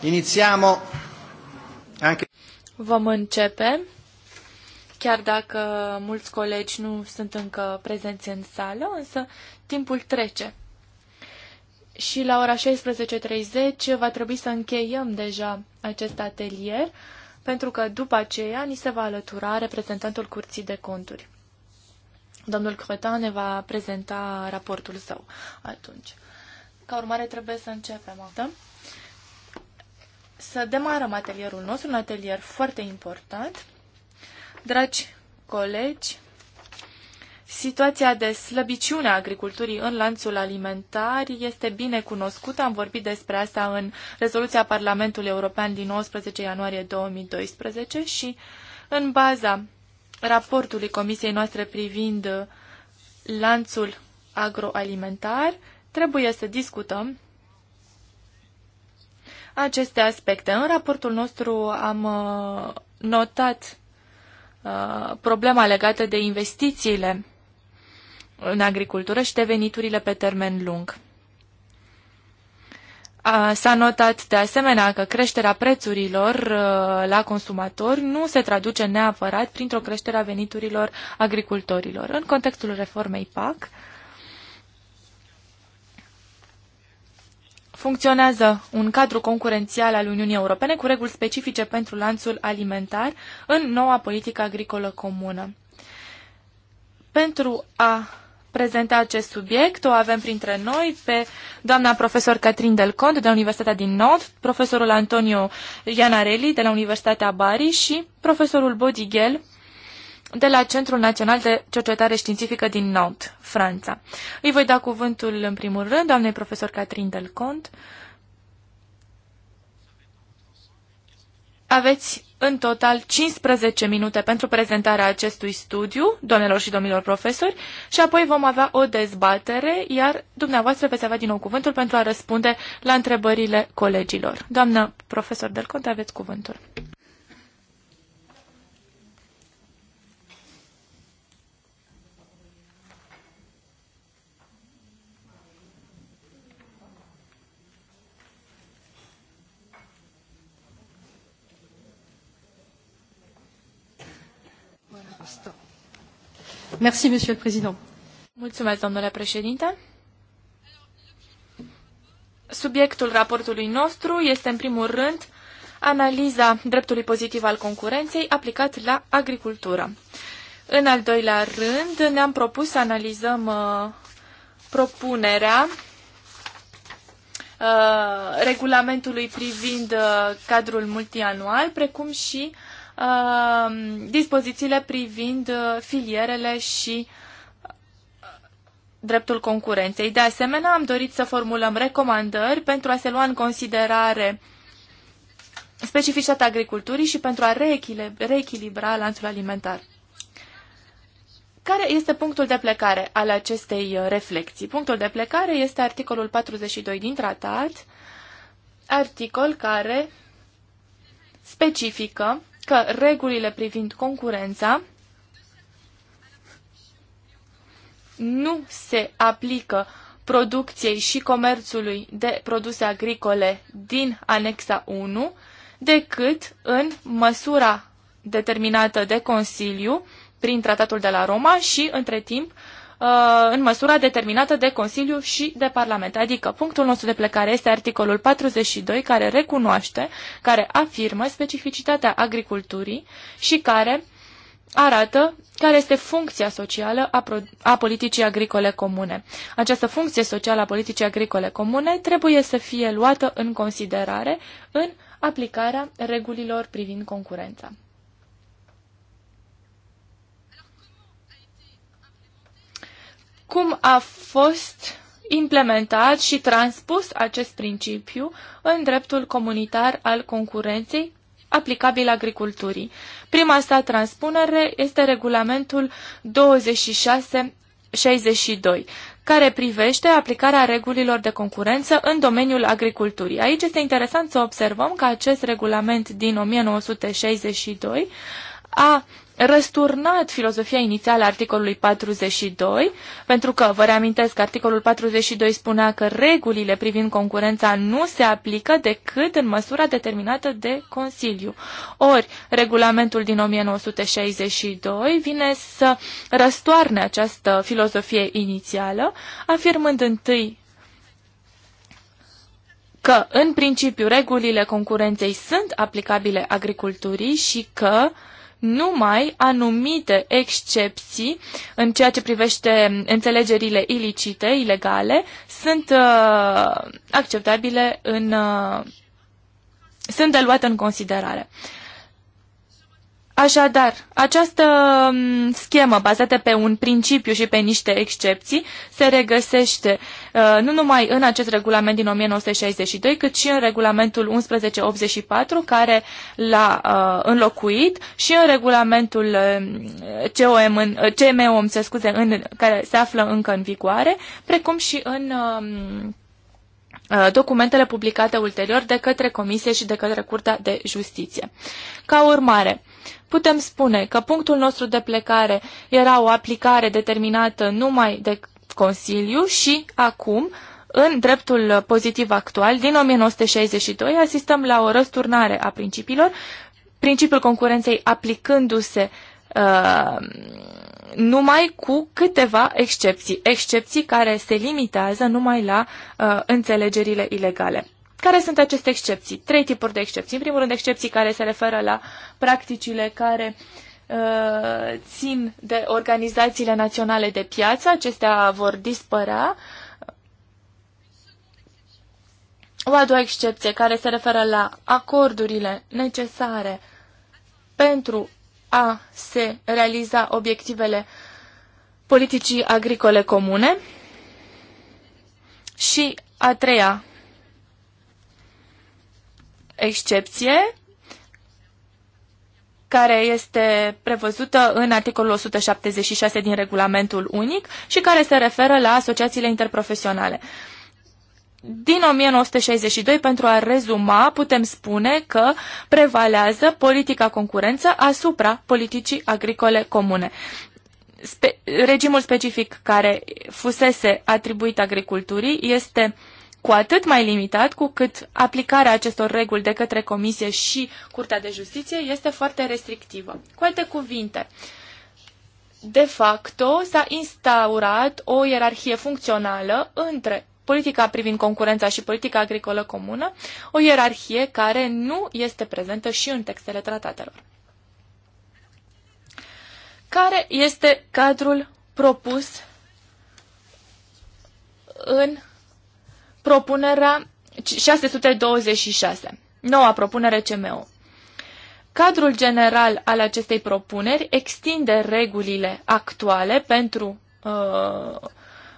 Iniziamo anche... Vom începe, chiar dacă mulți colegi nu sunt încă prezenți în sală, însă timpul trece. Și la ora 16.30 va trebui să încheiem deja acest atelier, pentru că după aceea ni se va alătura reprezentantul Curții de Conturi. Domnul Cretan ne va prezenta raportul său atunci. Ca urmare trebuie să începem acum să demarăm atelierul nostru, un atelier foarte important. Dragi colegi, situația de slăbiciune a agriculturii în lanțul alimentar este bine cunoscută. Am vorbit despre asta în rezoluția Parlamentului European din 19 ianuarie 2012 și în baza raportului comisiei noastre privind lanțul agroalimentar, trebuie să discutăm aceste aspecte. În raportul nostru am uh, notat uh, problema legată de investițiile în agricultură și de veniturile pe termen lung. S-a notat de asemenea că creșterea prețurilor uh, la consumatori nu se traduce neapărat printr-o creștere a veniturilor agricultorilor. În contextul reformei PAC, funcționează un cadru concurențial al Uniunii Europene cu reguli specifice pentru lanțul alimentar în noua politică agricolă comună. Pentru a prezenta acest subiect, o avem printre noi pe doamna profesor Catrin Del Conte de la Universitatea din Nord, profesorul Antonio Ianarelli de la Universitatea Bari și profesorul Bodighel de la Centrul Național de Cercetare Științifică din Nantes, Franța. Îi voi da cuvântul în primul rând doamnei profesor Catherine Delcont. Aveți în total 15 minute pentru prezentarea acestui studiu, doamnelor și domnilor profesori, și apoi vom avea o dezbatere, iar dumneavoastră veți avea din nou cuvântul pentru a răspunde la întrebările colegilor. Doamnă profesor Delcont, aveți cuvântul. Merci, Monsieur le Président. Mulțumesc, domnule președinte. Subiectul raportului nostru este, în primul rând, analiza dreptului pozitiv al concurenței aplicat la agricultură. În al doilea rând, ne-am propus să analizăm uh, propunerea uh, regulamentului privind uh, cadrul multianual, precum și uh, Um, dispozițiile privind uh, filierele și uh, dreptul concurenței. De asemenea, am dorit să formulăm recomandări pentru a se lua în considerare specificitatea agriculturii și pentru a reechilibra lanțul alimentar. Care este punctul de plecare al acestei uh, reflexii? Punctul de plecare este articolul 42 din tratat, articol care specifică că regulile privind concurența nu se aplică producției și comerțului de produse agricole din anexa 1 decât în măsura determinată de Consiliu prin tratatul de la Roma și, între timp, Uh, în măsura determinată de Consiliu și de Parlament. Adică punctul nostru de plecare este articolul 42 care recunoaște, care afirmă specificitatea agriculturii și care arată care este funcția socială a, pro- a politicii agricole comune. Această funcție socială a politicii agricole comune trebuie să fie luată în considerare în aplicarea regulilor privind concurența. cum a fost implementat și transpus acest principiu în dreptul comunitar al concurenței aplicabil agriculturii. Prima sa transpunere este regulamentul 2662, care privește aplicarea regulilor de concurență în domeniul agriculturii. Aici este interesant să observăm că acest regulament din 1962 a răsturnat filozofia inițială a articolului 42, pentru că, vă reamintesc, că articolul 42 spunea că regulile privind concurența nu se aplică decât în măsura determinată de Consiliu. Ori, regulamentul din 1962 vine să răstoarne această filozofie inițială, afirmând întâi că, în principiu, regulile concurenței sunt aplicabile agriculturii și că uh, numai anumite excepții în ceea ce privește înțelegerile ilicite, ilegale, sunt uh, acceptabile în. Uh, sunt de luat în considerare. Așadar, această mm, schemă bazată pe un principiu și pe niște excepții se regăsește uh, nu numai în acest regulament din 1962, cât și în regulamentul 1184, care l-a uh, înlocuit și în regulamentul uh, COM în, CMOM, se scuze, în, care se află încă în vigoare, precum și în um, documentele publicate ulterior de către Comisie și de către Curtea de Justiție. Ca urmare, Putem spune că punctul nostru de plecare era o aplicare determinată numai de Consiliu și acum, în dreptul pozitiv actual, din 1962, asistăm la o răsturnare a principiilor, principiul concurenței aplicându-se uh, numai cu câteva excepții, excepții care se limitează numai la uh, înțelegerile ilegale. Care sunt aceste excepții? Trei tipuri de excepții. În primul rând, excepții care se referă la practicile care uh, țin de organizațiile naționale de piață. Acestea vor dispărea. O a doua excepție care se referă la acordurile necesare pentru a se realiza obiectivele politicii agricole comune. Și a treia excepție care este prevăzută în articolul 176 din regulamentul unic și care se referă la asociațiile interprofesionale. Din 1962, pentru a rezuma, putem spune că prevalează politica concurență asupra politicii agricole comune. Spe regimul specific care fusese atribuit agriculturii este uh, cu atât mai limitat cu cât aplicarea acestor reguli de către Comisie și Curtea de Justiție este foarte restrictivă. Cu alte cuvinte, de facto s-a instaurat o ierarhie funcțională între politica privind concurența și politica agricolă comună, o ierarhie care nu este prezentă și în textele tratatelor. Care este cadrul propus în propunerea 626, noua propunere CMO. Cadrul general al acestei propuneri extinde regulile actuale pentru uh,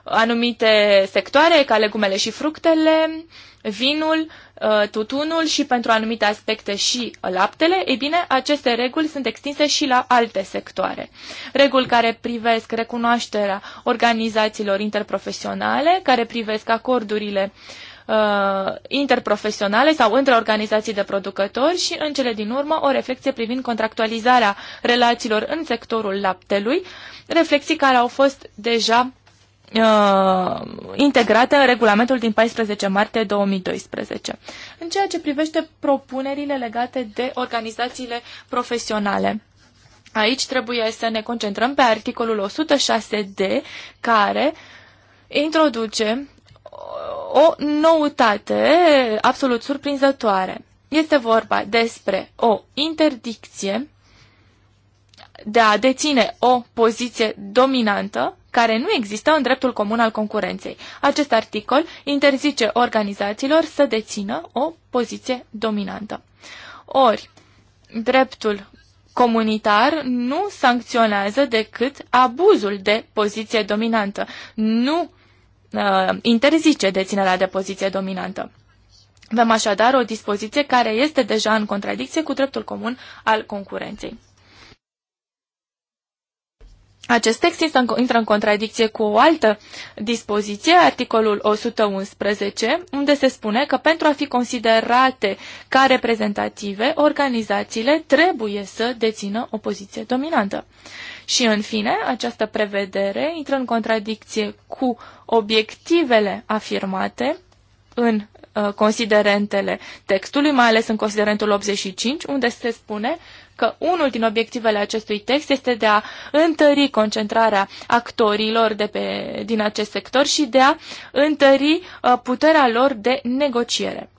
anumite sectoare, ca legumele și fructele, vinul Uh, tutunul și pentru anumite aspecte și laptele, ei bine, aceste reguli sunt extinse și la alte sectoare. Reguli care privesc recunoașterea organizațiilor interprofesionale, care privesc acordurile uh, interprofesionale sau între organizații de producători și, în cele din urmă, o reflexie privind contractualizarea relațiilor în sectorul laptelui, reflexii care au fost deja uh, integrată în regulamentul din 14 martie 2012. În ceea ce privește propunerile legate de organizațiile profesionale, aici trebuie să ne concentrăm pe articolul 106d, care introduce o noutate absolut surprinzătoare. Este vorba despre o interdicție de a deține o poziție dominantă care nu există în dreptul comun al concurenței. Acest articol interzice organizațiilor să dețină o poziție dominantă. Ori, dreptul comunitar nu sancționează decât abuzul de poziție dominantă, nu uh, interzice deținerea de poziție dominantă. Vom așadar o dispoziție care este deja în contradicție cu dreptul comun al concurenței. Acest text intră în contradicție cu o altă dispoziție, articolul 111, unde se spune că pentru a fi considerate ca reprezentative, organizațiile trebuie să dețină o poziție dominantă. Și, în fine, această prevedere intră în contradicție cu obiectivele afirmate în uh, considerentele textului, mai ales în considerentul 85, unde se spune că unul din obiectivele acestui text este de a întări concentrarea actorilor de pe, din acest sector și de a întări uh, puterea lor de negociere.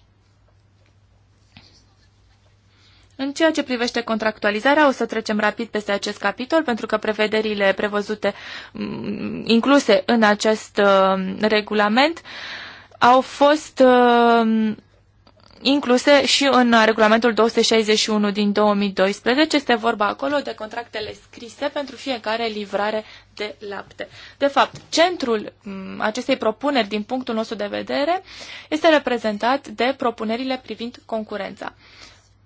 În ceea ce privește contractualizarea, o să trecem rapid peste acest capitol, pentru că prevederile prevăzute, mm, incluse în acest uh, regulament, au fost uh, incluse și în regulamentul 261 din 2012. Este vorba acolo de contractele scrise pentru fiecare livrare de lapte. De fapt, centrul mm, acestei propuneri, din punctul nostru de vedere, este reprezentat de propunerile privind concurența.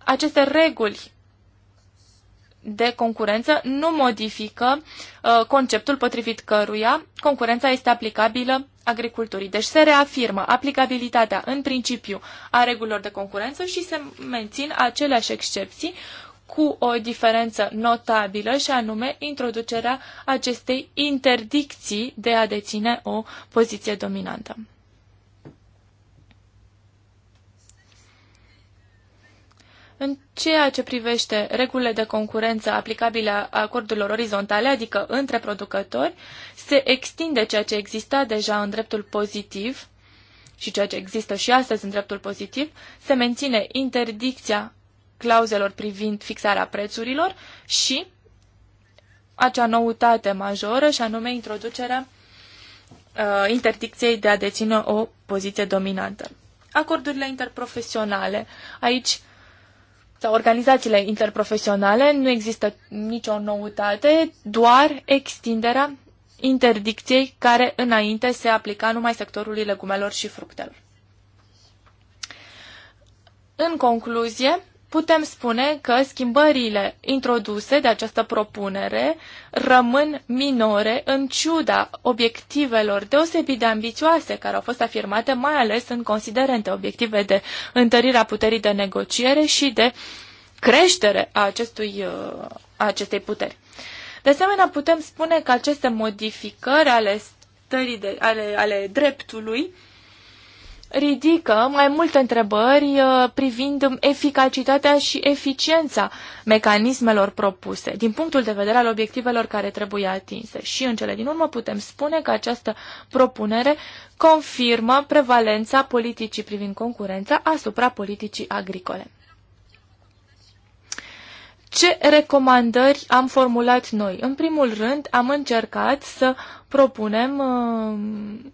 Aceste reguli de concurență nu modifică uh, conceptul potrivit căruia concurența este aplicabilă agriculturii. Deci se reafirmă aplicabilitatea în principiu a regulilor de concurență și se mențin aceleași excepții cu o diferență notabilă și anume introducerea acestei interdicții de a deține o poziție dominantă. În ceea ce privește regulile de concurență aplicabile a acordurilor orizontale, adică între producători, se extinde ceea ce exista deja în dreptul pozitiv și ceea ce există și astăzi în dreptul pozitiv, se menține interdicția clauzelor privind fixarea prețurilor și acea noutate majoră, și anume introducerea uh, interdicției de a deține o poziție dominantă. Acordurile interprofesionale. Aici sau organizațiile interprofesionale, nu există nicio noutate, doar extinderea interdicției care înainte se aplica numai sectorului legumelor și fructelor. În concluzie, putem spune că schimbările introduse de această propunere rămân minore în ciuda obiectivelor deosebit de ambițioase care au fost afirmate, mai ales în considerente obiective de întărirea puterii de negociere și de creștere a, acestui, uh, a acestei puteri. De asemenea, putem spune că aceste modificări ale stării de, ale, ale dreptului ridică mai multe întrebări uh, privind eficacitatea și eficiența mecanismelor propuse din punctul de vedere al obiectivelor care trebuie atinse. Și în cele din urmă putem spune că această propunere confirmă prevalența politicii privind concurența asupra politicii agricole. Ce recomandări am formulat noi? În primul rând, am încercat să propunem uh,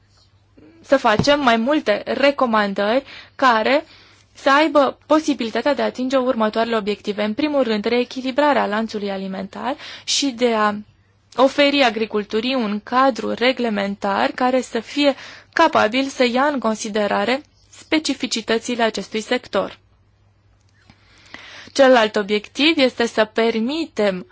să facem mai multe recomandări care să aibă posibilitatea de a atinge următoarele obiective. În primul rând, reechilibrarea lanțului alimentar și de a oferi agriculturii un cadru reglementar care să fie capabil să ia în considerare specificitățile acestui sector. Celălalt obiectiv este să permitem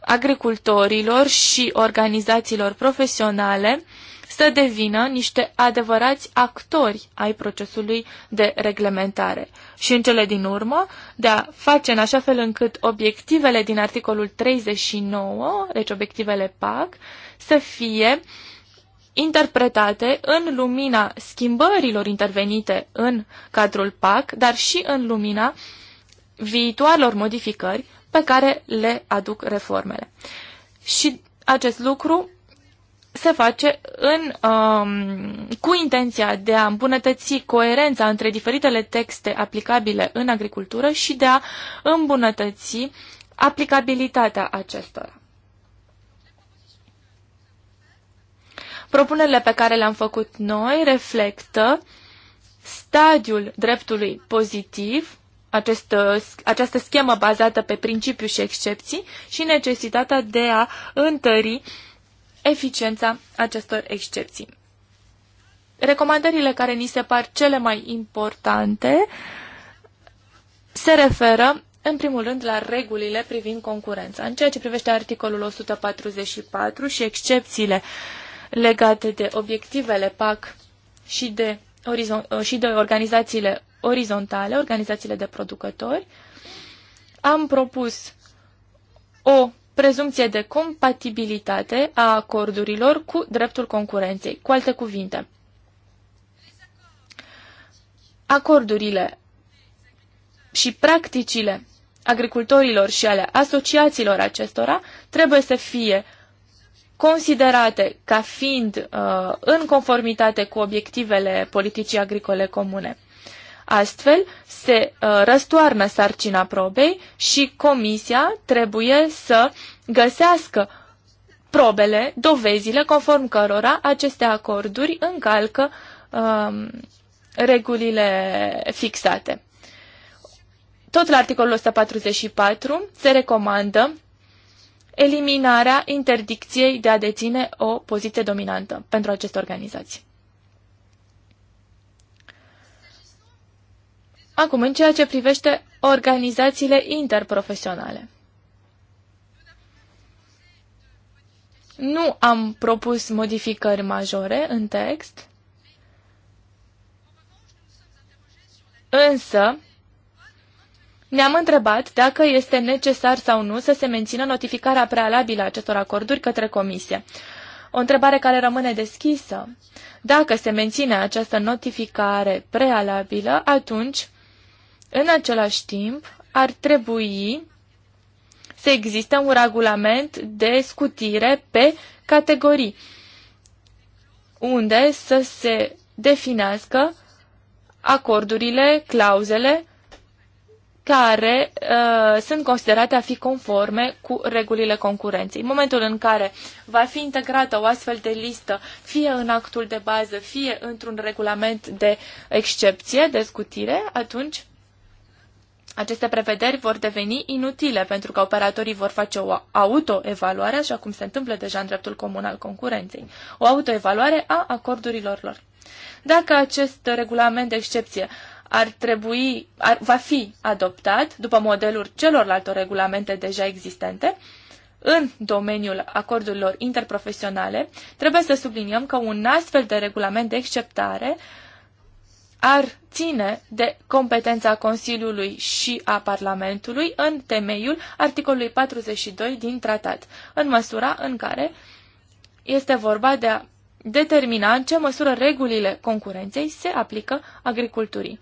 agricultorilor și organizațiilor profesionale uh, să devină niște adevărați actori ai procesului de reglementare. Și în cele din urmă, de a face în așa fel încât obiectivele din articolul 39, deci obiectivele PAC, să fie interpretate în lumina schimbărilor intervenite în cadrul PAC, dar și în lumina viitoarelor modificări pe care le aduc reformele. Și acest lucru se face în, um, cu intenția de a îmbunătăți coerența între diferitele texte aplicabile în agricultură și de a îmbunătăți aplicabilitatea acestora. Propunerile pe care le-am făcut noi reflectă stadiul dreptului pozitiv, această această schemă bazată pe principiu și excepții și necesitatea de a întări uh, eficiența acestor excepții. Recomandările care ni se par cele mai importante se referă în primul rând, la regulile privind concurența. În ceea ce privește articolul 144 și excepțiile legate de obiectivele PAC și de, și de organizațiile orizontale, organizațiile de producători, am propus o prezumție de compatibilitate a acordurilor cu dreptul concurenței. Cu alte cuvinte, acordurile și practicile agricultorilor și ale asociațiilor acestora trebuie să fie considerate ca fiind uh, în conformitate cu obiectivele politicii agricole comune. Astfel, se uh, răstoarnă sarcina probei și comisia trebuie să găsească probele, dovezile conform cărora aceste acorduri încalcă um, regulile fixate. Tot la articolul 144 se recomandă eliminarea interdicției de a deține o poziție dominantă pentru aceste organizații. Acum, în ceea ce privește organizațiile interprofesionale. Nu am propus modificări majore în text, însă ne-am întrebat dacă este necesar sau nu să se mențină notificarea prealabilă a acestor acorduri către Comisie. O întrebare care rămâne deschisă. Dacă se menține această notificare prealabilă, atunci în același timp, ar trebui să existe un regulament de scutire pe categorii, unde să se definească acordurile, clauzele care uh, sunt considerate a fi conforme cu regulile concurenței. În momentul în care va fi integrată o astfel de listă, fie în actul de bază, fie într-un regulament de excepție, de scutire, atunci aceste prevederi vor deveni inutile pentru că operatorii vor face o autoevaluare, așa cum se întâmplă deja în dreptul comun al concurenței, o autoevaluare a acordurilor lor. Dacă acest regulament de excepție ar trebui, ar, va fi adoptat după modelul celorlalte regulamente deja existente, în domeniul acordurilor interprofesionale, trebuie să subliniem că un astfel de regulament de exceptare uh, ar ține de competența Consiliului și a Parlamentului în temeiul articolului 42 din tratat, în măsura în care este vorba de a determina în ce măsură regulile concurenței se aplică agriculturii.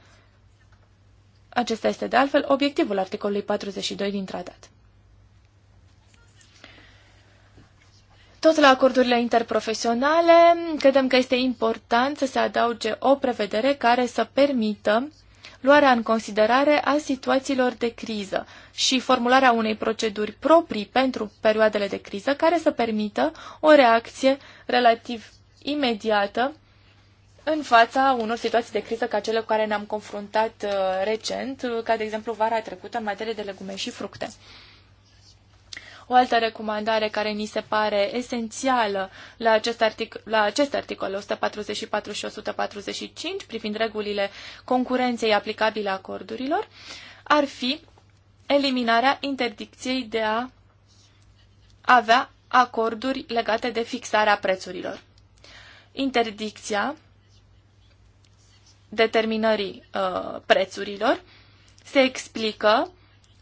Acesta este de altfel obiectivul articolului 42 din tratat. Tot la acordurile interprofesionale, credem că este important să se adauge o prevedere care să permită luarea în considerare a situațiilor de criză și formularea unei proceduri proprii pentru perioadele de criză care să permită o reacție relativ imediată în fața unor situații de criză ca cele cu care ne-am confruntat uh, recent, uh, ca de exemplu vara trecută în materie de legume și fructe. O altă recomandare care ni se pare esențială la acest, artic- la acest articol 144 și 145 privind regulile concurenței aplicabile acordurilor ar fi eliminarea interdicției de a avea acorduri legate de fixarea prețurilor. Interdicția determinării uh, prețurilor se explică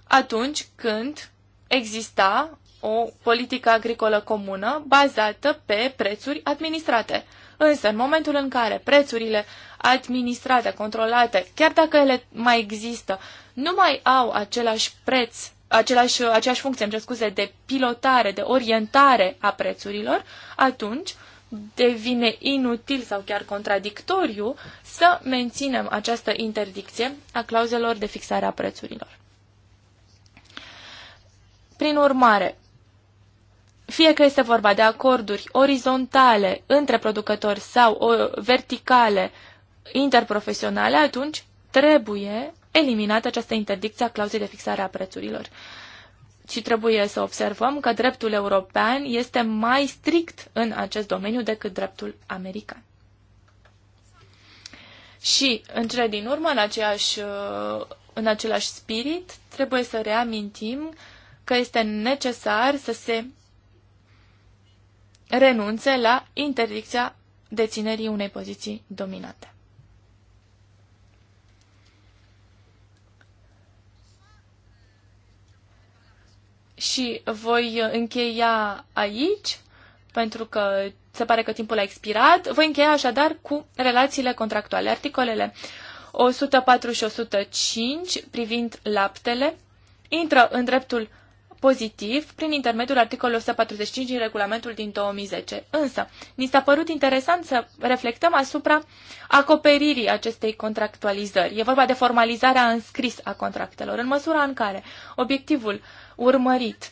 atunci când exista o politică agricolă comună bazată pe prețuri administrate. Însă, în momentul în care prețurile administrate, controlate, chiar dacă ele mai există, nu mai au același preț, același, aceeași funcție, îmi scuze, de pilotare, de orientare a prețurilor, atunci devine inutil sau chiar contradictoriu să menținem această interdicție a clauzelor de fixare a prețurilor. Prin urmare, fie că este vorba de acorduri orizontale între producători sau verticale interprofesionale, atunci trebuie eliminată această interdicție a clauzei de fixare a prețurilor. Și trebuie să observăm că dreptul european este mai strict în acest domeniu decât dreptul american. Și, în cele din urmă, în, aceeași, în același spirit, trebuie să reamintim că este necesar să se renunțe la interdicția deținerii unei poziții dominante. Și voi încheia aici, pentru că se pare că timpul a expirat. Voi încheia așadar cu relațiile contractuale. Articolele 104 și 105 privind laptele intră în dreptul pozitiv prin intermediul articolului 145 din regulamentul din 2010. Însă, ni s-a părut interesant să reflectăm asupra acoperirii acestei contractualizări. E vorba de formalizarea în scris a contractelor, în măsura în care obiectivul urmărit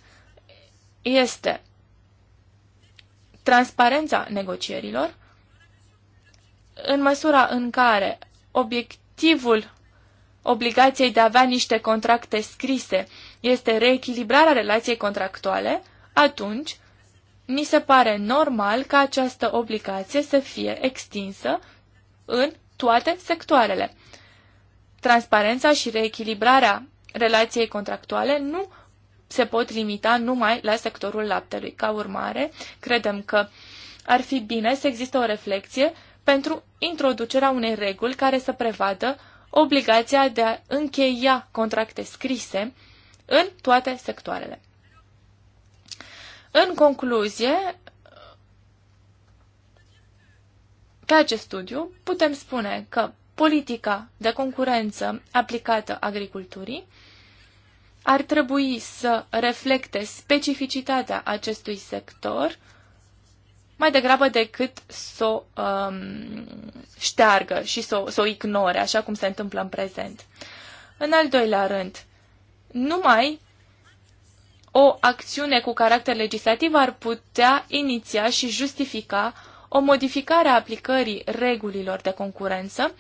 este transparența negocierilor, în măsura în care obiectivul obligației de a avea niște contracte scrise este reechilibrarea relației contractuale, atunci ni se pare normal ca această obligație să fie extinsă în toate sectoarele. Transparența și reechilibrarea relației contractuale nu se pot limita numai la sectorul laptelui. Ca urmare, credem că ar fi bine să existe o reflexie pentru introducerea unei reguli care să prevadă obligația de a încheia contracte scrise în toate sectoarele. În concluzie, pe acest studiu putem spune că politica de concurență aplicată agriculturii ar trebui să reflecte specificitatea acestui sector, mai degrabă decât să o um, șteargă și să, să o ignore, așa cum se întâmplă în prezent. În al doilea rând, numai o acțiune cu caracter legislativ ar putea iniția și justifica o modificare a aplicării regulilor de concurență,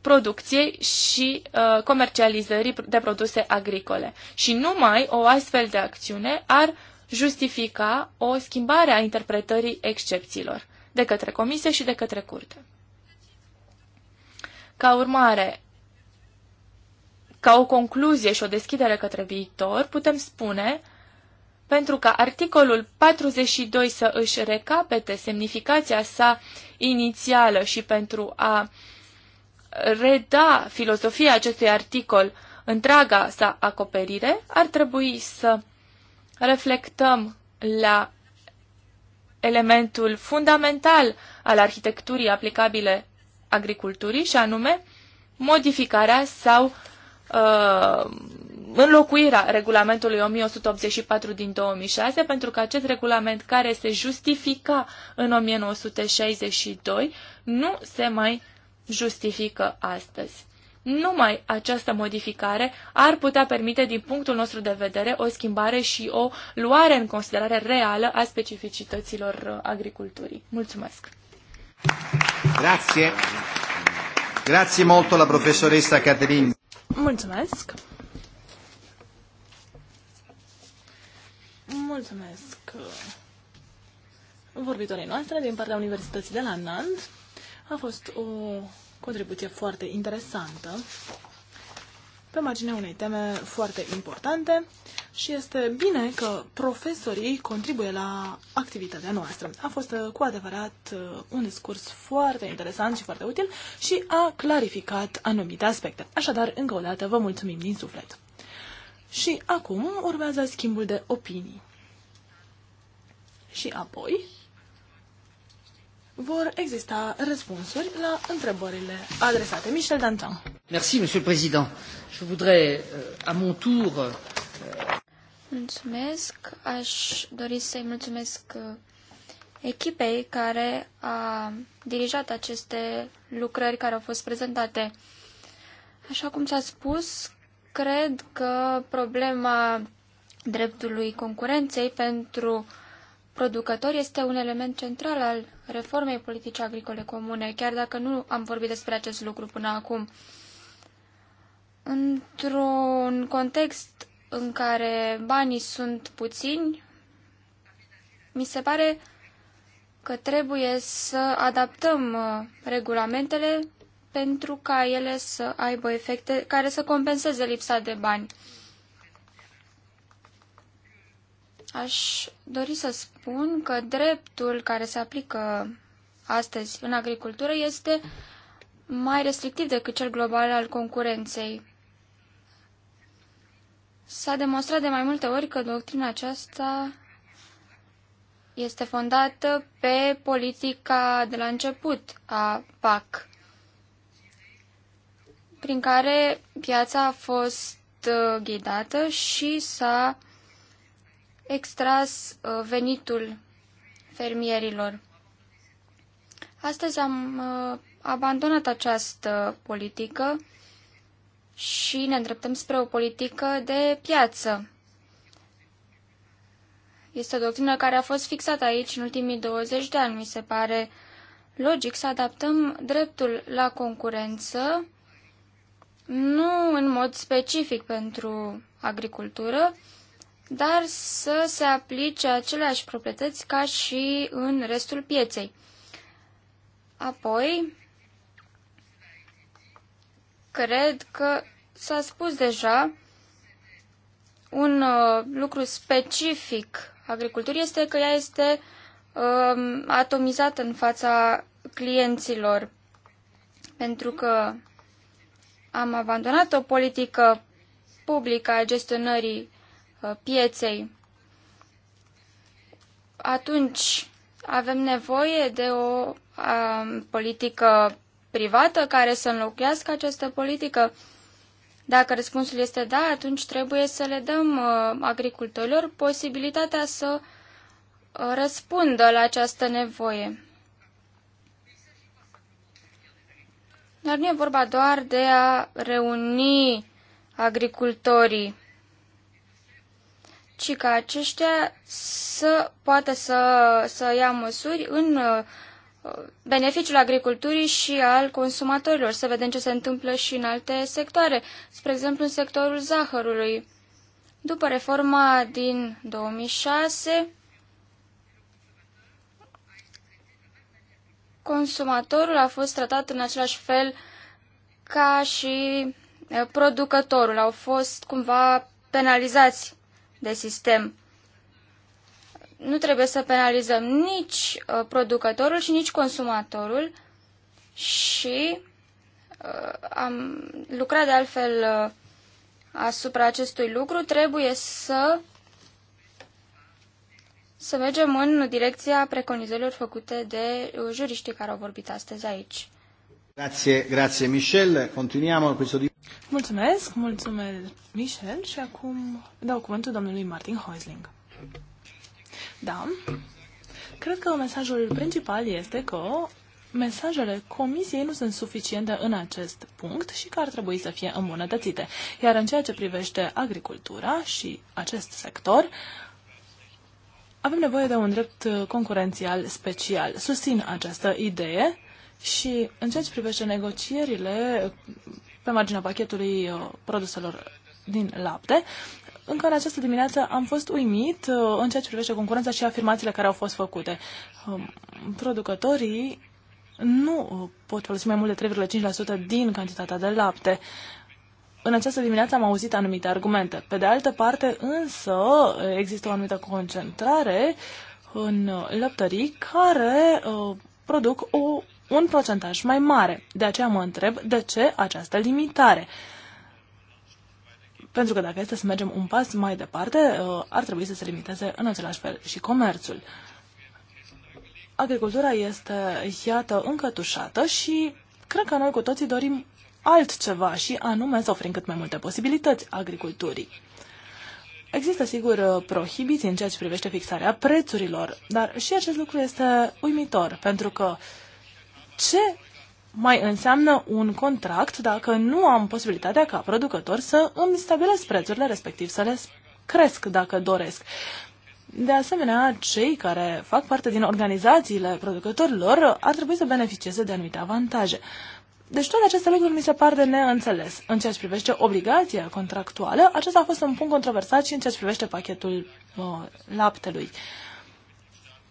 producției și uh, comercializării de produse agricole. Și numai o astfel de acțiune ar justifica o schimbare a interpretării excepțiilor de către comisie și de către curte. Ca urmare, ca o concluzie și o deschidere către viitor, putem spune, pentru ca articolul 42 să își recapete semnificația sa inițială și pentru a reda filozofia acestui articol întreaga sa acoperire, ar trebui să reflectăm la elementul fundamental al arhitecturii aplicabile agriculturii și anume modificarea sau uh, înlocuirea regulamentului 1184 din 2006 pentru că acest regulament care se justifica în 1962 nu se mai justifică astăzi. Numai această modificare ar putea permite, din punctul nostru de vedere, o schimbare și o luare în considerare reală a specificităților uh, agriculturii. Mulțumesc! Grazie! Grazie molto la Caterin. Mulțumesc! Mulțumesc uh, vorbitorii noastre din partea Universității de la Nant. A fost o contribuție foarte interesantă pe marginea unei teme foarte importante și este bine că profesorii contribuie la activitatea noastră. A fost uh, cu adevărat uh, un discurs foarte interesant și foarte util și a clarificat anumite aspecte. Așadar, încă o dată, vă mulțumim din suflet. Și acum urmează schimbul de opinii. Și apoi vor exista răspunsuri la întrebările adresate. Michel Dantan. Merci, Monsieur le Président. Je voudrais, euh, à mon tour... Euh, mulțumesc. Aș dori să-i mulțumesc uh, echipei care a dirijat aceste lucrări care au fost prezentate. Așa cum s-a spus, cred că problema dreptului concurenței pentru producători este un element central al reformei politice agricole comune, chiar dacă nu am vorbit despre acest lucru până acum. Într-un context în care banii sunt puțini, mi se pare că trebuie să adaptăm uh, regulamentele pentru ca ele să aibă efecte care să compenseze lipsa de bani. Aș dori să spun că dreptul care se aplică astăzi în agricultură este mai restrictiv decât cel global al concurenței. S-a demonstrat de mai multe ori că doctrina aceasta este fondată pe politica de la început a PAC, prin care piața a fost uh, ghidată și s-a extras uh, venitul fermierilor. Astăzi am uh, abandonat această politică și ne îndreptăm spre o politică de piață. Este o doctrină care a fost fixată aici în ultimii 20 de ani. Mi se pare logic să adaptăm dreptul la concurență, nu în mod specific pentru agricultură, dar să se aplice aceleași proprietăți ca și în restul pieței. Apoi, cred că s-a spus deja un uh, lucru specific agriculturii este că ea este uh, atomizată în fața clienților pentru că am abandonat o politică publică a gestionării Uh, pieței. Atunci avem nevoie de o a, um, politică privată care să înlocuiască această politică. Dacă răspunsul este da, atunci trebuie să le dăm a, uh, agricultorilor posibilitatea să uh, răspundă la această nevoie. Dar nu e vorba doar de a reuni agricultorii ci ca aceștia să poată să, să ia măsuri în uh, beneficiul agriculturii și al consumatorilor. Să vedem ce se întâmplă și în alte sectoare, spre exemplu în sectorul zahărului. După reforma din 2006, consumatorul a fost tratat în același fel ca și uh, producătorul. Au fost cumva penalizați de sistem. Nu trebuie să penalizăm nici uh, producătorul și nici consumatorul și uh, am lucrat de altfel uh, asupra acestui lucru, trebuie să să mergem în direcția preconizărilor făcute de juriștii care au vorbit astăzi aici. Grazie, grazie Michel. Continuiamo questo Mulțumesc, mulțumesc Michel și acum dau cuvântul domnului Martin Heusling. Da, cred că mesajul principal este că mesajele comisiei nu sunt suficiente în acest punct și că ar trebui să fie îmbunătățite. Iar în ceea ce privește agricultura și acest sector, avem nevoie de un drept concurențial special. Susțin această idee și în ceea ce privește negocierile pe marginea pachetului uh, produselor din lapte, încă în această dimineață am fost uimit uh, în ceea ce privește concurența și afirmațiile care au fost făcute. Um, producătorii nu uh, pot folosi mai mult de 3,5% din cantitatea de lapte. În această dimineață am auzit anumite argumente. Pe de altă parte, însă, există o anumită concentrare în lăptării care uh, produc o un procentaj mai mare. De aceea mă întreb de ce această limitare. Pentru că dacă este să mergem un pas mai departe, uh, ar trebui să se limiteze în același fel și comerțul. Agricultura este, iată, încătușată și cred că noi cu toții dorim altceva și anume să oferim cât mai multe posibilități agriculturii. Există, sigur, uh, prohibiții în ceea ce privește fixarea prețurilor, dar și acest lucru este uimitor, pentru că uh, ce mai înseamnă un contract dacă nu am posibilitatea ca producător să îmi stabilesc prețurile, respectiv să le cresc dacă doresc. De asemenea, cei care fac parte din organizațiile producătorilor ar trebui să beneficieze de anumite avantaje. Deci toate aceste lucruri mi se par de neînțeles. În ceea ce privește obligația contractuală, acesta a fost un punct controversat și în ceea ce privește pachetul uh, laptelui. Uh,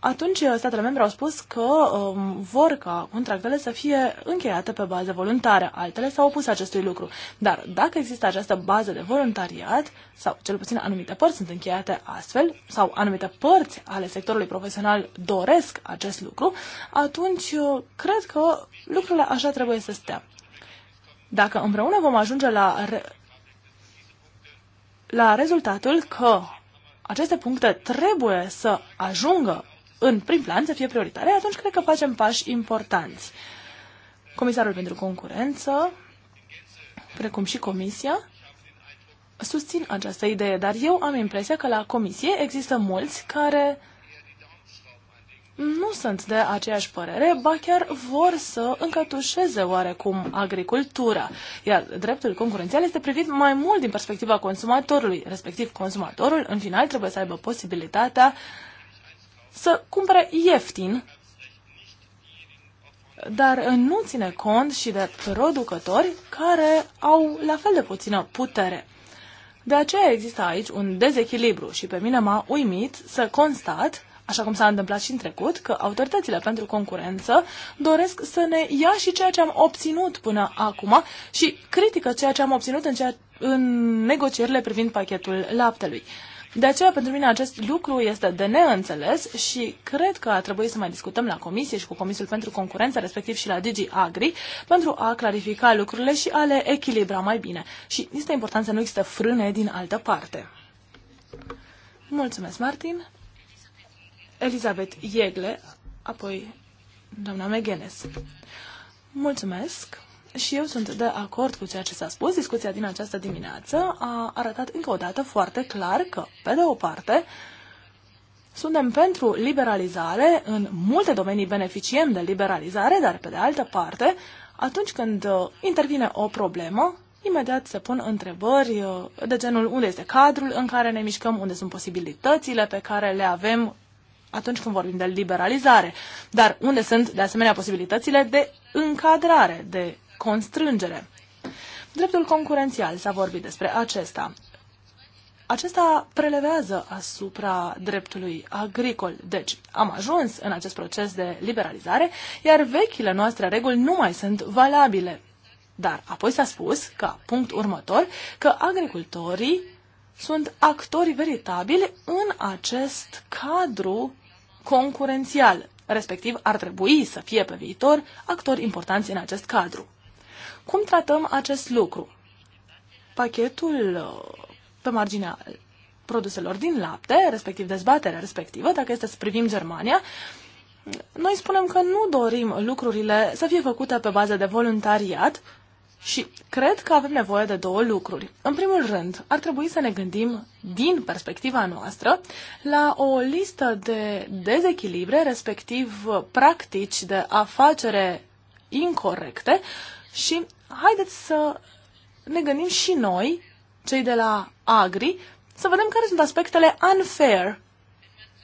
atunci statele membre au spus că um, vor ca contractele să fie încheiate pe bază voluntară. Altele s-au opus acestui lucru. Dar dacă există această bază de voluntariat, sau cel puțin anumite părți sunt încheiate astfel, sau anumite părți ale sectorului profesional doresc acest lucru, atunci uh, cred că lucrurile așa trebuie să stea. Dacă împreună vom ajunge la, re... la rezultatul că aceste puncte trebuie să ajungă în prim plan, să fie prioritare, atunci cred că facem pași importanți. Comisarul pentru concurență, precum și comisia, susțin această idee, dar eu am impresia că la comisie există mulți care nu sunt de aceeași părere, ba chiar vor să încătușeze oarecum agricultura, iar dreptul concurențial este privit mai mult din perspectiva consumatorului, respectiv consumatorul în final trebuie să aibă posibilitatea uh, să cumpere ieftin, dar nu ține cont și de producători care au la fel de puțină putere. De aceea există aici un dezechilibru și pe mine m-a uimit să constat, așa cum s-a întâmplat și în trecut, că autoritățile pentru concurență doresc să ne ia și ceea ce am obținut până acum și critică ceea ce am obținut în, ceea, în negocierile privind pachetul laptelui. De aceea, pentru mine, acest lucru este de neînțeles și cred că ar trebui să mai discutăm la Comisie și cu Comisiul pentru Concurență, respectiv și la Digi Agri, pentru a clarifica lucrurile și a le echilibra mai bine. Și este important să nu există frâne din altă parte. Mulțumesc, Martin. Elizabeth Iegle, apoi doamna Megenes. Mulțumesc și eu sunt de acord cu ceea ce s-a spus. Discuția din această dimineață a arătat încă o dată foarte clar că, pe de o parte, suntem pentru liberalizare, în multe domenii beneficiem de liberalizare, dar pe de altă parte, atunci când uh, intervine o problemă, imediat se pun întrebări uh, de genul unde este cadrul în care ne mișcăm, unde sunt posibilitățile pe care le avem atunci când vorbim de liberalizare, dar unde sunt de asemenea posibilitățile de încadrare, de constrângere. Dreptul concurențial s-a vorbit despre acesta. Acesta prelevează asupra dreptului agricol. Deci, am ajuns în acest proces de liberalizare, iar vechile noastre reguli nu mai sunt valabile. Dar apoi s-a spus, ca punct următor, că agricultorii sunt actori veritabili în acest cadru concurențial, respectiv ar trebui să fie pe viitor actori importanți în acest cadru. Cum tratăm acest lucru? Pachetul uh, pe marginea produselor din lapte, respectiv dezbaterea respectivă, dacă este să privim Germania, noi spunem că nu dorim lucrurile să fie făcute pe bază de voluntariat și cred că avem nevoie de două lucruri. În primul rând, ar trebui să ne gândim din perspectiva noastră la o listă de dezechilibre, respectiv uh, practici de afacere incorrecte, și haideți să ne gândim și noi, cei de la Agri, să vedem care sunt aspectele unfair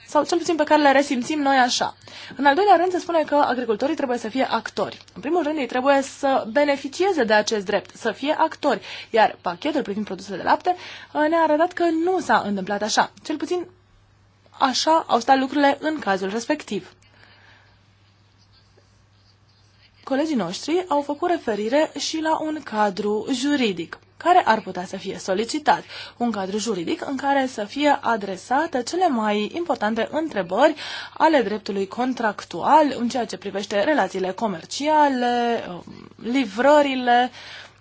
sau cel puțin pe care le resimțim noi așa. În al doilea rând se spune că agricultorii trebuie să fie actori. În primul rând ei trebuie să beneficieze de acest drept, să fie actori, iar pachetul privind produsele de lapte uh, ne-a arătat că nu s-a întâmplat așa. Cel puțin așa au stat lucrurile în cazul respectiv. colegii noștri au făcut referire și la un cadru juridic care ar putea să fie solicitat, un cadru juridic în care să fie adresate cele mai importante întrebări ale dreptului contractual în ceea ce privește relațiile comerciale, um, livrările.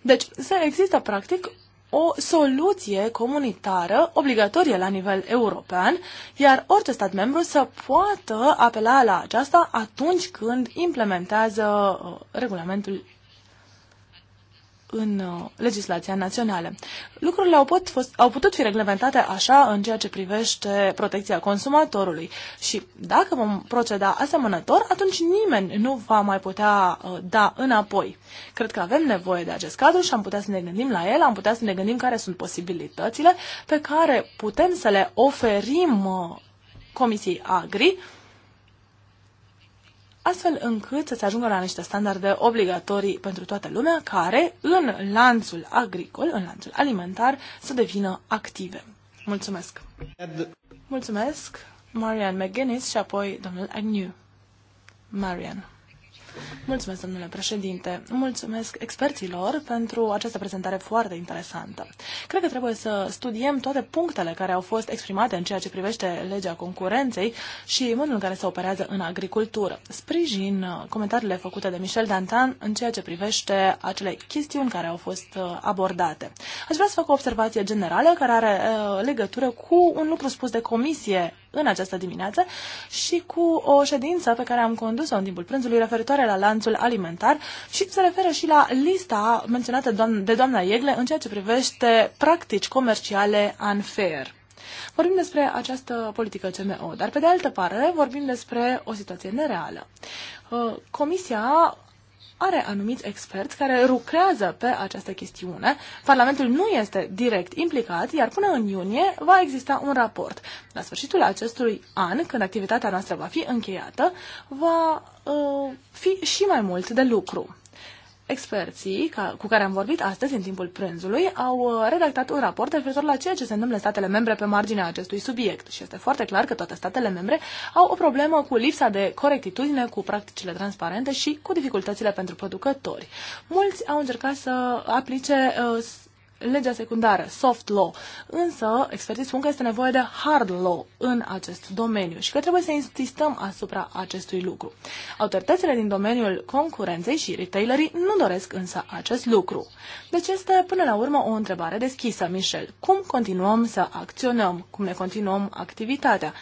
Deci să există practic o soluție comunitară obligatorie la nivel european, iar orice stat membru să poată apela la aceasta atunci când implementează uh, regulamentul în uh, legislația națională. Lucrurile au, pot, fost, au putut fi reglementate așa în ceea ce privește protecția consumatorului și dacă vom proceda asemănător, atunci nimeni nu va mai putea uh, da înapoi. Cred că avem nevoie de acest cadru și am putea să ne gândim la el, am putea să ne gândim care sunt posibilitățile pe care putem să le oferim uh, Comisiei Agri astfel încât să se ajungă la niște standarde obligatorii pentru toată lumea, care în lanțul agricol, în lanțul alimentar, să devină active. Mulțumesc! Mulțumesc, Marian McGuinness și apoi domnul Agnew. Marian. Mulțumesc, domnule președinte. Mulțumesc experților pentru această prezentare foarte interesantă. Cred că trebuie să studiem toate punctele care au fost exprimate în ceea ce privește legea concurenței și modul în care se operează în agricultură. Sprijin uh, comentariile făcute de Michel Dantan în ceea ce privește acele chestiuni care au fost uh, abordate. Aș vrea să fac o observație generală care are uh, legătură cu un lucru spus de comisie în această dimineață și cu o ședință pe care am condus-o în timpul prânzului referitoare la lanțul alimentar și se referă și la lista menționată de doamna Iegle în ceea ce privește practici comerciale unfair. Vorbim despre această politică CMO, dar pe de altă parte vorbim despre o situație nereală. Uh, Comisia are anumiți experți care lucrează pe această chestiune. Parlamentul nu este direct implicat, iar până în iunie va exista un raport. La sfârșitul acestui an, când activitatea noastră va fi încheiată, va uh, fi și mai mult de lucru experții ca, cu care am vorbit astăzi în timpul prânzului au uh, redactat un raport referitor la ceea ce se întâmplă în statele membre pe marginea acestui subiect și este foarte clar că toate statele membre au o problemă cu lipsa de corectitudine, cu practicile transparente și cu dificultățile pentru producători. Mulți au încercat să aplice uh, legea secundară, soft law, însă experții spun că este nevoie de hard law în acest domeniu și că trebuie să insistăm asupra acestui lucru. Autoritățile din domeniul concurenței și retailerii nu doresc însă acest lucru. Deci este până la urmă o întrebare deschisă, Michel. Cum continuăm să acționăm? Cum ne continuăm activitatea?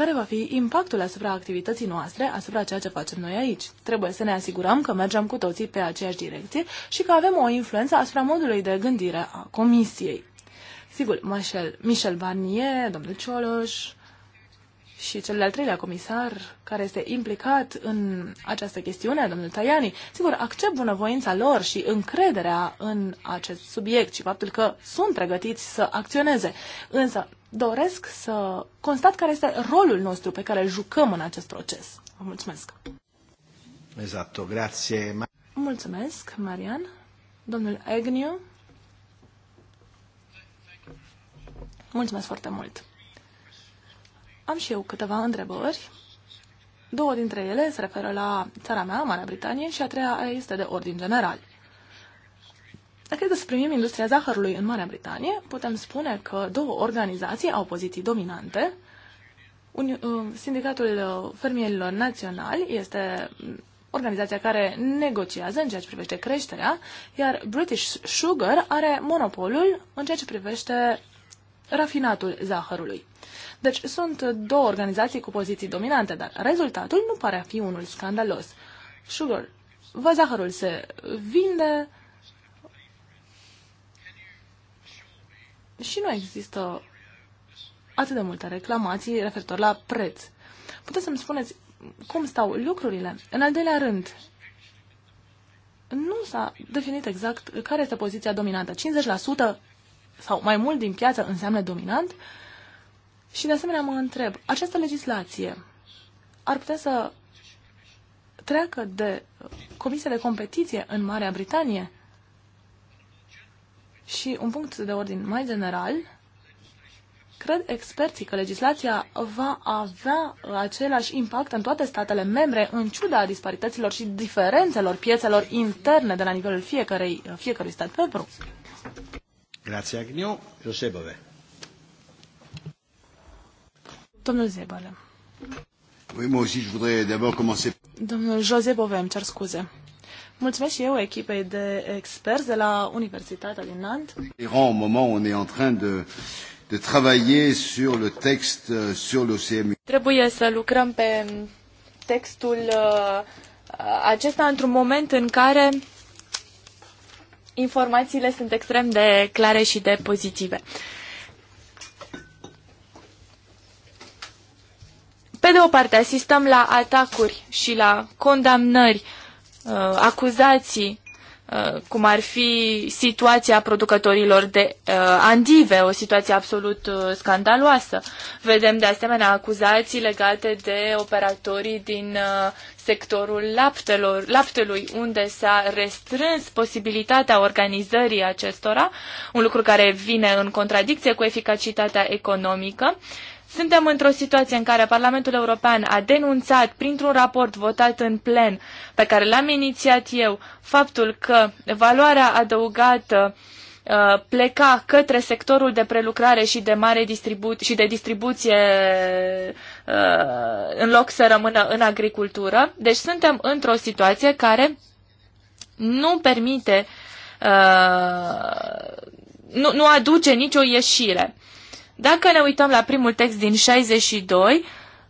care va fi impactul asupra activității noastre, asupra ceea ce facem noi aici. Trebuie să ne asigurăm că mergem cu toții pe aceeași direcție și că avem o influență asupra modului de gândire a Comisiei. Sigur, Michel, Michel Barnier, domnul Cioloș și cel de-al treilea comisar care este implicat în această chestiune, domnul Tajani, sigur, accept bunăvoința lor și încrederea în acest subiect și faptul că sunt pregătiți să acționeze. Însă, doresc să constat care este rolul nostru pe care îl jucăm în acest proces. Vă mulțumesc! Exact, grație! Mulțumesc, Marian! Domnul Agnew? Mulțumesc foarte mult! Am și eu câteva întrebări. Două dintre ele se referă la țara mea, Marea Britanie, și a treia este de ordin general. Dacă să primim industria zahărului în Marea Britanie, putem spune că două organizații au poziții dominante. Uni, uh, Sindicatul uh, Fermierilor Naționali este mm, organizația care negociază în ceea ce privește creșterea, iar British Sugar are monopolul în ceea ce privește rafinatul zahărului. Deci sunt două organizații cu poziții dominante, dar rezultatul nu pare a fi unul scandalos. Sugar, vă zahărul se vinde, și nu există atât de multe reclamații referitor la preț. Puteți să-mi spuneți cum stau lucrurile? În al doilea rând, nu s-a definit exact care este poziția dominantă. 50% sau mai mult din piață înseamnă dominant? Și de asemenea mă întreb, această legislație ar putea să treacă de Comisia de Competiție în Marea Britanie? Și un punct de ordin mai general, cred experții că legislația va avea același impact în toate statele membre, în ciuda disparităților și diferențelor piețelor interne de la nivelul fiecărei, fiecărui stat membru. Grazie, Agniu. Josebove. Domnul Zebale. Oui, moi aussi, je voudrais d'abord commencer. Domnul Josebove, îmi cer scuze. Mulțumesc și eu echipei de experți de la Universitatea din Nantes. Au moment on est en train de de travailler sur le texte euh, sur Trebuie să lucrăm pe textul uh, acesta într-un moment în care informațiile sunt extrem de clare și de pozitive. Pe de o parte, asistăm la atacuri și la condamnări uh, uh, acuzații uh, cum ar fi situația producătorilor de uh, andive, o situație absolut uh, scandaloasă. Vedem de asemenea acuzații legate de operatorii din uh, sectorul laptelor, laptelui, unde s-a restrâns posibilitatea organizării acestora, un lucru care vine în contradicție cu eficacitatea economică. Uh, suntem într-o situație în care Parlamentul European a denunțat printr-un raport votat în plen, pe care l-am inițiat eu, faptul că valoarea adăugată uh, pleca către sectorul de prelucrare și de mare distribuție și de distribuție uh, în loc să rămână în agricultură. Deci suntem într-o situație care nu permite, uh, nu, nu aduce nicio ieșire. Dacă ne uităm la primul text din 62,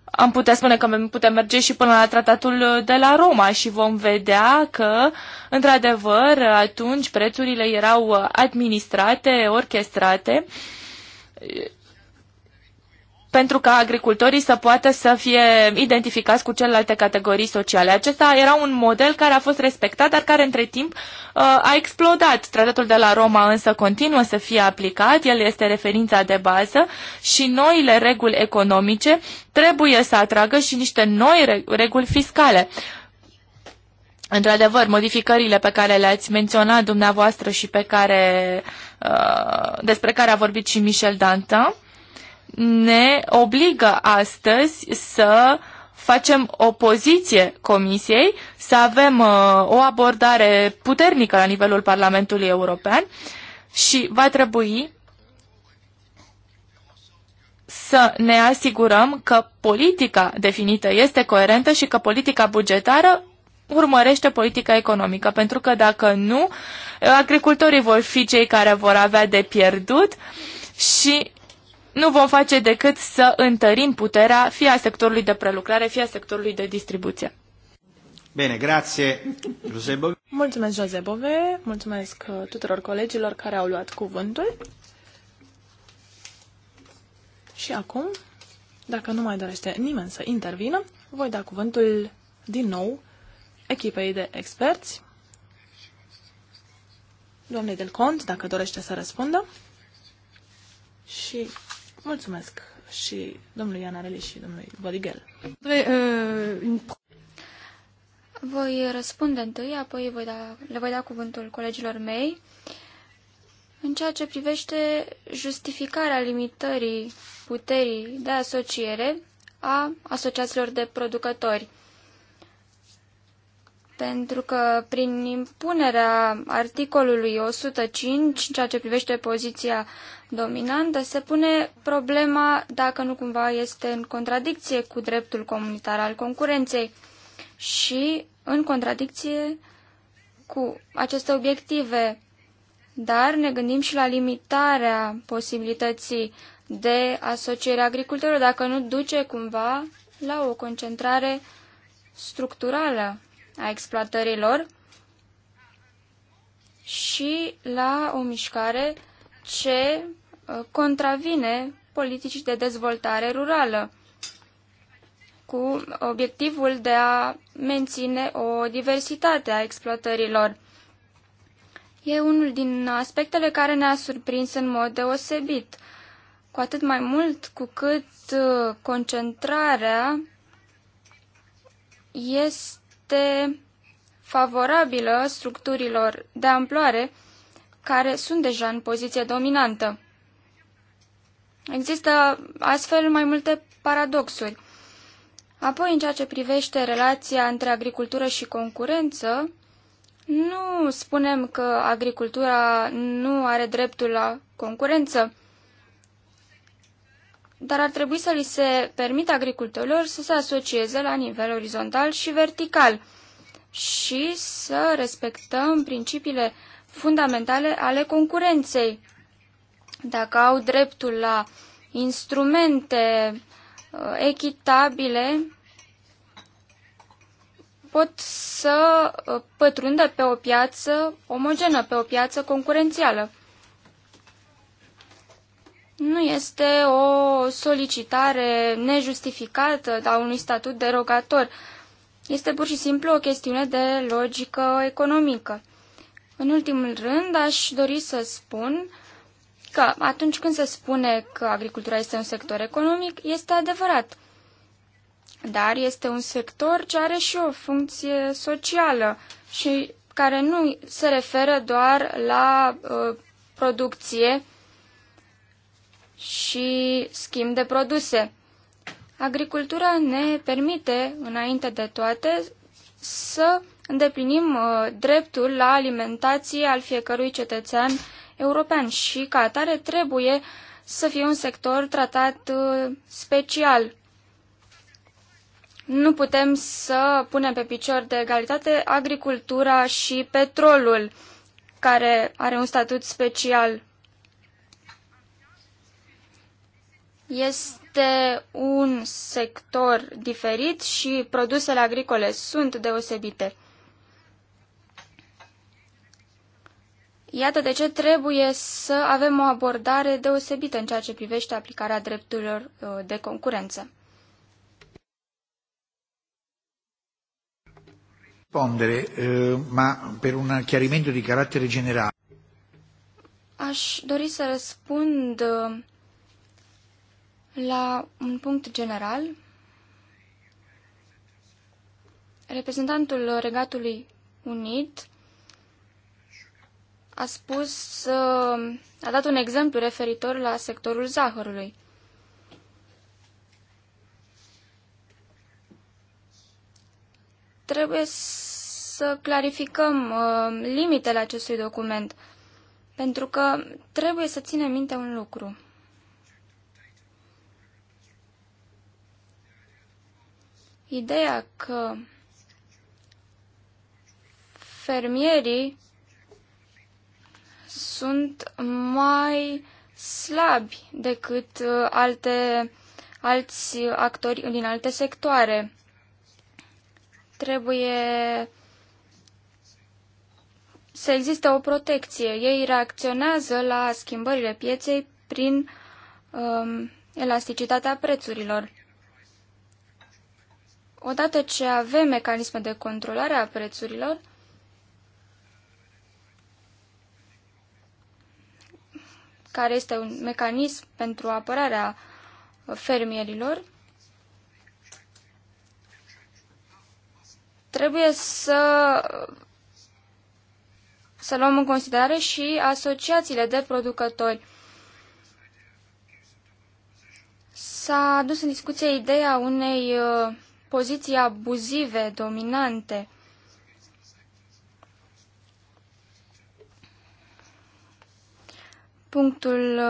am putea spune că putem merge și până la tratatul de la Roma și vom vedea că, într-adevăr, atunci prețurile erau administrate, orchestrate pentru ca agricultorii să poată să fie identificați cu celelalte categorii sociale. Acesta era un model care a fost respectat, dar care între timp uh, a explodat. Tratatul de la Roma însă continuă să fie aplicat, el este referința de bază și noile reguli economice trebuie să atragă și niște noi reguli fiscale. Într-adevăr, modificările pe care le-ați menționat dumneavoastră și pe care, uh, despre care a vorbit și Michel Dantin, ne obligă astăzi să facem opoziție Comisiei, să avem uh, o abordare puternică la nivelul Parlamentului European și va trebui să ne asigurăm că politica definită este coerentă și că politica bugetară urmărește politica economică, pentru că dacă nu, agricultorii vor fi cei care vor avea de pierdut și nu vom face decât să întărim puterea fie a sectorului de prelucrare, fie a sectorului de distribuție. Bine, grație, Josebove. Mulțumesc, Josebove. Mulțumesc uh, tuturor colegilor care au luat cuvântul. Și acum, dacă nu mai dorește nimeni să intervină, voi da cuvântul din nou echipei de experți. Doamne Del Cont, dacă dorește să răspundă. Și Mulțumesc și domnului Ianareli și domnului Bodigel. Uh, voi răspunde întâi, apoi voi da, le voi da cuvântul colegilor mei. În ceea ce privește justificarea limitării puterii de asociere a asociațiilor de producători pentru că prin impunerea articolului 105, în ceea ce privește poziția dominantă, se pune problema dacă nu cumva este în contradicție cu dreptul comunitar al concurenței și în contradicție cu aceste obiective. Dar ne gândim și la limitarea posibilității de asociere agricultorilor, dacă nu duce cumva la o concentrare structurală a exploatărilor și la o mișcare ce uh, contravine politicii de dezvoltare rurală cu obiectivul de a menține o diversitate a exploatărilor. E unul din aspectele care ne-a surprins în mod deosebit, cu atât mai mult cu cât uh, concentrarea este este favorabilă structurilor de amploare care sunt deja în poziție dominantă. Există astfel mai multe paradoxuri. Apoi, în ceea ce privește relația între agricultură și concurență, nu spunem că agricultura nu are dreptul la concurență dar ar trebui să li se permită agricultorilor să se asocieze la nivel orizontal și vertical și să respectăm principiile fundamentale ale concurenței. Dacă au dreptul la instrumente uh, echitabile, pot să uh, pătrundă pe o piață omogenă, pe o piață concurențială nu este o solicitare nejustificată a unui statut derogator. Este pur și simplu o chestiune de logică economică. În ultimul rând, aș dori să spun că atunci când se spune că agricultura este un sector economic, este adevărat. Dar este un sector ce are și o funcție socială și care nu se referă doar la uh, producție și schimb de produse. Agricultura ne permite, înainte de toate, să îndeplinim uh, dreptul la alimentație al fiecărui cetățean european și, ca atare, trebuie să fie un sector tratat uh, special. Nu putem să punem pe picior de egalitate agricultura și petrolul, care are un statut special. Este un sector diferit și produsele agricole sunt deosebite. Iată de ce trebuie să avem o abordare deosebită în ceea ce privește aplicarea drepturilor uh, de concurență. Pondere, uh, ma per un chiarimento di carattere generale. Aș dori să răspund uh, la un punct general, reprezentantul Regatului Unit a spus, uh, a dat un exemplu referitor la sectorul zahărului. Trebuie să clarificăm uh, limitele acestui document, pentru că trebuie să ținem minte un lucru. Ideea că fermierii sunt mai slabi decât uh, alte, alți actori din alte sectoare. Trebuie să existe o protecție. Ei reacționează la schimbările pieței prin um, elasticitatea prețurilor. Odată ce avem mecanisme de controlare a prețurilor, care este un mecanism pentru apărarea fermierilor, trebuie să, să luăm în considerare și asociațiile de producători. S-a adus în discuție ideea unei uh, poziții abuzive, dominante. Punctul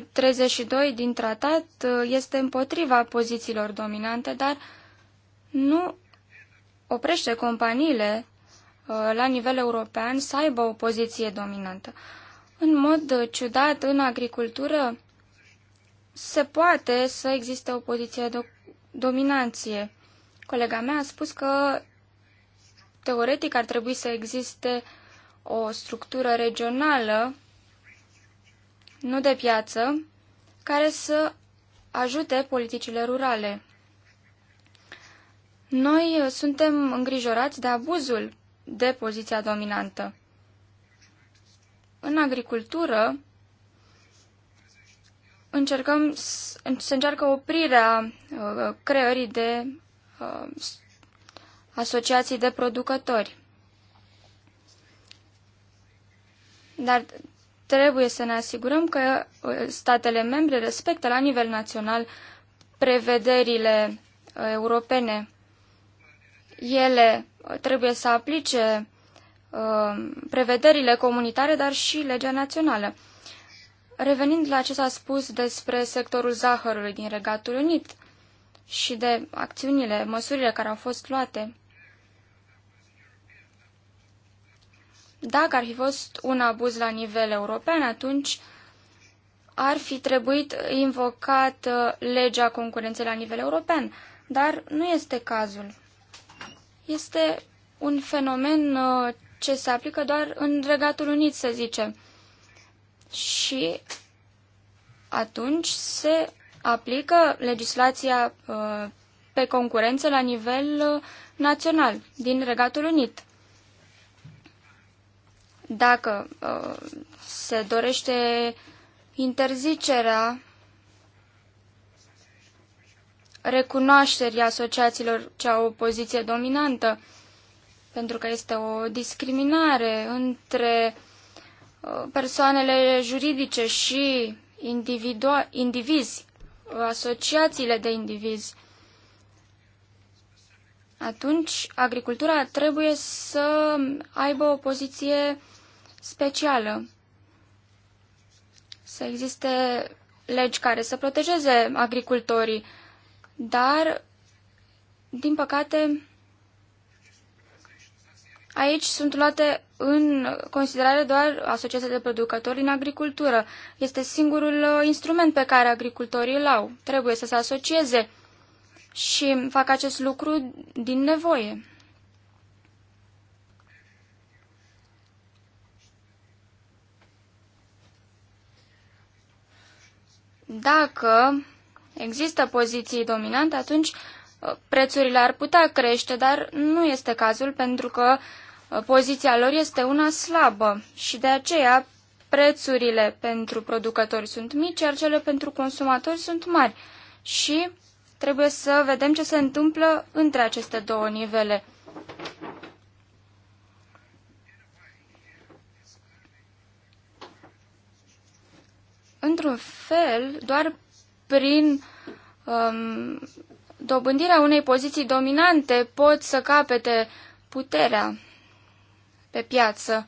1.32 uh, din tratat uh, este împotriva pozițiilor dominante, dar nu oprește companiile uh, la nivel european să aibă o poziție dominantă. În mod ciudat, în agricultură se poate să existe o poziție de dominanție. Colega mea a spus că teoretic ar trebui să existe o structură regională, nu de piață, care să ajute politicile rurale. Noi suntem îngrijorați de abuzul de poziția dominantă. În agricultură încercăm, se încearcă oprirea uh, creării de Uh, asociații de producători. Dar trebuie să ne asigurăm că uh, statele membre respectă la nivel național prevederile uh, europene. Ele trebuie să aplice prevederile comunitare, dar și legea națională. Revenind la ce s-a spus despre sectorul zahărului din Regatul Unit, și de acțiunile, măsurile care au fost luate. Dacă ar fi fost un abuz la nivel european, atunci ar fi trebuit invocat uh, legea concurenței la nivel european, dar nu este cazul. Este un fenomen uh, ce se aplică doar în Regatul Unit, să zicem. Și atunci se aplică legislația uh, pe concurență la nivel uh, național din Regatul Unit. Dacă uh, se dorește interzicerea recunoașterii asociațiilor ce au o poziție dominantă, pentru că este o discriminare între persoanele juridice și indivizi asociațiile de indivizi, atunci agricultura trebuie să aibă o poziție specială. Să existe legi care să protejeze agricultorii, dar, din păcate, aici sunt luate în considerare doar asociația de producători în agricultură. Este singurul uh, instrument pe care agricultorii îl au. Trebuie să se asocieze și fac acest lucru din nevoie. Dacă există poziții dominante, atunci uh, prețurile ar putea crește, dar nu este cazul pentru că uh, poziția lor este una slabă și de aceea prețurile pentru producători sunt mici, iar cele pentru consumatori sunt mari. Și trebuie să vedem ce se întâmplă între aceste două nivele. Într-un fel, doar prin um, dobândirea unei poziții dominante pot să capete puterea pe piață.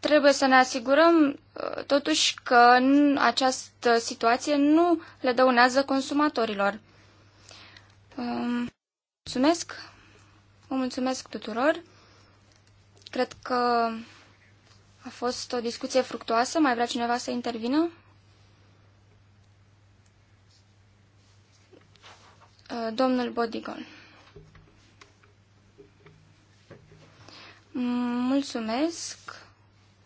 Trebuie să ne asigurăm uh, totuși că în această situație nu le dăunează consumatorilor. Um, mulțumesc, vă mulțumesc tuturor. Cred că a fost o discuție fructuoasă. Mai vrea cineva să intervină? Uh, domnul Bodigon. Mulțumesc.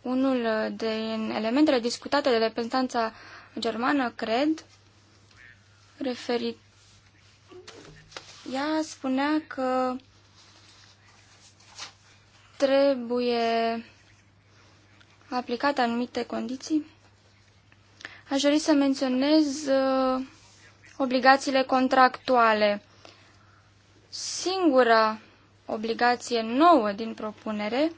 Unul din elementele discutate de reprezentanța germană, cred, referit... Ea spunea că trebuie aplicate anumite condiții. Aș dori să menționez uh, obligațiile contractuale. Singura obligație nouă din propunere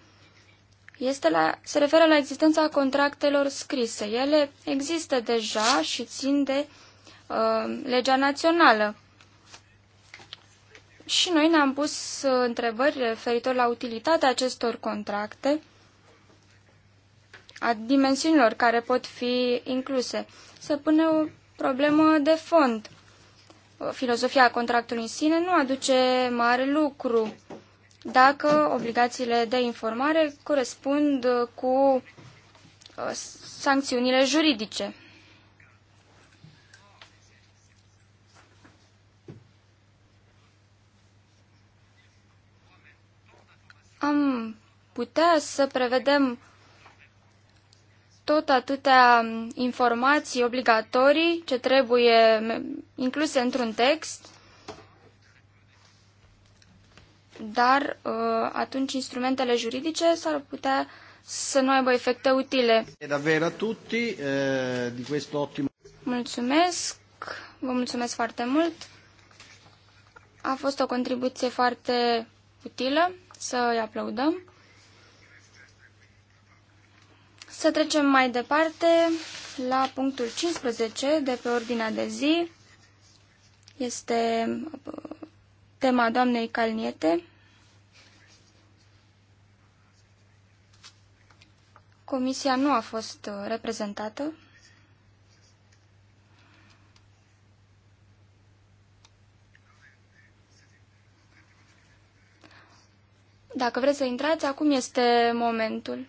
este la, se referă la existența contractelor scrise. Ele există deja și țin de uh, legea națională. Și noi ne-am pus uh, întrebări referitor la utilitatea acestor contracte, a dimensiunilor care pot fi incluse. Se pune o problemă de fond. Filozofia contractului în sine nu aduce mare lucru dacă obligațiile de informare corespund cu uh, sancțiunile juridice. Am putea să prevedem tot atâtea informații obligatorii ce trebuie incluse într-un text dar uh, atunci instrumentele juridice s-ar putea să nu aibă efecte utile. Davvero a tutti eh, di questo ottimo. Mulțumesc, vă mulțumesc foarte mult. A fost o contribuție foarte utilă, să îi aplaudăm. Să trecem mai departe la punctul 15 de pe ordinea de zi. Este uh, tema doamnei Calniete. Comisia nu a fost uh, reprezentată. Dacă vreți să intrați, acum este momentul.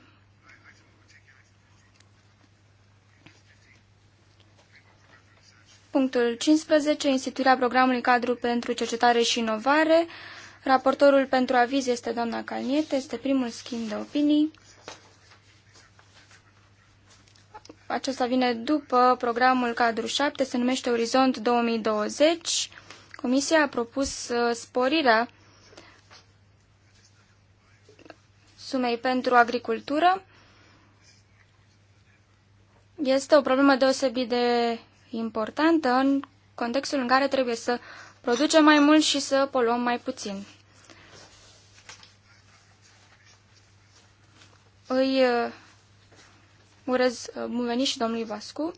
Punctul 15. Instituirea programului cadru pentru cercetare și inovare. Raportorul pentru aviz este doamna Calniete. Este primul schimb de opinii. Acesta vine după programul cadru 7, se numește Orizont 2020. Comisia a propus uh, sporirea sumei pentru agricultură. Este o problemă deosebit de importantă în contextul în care trebuie să producem mai mult și să poluăm mai puțin. Îi uh, urez uh, bun venit și domnului Vascu.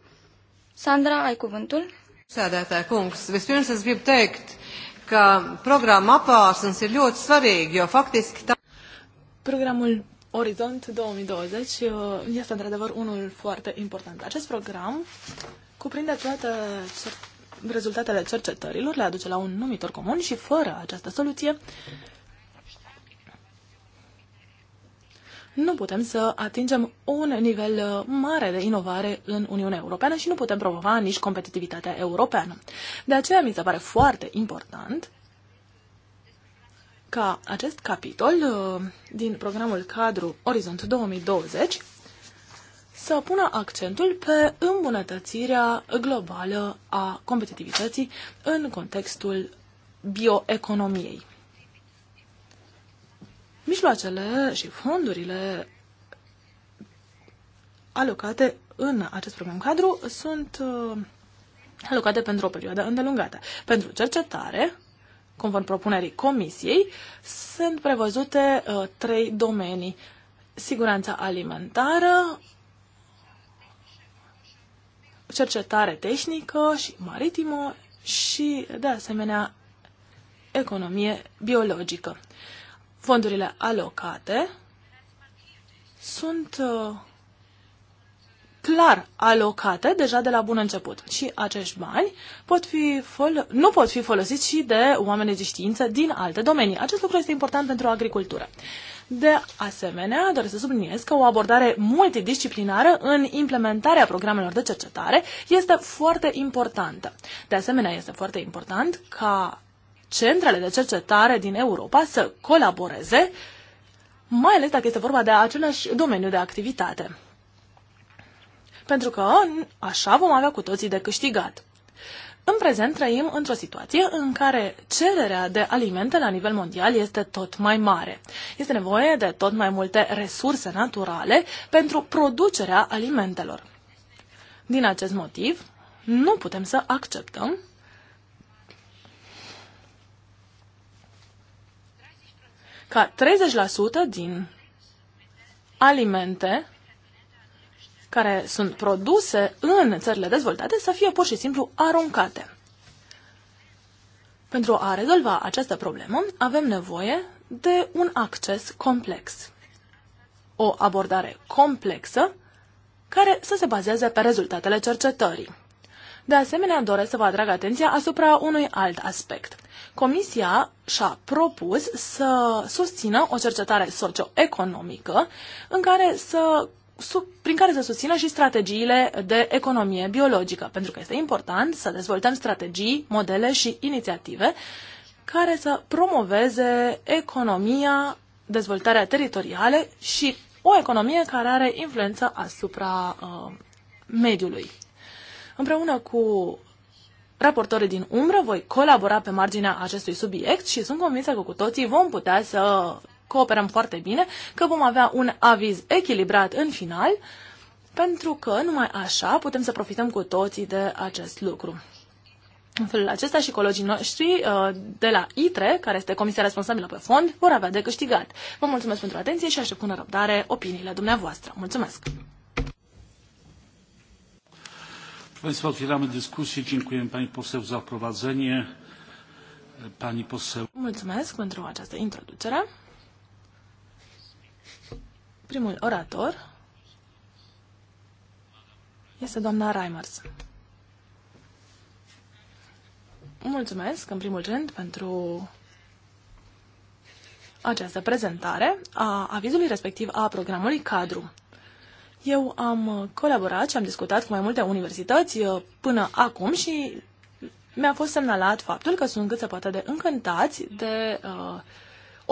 Sandra, ai cuvântul? Sēdētāja kungs, vispirms es gribu teikt, ka programma apvārsnes ir ļoti svarīga, jo faktiski tā... Programul Orizont 2020 uh, este într-adevăr unul foarte important. Acest program cuprinde toate rezultatele cercetărilor, le aduce la un numitor comun și fără această soluție nu putem să atingem un nivel mare de inovare în Uniunea Europeană și nu putem promova nici competitivitatea europeană. De aceea mi se pare foarte important ca acest capitol uh, din programul cadru Orizont 2020 să pună accentul pe îmbunătățirea globală a competitivității în contextul bioeconomiei. Mijloacele și fondurile alocate în acest program cadru sunt uh, alocate pentru o perioadă îndelungată. Pentru cercetare, conform propunerii Comisiei, sunt prevăzute uh, trei domenii. Siguranța alimentară, cercetare tehnică și maritimă și, de asemenea, economie biologică. Fondurile alocate sunt uh, clar alocate deja de la bun început și acești bani pot fi nu pot fi folosiți și de oamenii de știință din alte domenii. Acest lucru este important pentru agricultură. De asemenea, doresc să subliniez că o abordare multidisciplinară în implementarea programelor de cercetare este foarte importantă. De asemenea, este foarte important ca centrele de cercetare din Europa să colaboreze, mai ales dacă este vorba de același domeniu de activitate. Pentru că așa vom avea cu toții de câștigat. În prezent trăim într-o situație în care cererea de alimente la nivel mondial este tot mai mare. Este nevoie de tot mai multe resurse naturale pentru producerea alimentelor. Din acest motiv, nu putem să acceptăm ca 30% din alimente care sunt produse în țările dezvoltate să fie pur și simplu aruncate. Pentru a rezolva această problemă, avem nevoie de un acces complex. O abordare complexă care să se bazeze pe rezultatele cercetării. De asemenea, doresc să vă atrag atenția asupra unui alt aspect. Comisia și-a propus să susțină o cercetare socioeconomică în care să sub, prin care să susțină și strategiile de economie biologică, pentru că este important să dezvoltăm strategii, modele și inițiative care să promoveze economia, dezvoltarea teritorială și o economie care are influență asupra uh, mediului. Împreună cu raportorii din umbră voi colabora pe marginea acestui subiect și sunt convinsă că cu toții vom putea să cooperăm foarte bine, că vom avea un aviz echilibrat în final, pentru că numai așa putem să profităm cu toții de acest lucru. În felul acesta și colegii noștri uh, de la ITRE, care este comisia responsabilă pe fond, vor avea de câștigat. Vă mulțumesc pentru atenție și aștept cu nerăbdare opiniile dumneavoastră. Mulțumesc! Państwo, otwieramy dyskusję. Dziękujemy Pani Poseł za wprowadzenie. Pani Poseł. Mulțumesc pentru această introducere. Primul orator este doamna Reimers. Mulțumesc, în primul rând, pentru această prezentare a avizului respectiv a programului cadru. Eu am colaborat și am discutat cu mai multe universități uh, până acum și mi-a fost semnalat faptul că sunt cât se poate de încântați de uh,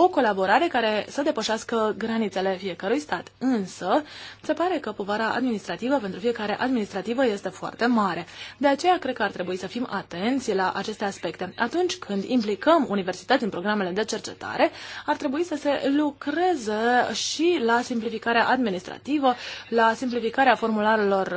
o colaborare care să depășească granițele fiecărui stat. Însă, se pare că povara administrativă pentru fiecare administrativă este foarte mare. De aceea, cred că ar trebui să fim atenți la aceste aspecte. Atunci când implicăm universități în programele de cercetare, ar trebui să se lucreze și la simplificarea administrativă, la simplificarea formularelor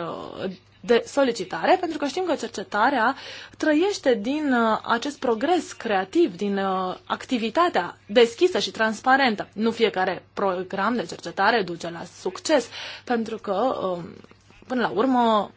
de solicitare, pentru că știm că cercetarea trăiește din uh, acest progres creativ, din uh, activitatea deschisă și transparentă. Nu fiecare program de cercetare duce la succes, pentru că, um, până la urmă,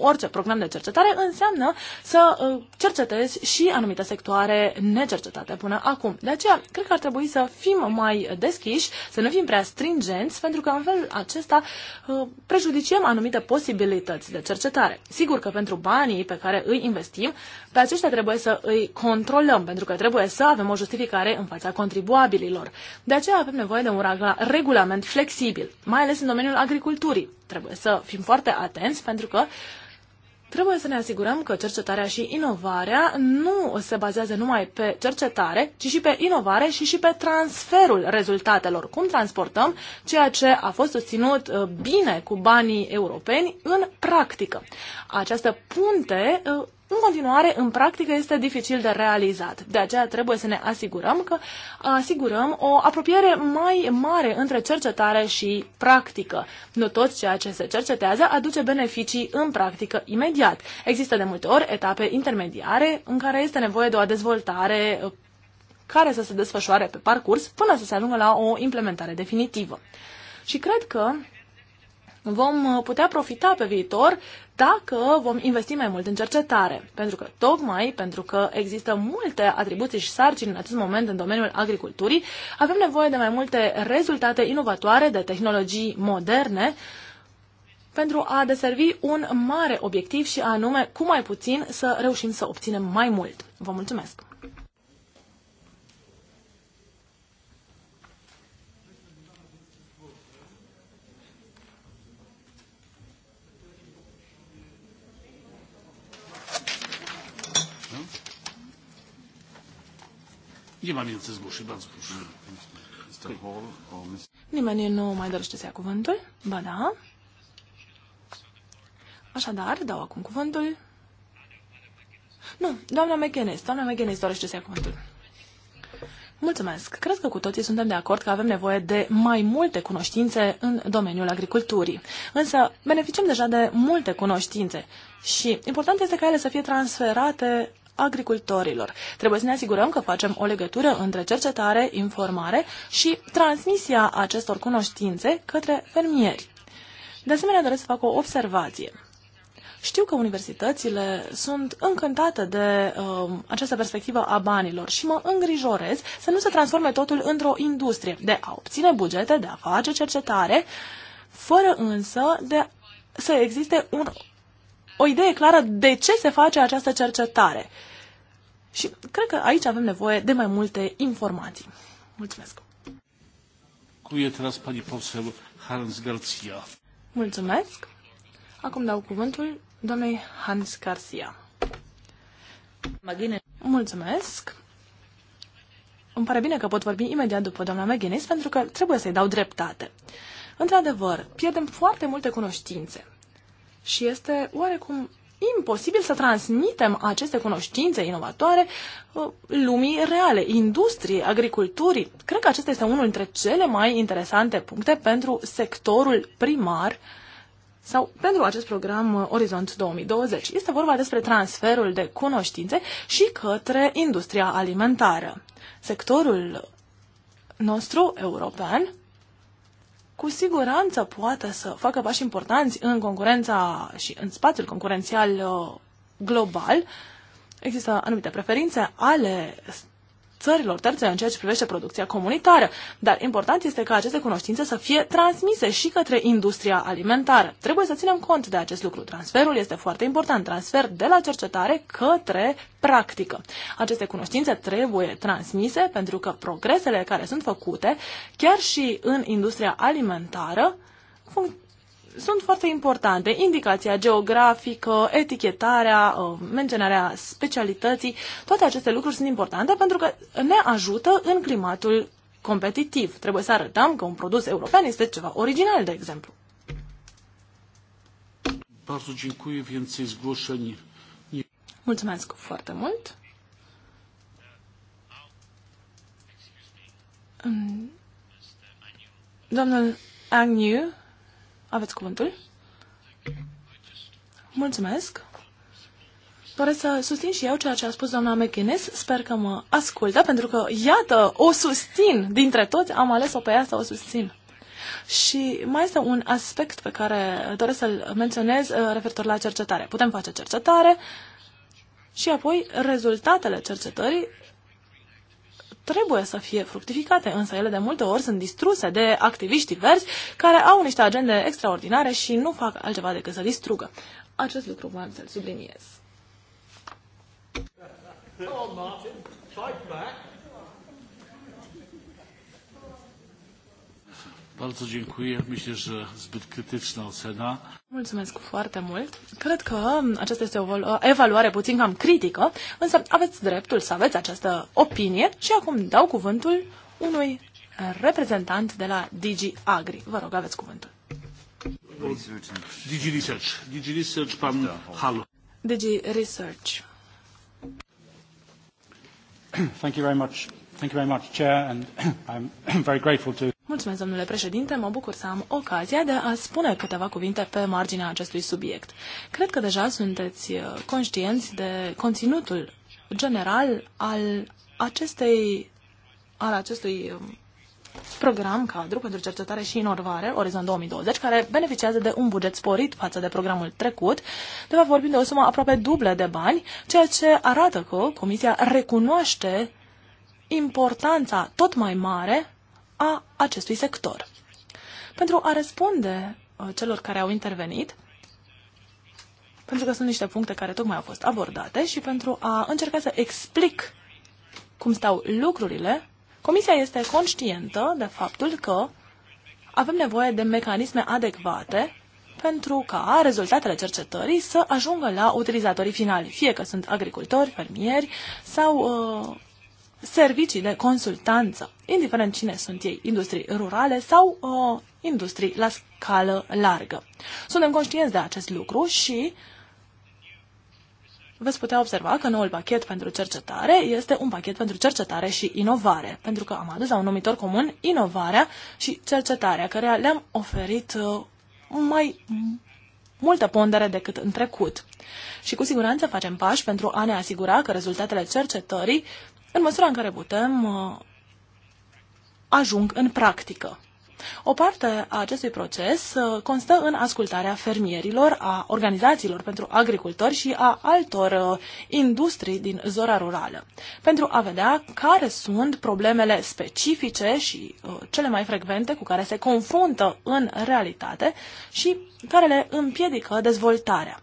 orice program de cercetare înseamnă să uh, cercetezi și anumite sectoare necercetate până acum. De aceea, cred că ar trebui să fim mai deschiși, să nu fim prea stringenți, pentru că în felul acesta uh, prejudiciem anumite posibilități de cercetare. Sigur că pentru banii pe care îi investim, pe aceștia trebuie să îi controlăm, pentru că trebuie să avem o justificare în fața contribuabililor. De aceea avem nevoie de un regulament flexibil, mai ales în domeniul agriculturii. Trebuie să fim foarte atenți, pentru că uh, Trebuie să ne asigurăm că cercetarea și inovarea nu se bazează numai pe cercetare, ci și pe inovare și și pe transferul rezultatelor. Cum transportăm ceea ce a fost susținut uh, bine cu banii europeni în practică. Această punte uh, în continuare, în practică, este dificil de realizat. De aceea trebuie să ne asigurăm că asigurăm o apropiere mai mare între cercetare și practică. Nu tot ceea ce se cercetează aduce beneficii în practică imediat. Există de multe ori etape intermediare în care este nevoie de o dezvoltare uh, care să se desfășoare pe parcurs până să se ajungă la o implementare definitivă. Și cred că vom uh, putea profita pe viitor dacă vom investi mai mult în cercetare. Pentru că, tocmai pentru că există multe atribuții și sarcini în acest moment în domeniul agriculturii, avem nevoie de mai multe rezultate inovatoare, de tehnologii moderne, pentru a deservi un mare obiectiv și anume, cu mai puțin, să reușim să obținem mai mult. Vă mulțumesc! Nie ma więcej zgłoszeń. Bardzo proszę. Nimeni nu mai dorește să ia cuvântul? Ba da. Așadar, dau acum cuvântul. Nu, doamna McGuinness, doamna McGuinness dorește să ia cuvântul. Mulțumesc! Cred că cu toții suntem de acord că avem nevoie de mai multe cunoștințe în domeniul agriculturii. Însă beneficiem deja de multe cunoștințe și important este ca ele să fie transferate agricultorilor. Trebuie să ne asigurăm că facem o legătură între cercetare, informare și transmisia acestor cunoștințe către fermieri. De asemenea, doresc să fac o observație. Știu că universitățile sunt încântate de uh, această perspectivă a banilor și mă îngrijorez să nu se transforme totul într-o industrie de a obține bugete, de a face cercetare, fără însă de să existe un o idee clară de ce se face această cercetare. Și cred că aici avem nevoie de mai multe informații. Mulțumesc! Mulțumesc! Acum dau cuvântul doamnei Hans Garcia. Mulțumesc! Îmi pare bine că pot vorbi imediat după doamna McGuinness pentru că trebuie să-i dau dreptate. Într-adevăr, pierdem foarte multe cunoștințe și este oarecum imposibil să transmitem aceste cunoștințe inovatoare uh, lumii reale, industriei, agriculturii. Cred că acesta este unul dintre cele mai interesante puncte pentru sectorul primar sau pentru acest program uh, Orizont 2020. Este vorba despre transferul de cunoștințe și către industria alimentară. Sectorul nostru european cu siguranță poate să facă pași importanți în concurența și în spațiul concurențial uh, global. Există anumite preferințe ale țărilor terțe în ceea ce privește producția comunitară, dar important este ca aceste cunoștințe să fie transmise și către industria alimentară. Trebuie să ținem cont de acest lucru. Transferul este foarte important, transfer de la cercetare către practică. Aceste cunoștințe trebuie transmise pentru că progresele care sunt făcute, chiar și în industria alimentară, sunt foarte importante. Indicația geografică, etichetarea, uh, menționarea specialității, toate aceste lucruri sunt importante pentru că ne ajută în climatul competitiv. Trebuie să arătăm că un produs european este ceva original, de exemplu. Mulțumesc foarte mult. Domnul Agnew aveți cuvântul? Mulțumesc! Doresc să susțin și eu ceea ce a spus doamna McInnes. Sper că mă ascultă, pentru că, iată, o susțin dintre toți. Am ales-o pe ea să o susțin. Și mai este un aspect pe care doresc să-l menționez uh, referitor la cercetare. Putem face cercetare și apoi rezultatele cercetării trebuie să fie fructificate, însă ele de multe ori sunt distruse de activiști diversi care au niște agende extraordinare și nu fac altceva decât să distrugă. Acest lucru vreau să-l subliniez. Bardzo dziękuję. Myślę, że zbyt krytyczna ocena. Mulțumesc foarte mult. Cred că um, aceasta este o evaluare puțin cam critică, însă aveți dreptul să aveți această opinie și acum dau cuvântul unui reprezentant de la Digi Agri. Vă rog, aveți cuvântul. Digi Research. Digi Research, pan da. Halu. Digi Research. Thank you very much. Mulțumesc, domnule președinte. Mă bucur să am ocazia de a spune câteva cuvinte pe marginea acestui subiect. Cred că deja sunteți uh, conștienți de conținutul general al acestei, al acestui um, program cadru pentru cercetare și inovare, Orizont 2020, care beneficiază de un buget sporit față de programul trecut. De fapt, vorbim de o sumă aproape dublă de bani, ceea ce arată că Comisia recunoaște importanța tot mai mare a acestui sector. Pentru a răspunde uh, celor care au intervenit, pentru că sunt niște puncte care tocmai au fost abordate și pentru a încerca să explic cum stau lucrurile, Comisia este conștientă de faptul că avem nevoie de mecanisme adecvate pentru ca rezultatele cercetării să ajungă la utilizatorii finali, fie că sunt agricultori, fermieri sau uh, servicii de consultanță, indiferent cine sunt ei, industrii rurale sau uh, industrii la scală largă. Suntem conștienți de acest lucru și veți putea observa că noul pachet pentru cercetare este un pachet pentru cercetare și inovare, pentru că am adus la un numitor comun inovarea și cercetarea, care le-am oferit uh, mai multă pondere decât în trecut. Și cu siguranță facem pași pentru a ne asigura că rezultatele cercetării în măsura în care putem, uh, ajung în practică. O parte a acestui proces uh, constă în ascultarea fermierilor, a organizațiilor pentru agricultori și a altor uh, industrii din zona rurală, pentru a vedea care sunt problemele specifice și cele mai frecvente cu care se confruntă în realitate și care le împiedică dezvoltarea.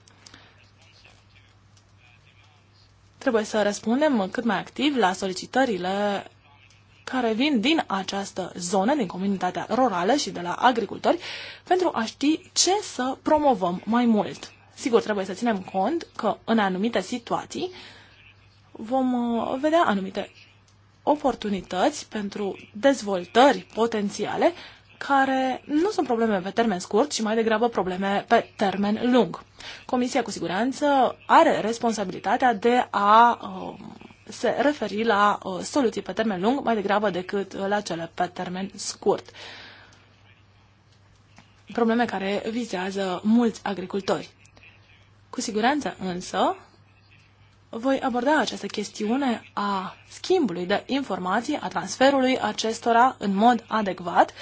Trebuie să răspundem cât mai activ la solicitările care vin din această zonă, din comunitatea rurală și de la agricultori, pentru a ști ce să promovăm mai mult. Sigur, trebuie să ținem cont că în anumite situații vom uh, vedea anumite oportunități pentru dezvoltări potențiale care nu sunt probleme pe termen scurt, ci mai degrabă probleme pe termen lung. Comisia, cu siguranță, are responsabilitatea de a um, se referi la uh, soluții pe termen lung mai degrabă decât uh, la cele pe termen scurt. Probleme care vizează mulți agricultori. Cu siguranță însă voi aborda această chestiune a schimbului de informații, a transferului acestora în mod adecvat,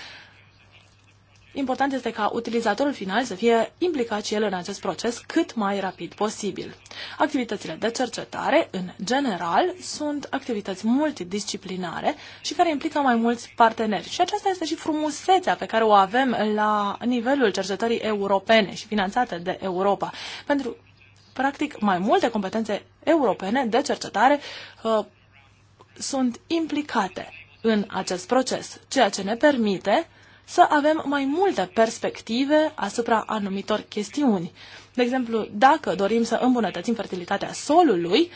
important este ca utilizatorul final să fie implicat și el în acest proces cât mai rapid posibil. Activitățile de cercetare, în general, sunt activități multidisciplinare și care implică mai mulți parteneri. Și aceasta este și frumusețea pe care o avem la nivelul cercetării europene și finanțate de Europa. Pentru, practic, mai multe competențe europene de cercetare uh, sunt implicate în acest proces, ceea ce ne permite să avem mai multe perspective asupra anumitor chestiuni. De exemplu, dacă dorim să îmbunătățim fertilitatea solului,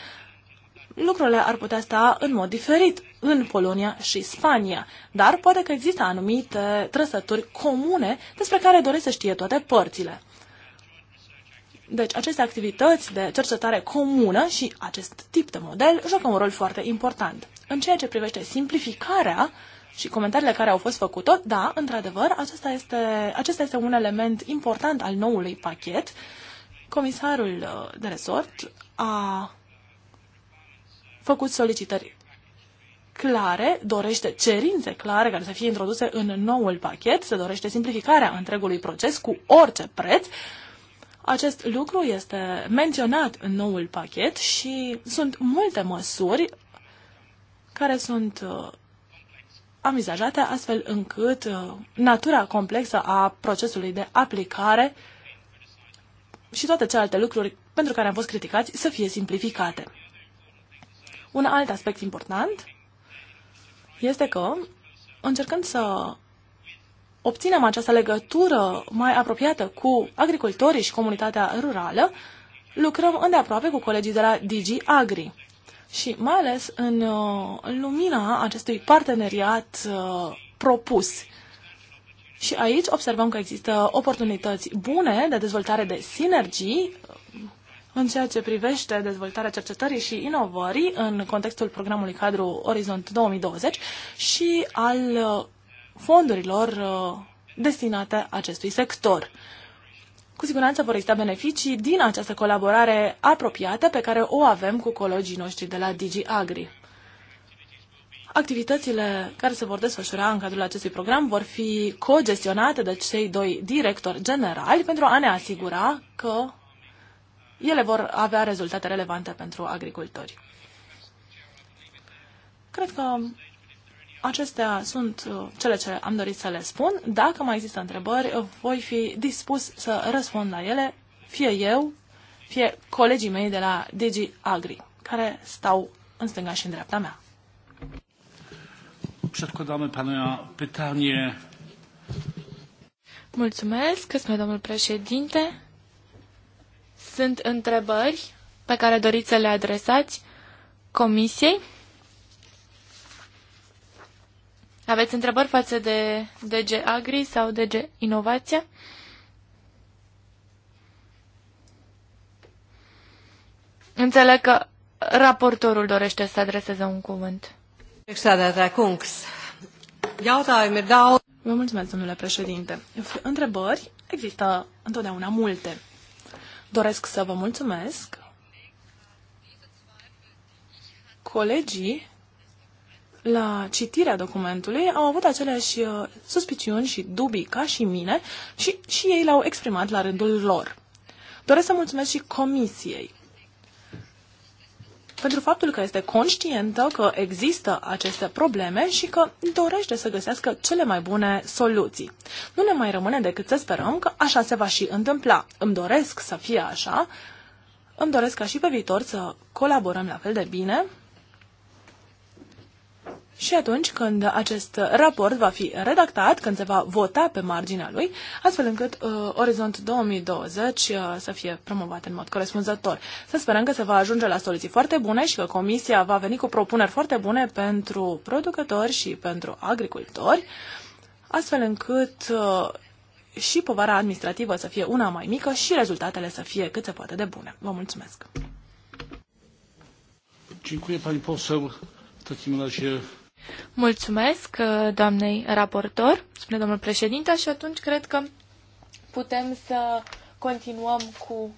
lucrurile ar putea sta în mod diferit în Polonia și Spania, dar poate că există anumite trăsături comune despre care doresc să știe toate părțile. Deci aceste activități de cercetare comună și acest tip de model joacă un rol foarte important. În ceea ce privește simplificarea, și comentariile care au fost făcute, da, într-adevăr, acesta este, acesta este un element important al noului pachet. Comisarul uh, de resort a făcut solicitări clare, dorește cerințe clare care să fie introduse în noul pachet, se dorește simplificarea întregului proces cu orice preț. Acest lucru este menționat în noul pachet și sunt multe măsuri care sunt uh, amizajate astfel încât uh, natura complexă a procesului de aplicare și toate celelalte lucruri pentru care am fost criticați să fie simplificate. Un alt aspect important este că, încercând să obținem această legătură mai apropiată cu agricultorii și comunitatea rurală, lucrăm îndeaproape cu colegii de la DG Agri și mai ales în uh, lumina acestui parteneriat uh, propus. Și aici observăm că există oportunități bune de dezvoltare de sinergii uh, în ceea ce privește dezvoltarea cercetării și inovării în contextul programului cadru Orizont 2020 și al fondurilor destinate acestui sector. Cu siguranță vor exista beneficii din această colaborare apropiată pe care o avem cu colegii noștri de la Digi Agri. Activitățile care se vor desfășura în cadrul acestui program vor fi cogestionate de cei doi directori generali pentru a ne asigura că ele vor avea rezultate relevante pentru agricultori. Cred că Acestea sunt uh, cele ce am dorit să le spun. Dacă mai există întrebări, uh, voi fi dispus să răspund la ele, fie eu, fie colegii mei de la Digi Agri, care stau în stânga și în dreapta mea. Przedkładamy pana pytanie. Mulțumesc, spune domnul președinte. Sunt întrebări pe care doriți să le adresați comisiei? Aveți întrebări față de DG Agri sau DG Inovația? Înțeleg că raportorul dorește să adreseze un cuvânt. Vă mulțumesc, domnule președinte. Întrebări există întotdeauna multe. Doresc să vă mulțumesc. Colegii la citirea documentului au avut aceleași uh, suspiciuni și dubii ca și mine și, și ei l-au exprimat la rândul lor. Doresc să mulțumesc și comisiei pentru faptul că este conștientă că există aceste probleme și că dorește să găsească cele mai bune soluții. Nu ne mai rămâne decât să sperăm că așa se va și întâmpla. Îmi doresc să fie așa, îmi doresc ca și pe viitor să colaborăm la fel de bine și atunci când acest raport va fi redactat, când se va vota pe marginea lui, astfel încât uh, Orizont 2020 uh, să fie promovat în mod corespunzător. Să sperăm că se va ajunge la soluții foarte bune și că Comisia va veni cu propuneri foarte bune pentru producători și pentru agricultori, astfel încât uh, și povara administrativă să fie una mai mică și rezultatele să fie cât se poate de bune. Vă mulțumesc! Dziękuję pani poseł. W takim razie Mulțumesc uh, doamnei raportor, spune domnul președinte, și atunci cred că putem să continuăm cu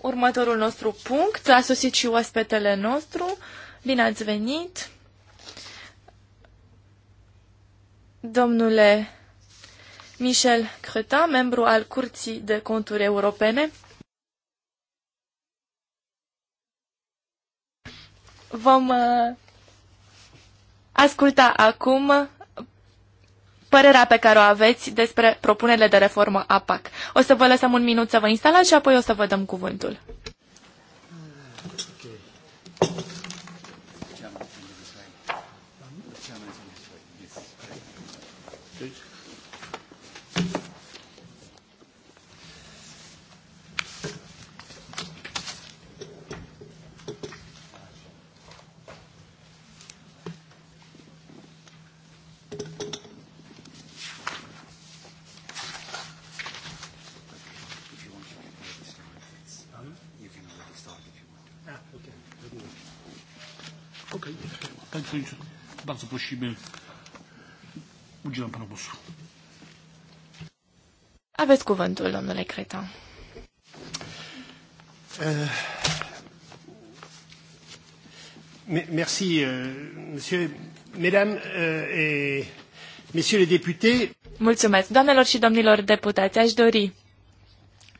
următorul nostru punct. A sosit și oaspetele nostru. Bine ați venit! Domnule Michel Cretin, membru al Curții de Conturi Europene, vom uh, asculta acum părerea pe care o aveți despre propunerile de reformă a PAC. O să vă lăsăm un minut să vă instalați și apoi o să vă dăm cuvântul. Aveți cuvântul, domnule Creta. Uh, merci, uh, monsieur, mesdames uh, et messieurs les députés. Mulțumesc, doamnelor și domnilor deputați. Aș dori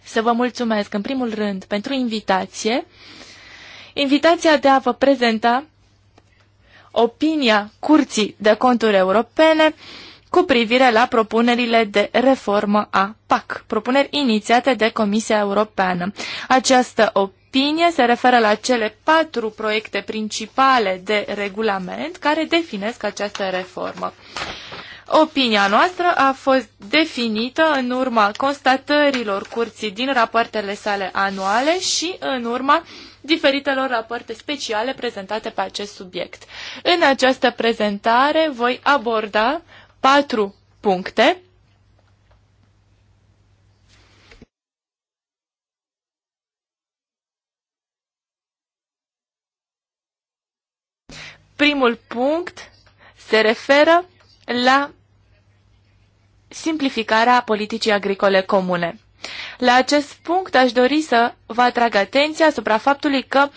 să vă mulțumesc, în primul rând, pentru invitație. Invitația de a vă prezenta opinia Curții de Conturi Europene cu privire la propunerile de reformă a PAC, propuneri inițiate de Comisia Europeană. Această opinie se referă la cele patru proiecte principale de regulament care definesc această reformă. Opinia noastră a fost definită în urma constatărilor curții din rapoartele sale anuale și în urma uh, diferitelor rapoarte speciale prezentate pe acest subiect. În această prezentare voi aborda patru puncte. Primul punct se referă la simplificarea politicii agricole comune. La acest punct aș dori să vă atrag atenția asupra faptului că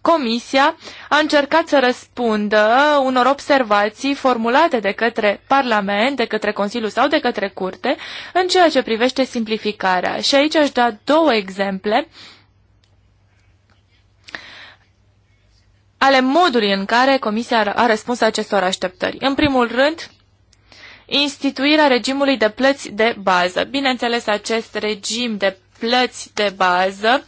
Comisia a încercat să răspundă unor observații formulate de către Parlament, de către Consiliu sau de către Curte în ceea ce privește simplificarea. Și aici aș da două exemple ale modului în care Comisia a răspuns acestor așteptări. În primul rând, instituirea regimului de plăți de bază. Bineînțeles, acest regim de plăți de bază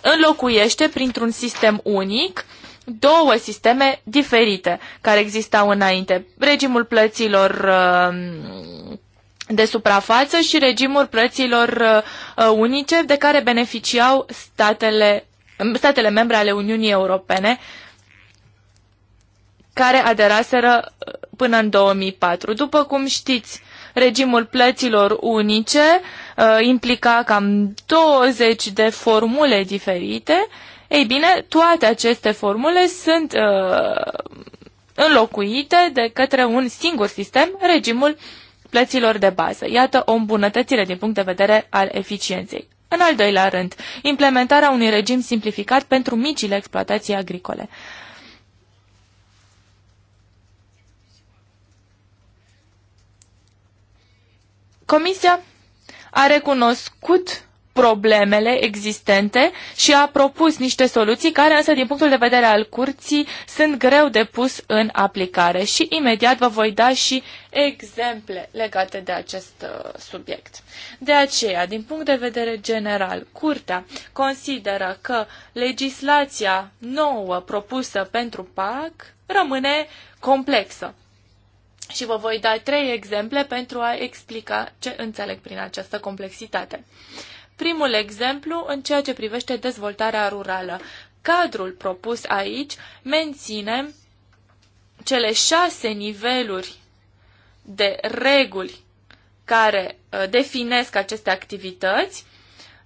înlocuiește printr-un sistem unic două sisteme diferite care existau înainte. Regimul plăților uh, de suprafață și regimul plăților uh, unice de care beneficiau statele, statele membre ale Uniunii Europene care aderaseră uh, până în 2004. După cum știți, regimul plăților unice uh, implica cam 20 de formule diferite. Ei bine, toate aceste formule sunt uh, înlocuite de către un singur sistem, regimul plăților de bază. Iată o îmbunătățire din punct de vedere al eficienței. În al doilea rând, implementarea unui regim simplificat pentru micile exploatații agricole. Comisia a recunoscut problemele existente și a propus niște soluții care însă din punctul de vedere al curții sunt greu de pus în aplicare și imediat vă voi da și exemple legate de acest uh, subiect. De aceea, din punct de vedere general, curtea consideră că legislația nouă propusă pentru PAC rămâne complexă și vă voi da trei exemple pentru a explica ce înțeleg prin această complexitate. Primul exemplu în ceea ce privește dezvoltarea rurală. Cadrul propus aici menține cele șase niveluri de reguli care uh, definesc aceste activități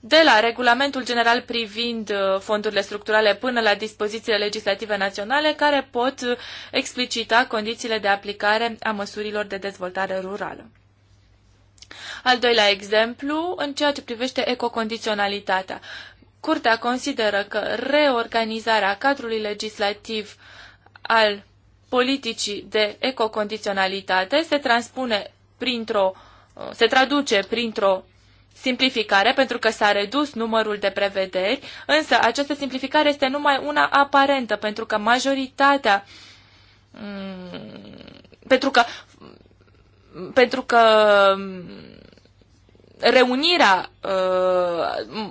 de la regulamentul general privind uh, fondurile structurale până la dispozițiile legislative naționale care pot uh, explicita condițiile de aplicare a măsurilor de dezvoltare rurală. Al doilea exemplu, în ceea ce privește ecocondiționalitatea. Curtea consideră că reorganizarea cadrului legislativ al politicii de ecocondiționalitate se transpune printr-o uh, se traduce printr-o simplificare pentru că s-a redus numărul de prevederi, însă această simplificare este numai una aparentă pentru că majoritatea mm, pentru că pentru că mm, reunirea uh,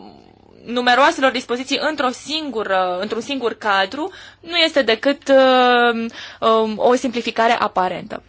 numeroaselor dispoziții într-o singură, într-un singur cadru nu este decât uh, um, o simplificare aparentă.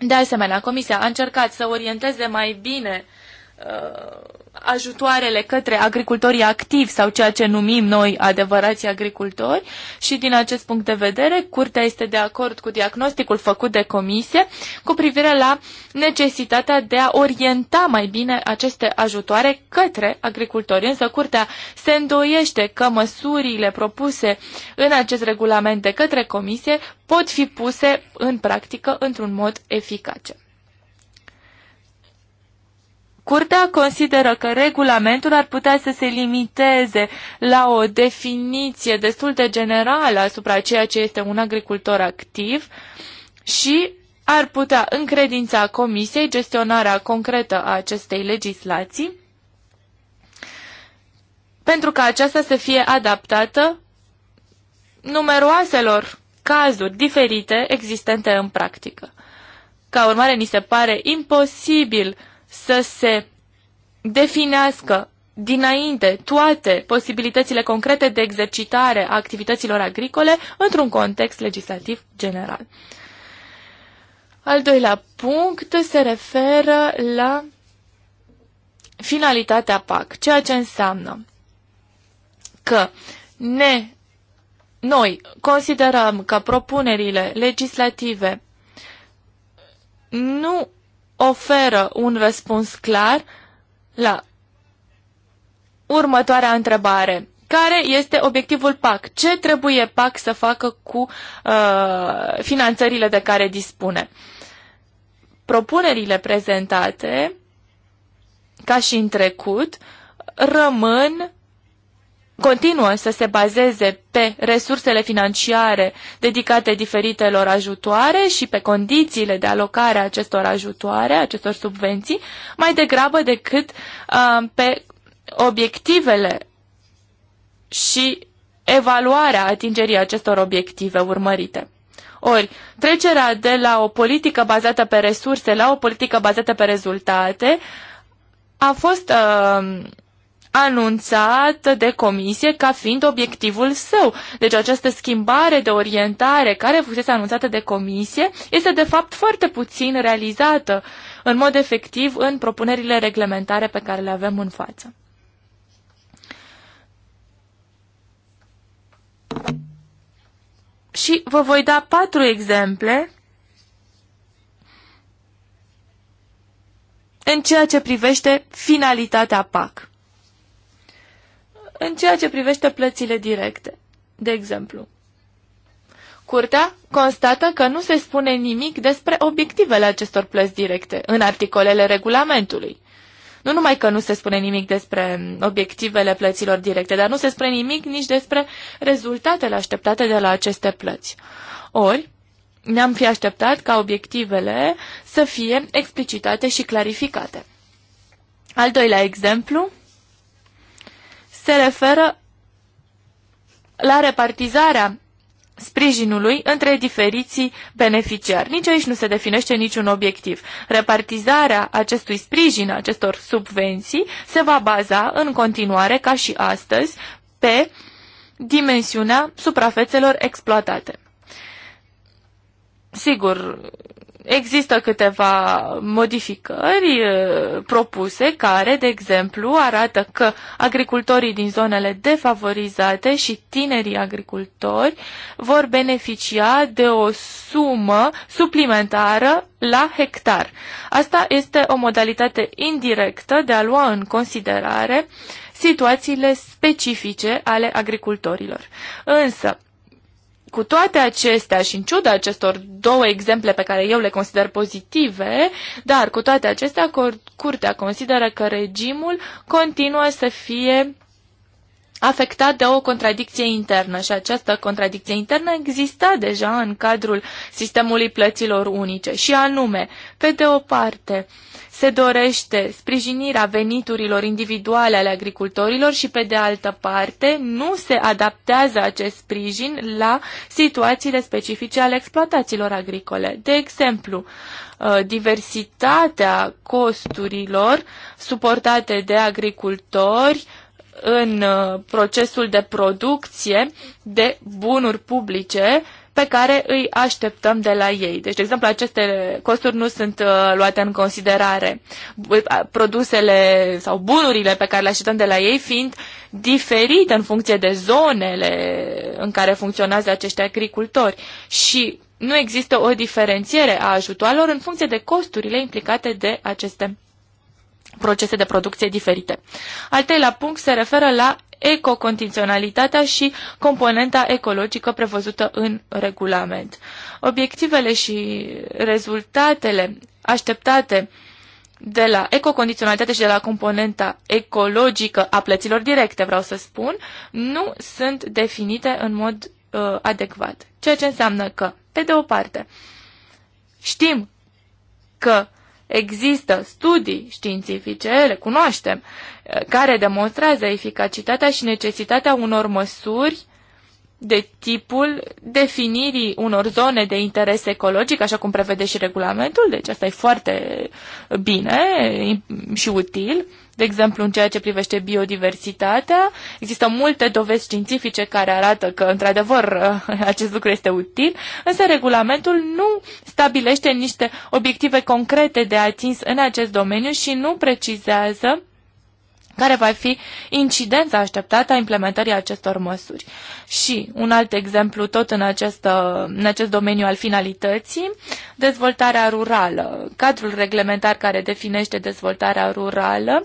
De asemenea, Comisia a încercat să orienteze mai bine uh, Uh, ajutoarele către agricultorii activi sau ceea ce numim noi adevărații agricultori și din acest punct de vedere, Curtea este de acord cu diagnosticul făcut de comisie cu privire la necesitatea de a orienta mai bine aceste ajutoare către agricultori. Însă Curtea se îndoiește că măsurile propuse în acest regulament de către comisie pot fi puse în practică într-un mod eficace. Curtea consideră că regulamentul ar putea să se limiteze la o definiție destul de generală asupra ceea ce este un agricultor activ și ar putea încredința Comisiei gestionarea concretă a acestei legislații pentru ca aceasta să fie adaptată numeroaselor cazuri diferite existente în practică. Ca urmare, ni se pare imposibil să se definească dinainte toate posibilitățile concrete de exercitare a activităților agricole într-un context legislativ general. Al doilea punct se referă la finalitatea PAC, ceea ce înseamnă că ne, noi considerăm că propunerile legislative nu oferă un răspuns clar la următoarea întrebare. Care este obiectivul PAC? Ce trebuie PAC să facă cu uh, finanțările de care dispune? Propunerile prezentate, ca și în trecut, rămân continuă să se bazeze pe resursele financiare dedicate diferitelor ajutoare și pe condițiile de alocare a acestor ajutoare, acestor subvenții, mai degrabă decât uh, pe obiectivele și evaluarea atingerii acestor obiective urmărite. Ori, trecerea de la o politică bazată pe resurse la o politică bazată pe rezultate a fost uh, anunțat de comisie ca fiind obiectivul său. Deci această schimbare de orientare care fusese anunțată de comisie este de fapt foarte puțin realizată în mod efectiv în propunerile reglementare pe care le avem în față. Și vă voi da patru exemple în ceea ce privește finalitatea PAC în ceea ce privește plățile directe. De exemplu, Curtea constată că nu se spune nimic despre obiectivele acestor plăți directe în articolele regulamentului. Nu numai că nu se spune nimic despre obiectivele plăților directe, dar nu se spune nimic nici despre rezultatele așteptate de la aceste plăți. Ori, ne-am fi așteptat ca obiectivele să fie explicitate și clarificate. Al doilea exemplu se referă la repartizarea sprijinului între diferiții beneficiari. Nici aici nu se definește niciun obiectiv. Repartizarea acestui sprijin, acestor subvenții, se va baza în continuare, ca și astăzi, pe dimensiunea suprafețelor exploatate. Sigur, Există câteva modificări uh, propuse care, de exemplu, arată că agricultorii din zonele defavorizate și tinerii agricultori vor beneficia de o sumă suplimentară la hectar. Asta este o modalitate indirectă de a lua în considerare situațiile specifice ale agricultorilor. Însă, cu toate acestea și în ciuda acestor două exemple pe care eu le consider pozitive, dar cu toate acestea, Curtea consideră că regimul continuă să fie afectat de o contradicție internă și această contradicție internă exista deja în cadrul sistemului plăților unice și anume, pe de o parte, uh, se dorește sprijinirea veniturilor individuale ale agricultorilor și, pe de altă parte, nu se adaptează acest sprijin la situațiile specifice ale exploatațiilor agricole. De exemplu, uh, diversitatea costurilor suportate de agricultori în uh, procesul de producție de bunuri publice pe care îi așteptăm de la ei. Deci, de exemplu, aceste costuri nu sunt uh, luate în considerare. Produsele sau bunurile pe care le așteptăm de la ei fiind diferite în funcție de zonele în care funcționează acești agricultori și nu există o diferențiere a ajutoarelor în funcție de costurile implicate de aceste procese de producție diferite. Al treilea punct se referă la ecocondiționalitatea și componenta ecologică prevăzută în regulament. Obiectivele și rezultatele așteptate de la ecocondiționalitate și de la componenta ecologică a plăților directe, vreau să spun, nu sunt definite în mod uh, adecvat. Ceea ce înseamnă că, pe de o parte, știm că Există studii științifice, le cunoaștem, care demonstrează eficacitatea și necesitatea unor măsuri de tipul definirii unor zone de interes ecologic, așa cum prevede și regulamentul, deci asta e foarte bine și util. De exemplu, în ceea ce privește biodiversitatea, există multe dovezi științifice care arată că, într-adevăr, acest lucru este util, însă regulamentul nu stabilește niște obiective concrete de atins în acest domeniu și nu precizează care va fi incidența așteptată a implementării acestor măsuri. Și un alt exemplu, tot în, acest, în acest domeniu al finalității, dezvoltarea rurală. Cadrul reglementar care definește dezvoltarea rurală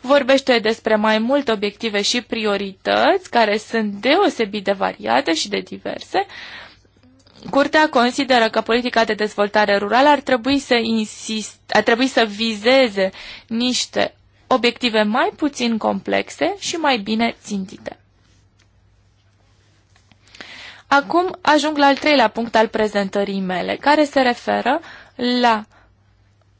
vorbește despre mai multe obiective și priorități care sunt deosebit de variate și de diverse, Curtea consideră că politica de dezvoltare rurală ar trebui să insist, ar trebui să vizeze niște obiective mai puțin complexe și mai bine țintite. Acum ajung la al treilea punct al prezentării mele, care se referă la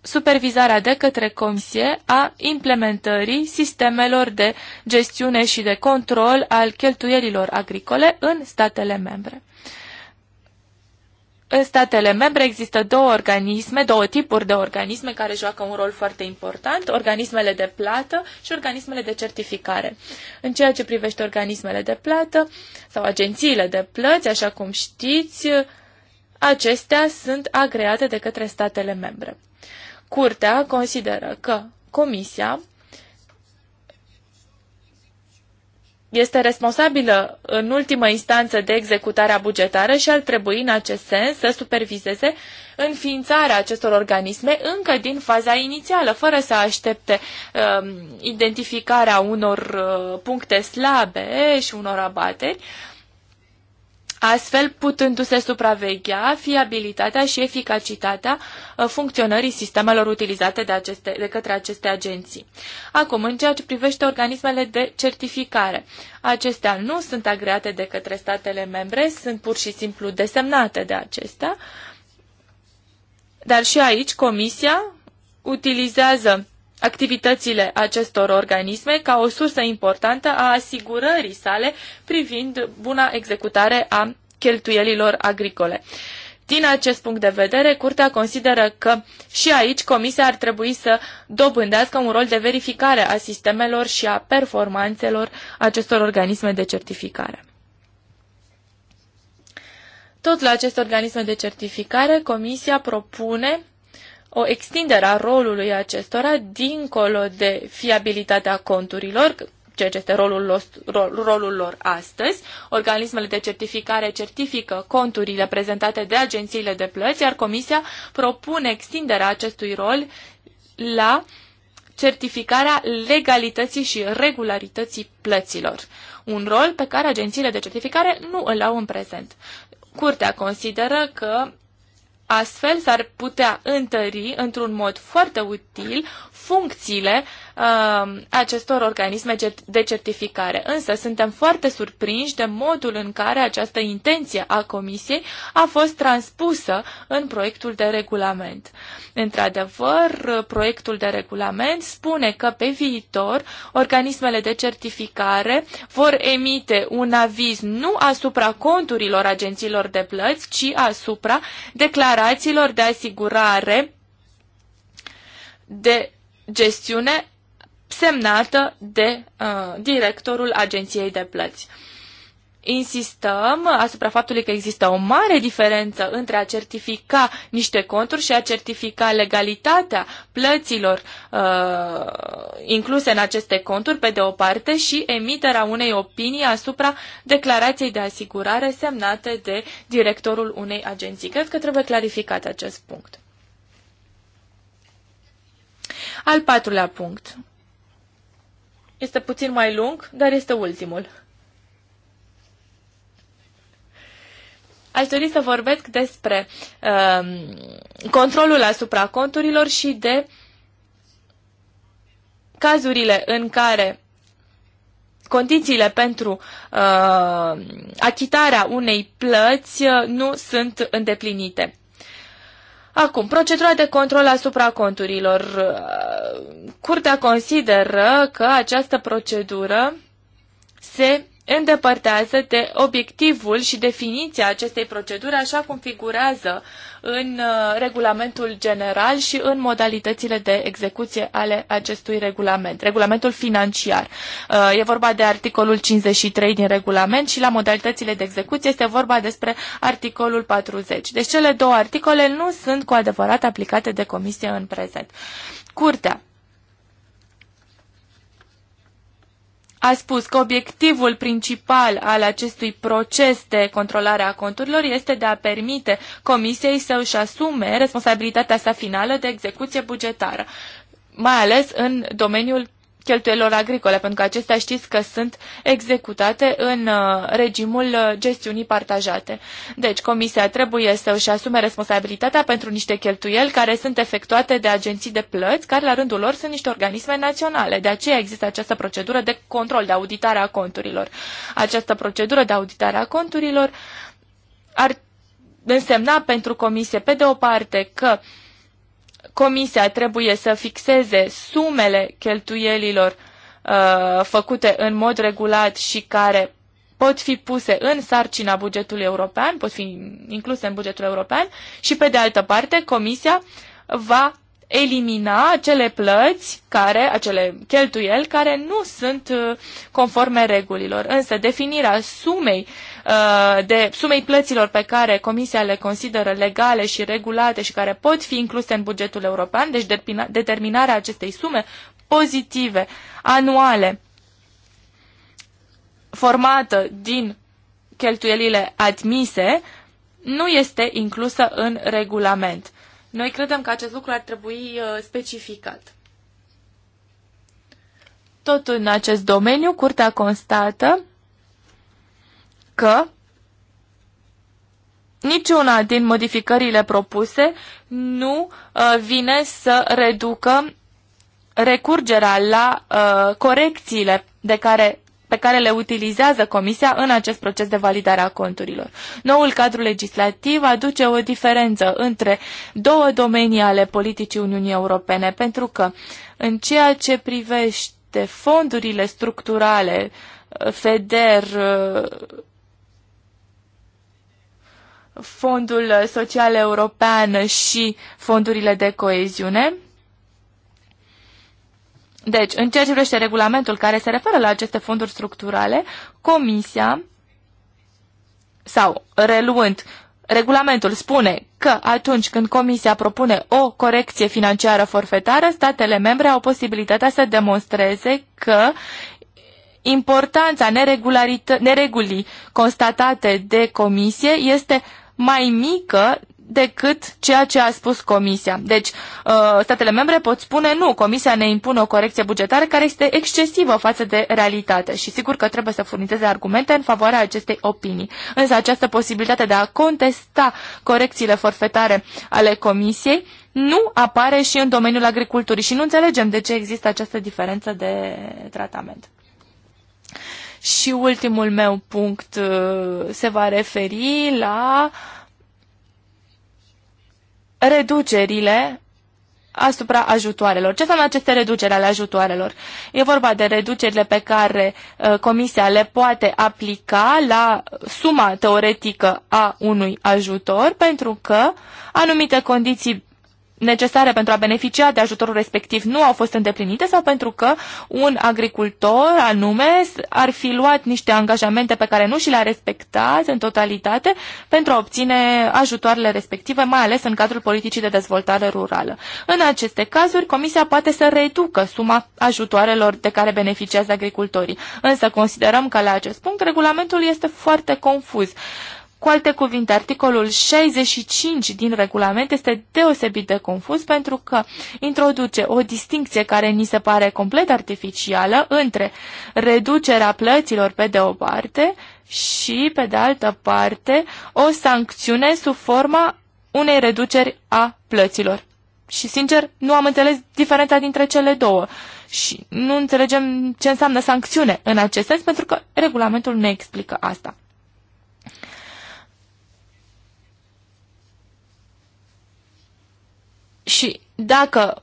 supervizarea de către Comisie a implementării sistemelor de gestiune și de control al cheltuielilor agricole în statele membre statele membre există două organisme, două tipuri de organisme care joacă un rol foarte important, organismele de plată și organismele de certificare. În ceea ce privește organismele de plată sau agențiile de plăți, așa cum știți, acestea sunt agreate de către statele membre. Curtea consideră că Comisia este responsabilă în ultimă instanță de executarea bugetară și ar trebui în acest sens să superviseze înființarea acestor organisme încă din faza inițială, fără să aștepte uh, identificarea unor uh, puncte slabe și unor abateri, uh, astfel putându-se supraveghea fiabilitatea și eficacitatea uh, funcționării sistemelor utilizate de, aceste, de către aceste agenții. Acum, în ceea ce privește organismele de certificare, acestea nu sunt agreate de către statele membre, sunt pur și simplu desemnate de acestea, dar și aici Comisia utilizează activitățile acestor organisme ca o sursă importantă a asigurării sale privind buna executare a cheltuielilor agricole. Din acest punct de vedere, Curtea consideră că și aici Comisia ar trebui să dobândească un rol de verificare a sistemelor și a performanțelor acestor organisme de certificare. Tot la acest organisme de certificare, Comisia propune o extindere a rolului acestora dincolo de fiabilitatea conturilor, ceea ce este rolul lor, rolul lor astăzi. Organismele de certificare certifică conturile prezentate de agențiile de plăți, iar Comisia propune extinderea acestui rol la certificarea legalității și regularității plăților, un rol pe care agențiile de certificare nu îl au în prezent. Curtea consideră că Astfel s-ar putea întări într-un mod foarte util funcțiile uh, acestor organisme de certificare. Însă suntem foarte surprinși de modul în care această intenție a Comisiei a fost transpusă în proiectul de regulament. Într-adevăr, proiectul de regulament spune că pe viitor organismele de certificare vor emite un aviz nu asupra conturilor agențiilor de plăți, ci asupra declarațiilor de asigurare de gestiune semnată de uh, directorul agenției de plăți. Insistăm asupra faptului că există o mare diferență între a certifica niște conturi și a certifica legalitatea plăților uh, incluse în aceste conturi, pe de o parte, și emiterea unei opinii asupra declarației de asigurare semnate de directorul unei agenții. Cred că trebuie clarificat acest punct. Al patrulea punct. Este puțin mai lung, dar este ultimul. Aș dori să vorbesc despre uh, controlul asupra conturilor și de cazurile în care condițiile pentru uh, achitarea unei plăți uh, nu sunt îndeplinite. Acum, procedura de control asupra conturilor. Uh, Curtea consideră că această procedură se îndepărtează de obiectivul și definiția acestei proceduri așa cum figurează în uh, regulamentul general și în modalitățile de execuție ale acestui regulament, regulamentul financiar. Uh, e vorba de articolul 53 din regulament și la modalitățile de execuție este vorba despre articolul 40. Deci cele două articole nu sunt cu adevărat aplicate de comisie în prezent. Curtea a spus că obiectivul principal al acestui proces de controlare a conturilor este de a permite Comisiei să își asume responsabilitatea sa finală de execuție bugetară, mai ales în domeniul cheltuielor agricole, pentru că acestea știți că sunt executate în uh, regimul uh, gestiunii partajate. Deci, Comisia trebuie să își asume responsabilitatea pentru niște cheltuieli care sunt efectuate de agenții de plăți, care la rândul lor sunt niște organisme naționale. De aceea există această procedură de control, de auditare a conturilor. Această procedură de auditare a conturilor ar însemna pentru Comisie, pe de o parte, că uh, Comisia trebuie să fixeze sumele cheltuielilor uh, făcute în mod regulat și care pot fi puse în sarcina bugetului european, pot fi incluse în bugetul european și, pe de altă parte, Comisia va elimina acele plăți, care, acele cheltuieli care nu sunt uh, conforme regulilor. Însă definirea sumei uh, de sumei plăților pe care Comisia le consideră legale și regulate și care pot fi incluse în bugetul european, deci determinarea acestei sume pozitive anuale formată din cheltuielile admise, nu este inclusă în regulament. Noi credem că acest lucru ar trebui uh, specificat. Tot în acest domeniu, curtea constată că niciuna din modificările propuse nu uh, vine să reducă recurgerea la uh, corecțiile de care pe care le utilizează Comisia în acest proces de validare a conturilor. Noul cadru legislativ aduce o diferență între două domenii ale politicii Uniunii Europene, pentru că în ceea ce privește fondurile structurale, FEDER, Fondul Social European și fondurile de coeziune, deci, în ceea ce privește regulamentul care se referă la aceste fonduri structurale, Comisia, sau reluând, regulamentul spune că atunci când Comisia propune o corecție financiară forfetară, statele membre au posibilitatea să demonstreze că importanța neregulii constatate de Comisie este mai mică decât ceea ce a spus Comisia. Deci, uh, statele membre pot spune nu, Comisia ne impune o corecție bugetară care este excesivă față de realitate și sigur că trebuie să furnizeze argumente în favoarea acestei opinii. Însă această posibilitate de a contesta corecțiile forfetare ale Comisiei nu apare și în domeniul agriculturii și nu înțelegem de ce există această diferență de tratament. Și ultimul meu punct uh, se va referi la uh, reducerile asupra ajutoarelor. Ce înseamnă aceste reduceri ale ajutoarelor? E vorba de reducerile pe care uh, Comisia le poate aplica la suma teoretică a unui ajutor, pentru că anumite condiții necesare pentru a beneficia de ajutorul respectiv nu au fost îndeplinite sau pentru că un agricultor anume ar fi luat niște angajamente pe care nu și le-a respectat în totalitate pentru a obține ajutoarele respective, mai ales în cadrul politicii de dezvoltare rurală. În aceste cazuri, Comisia poate să reducă suma ajutoarelor de care beneficiază agricultorii. Însă considerăm că la acest punct regulamentul este foarte confuz. Cu alte cuvinte, articolul 65 din regulament este deosebit de confuz pentru că introduce o distinție care ni se pare complet artificială între reducerea plăților pe de o parte și, pe de altă parte, o sancțiune sub forma unei reduceri a plăților. Și, sincer, nu am înțeles diferența dintre cele două și nu înțelegem ce înseamnă sancțiune în acest sens pentru că regulamentul ne explică asta. Și dacă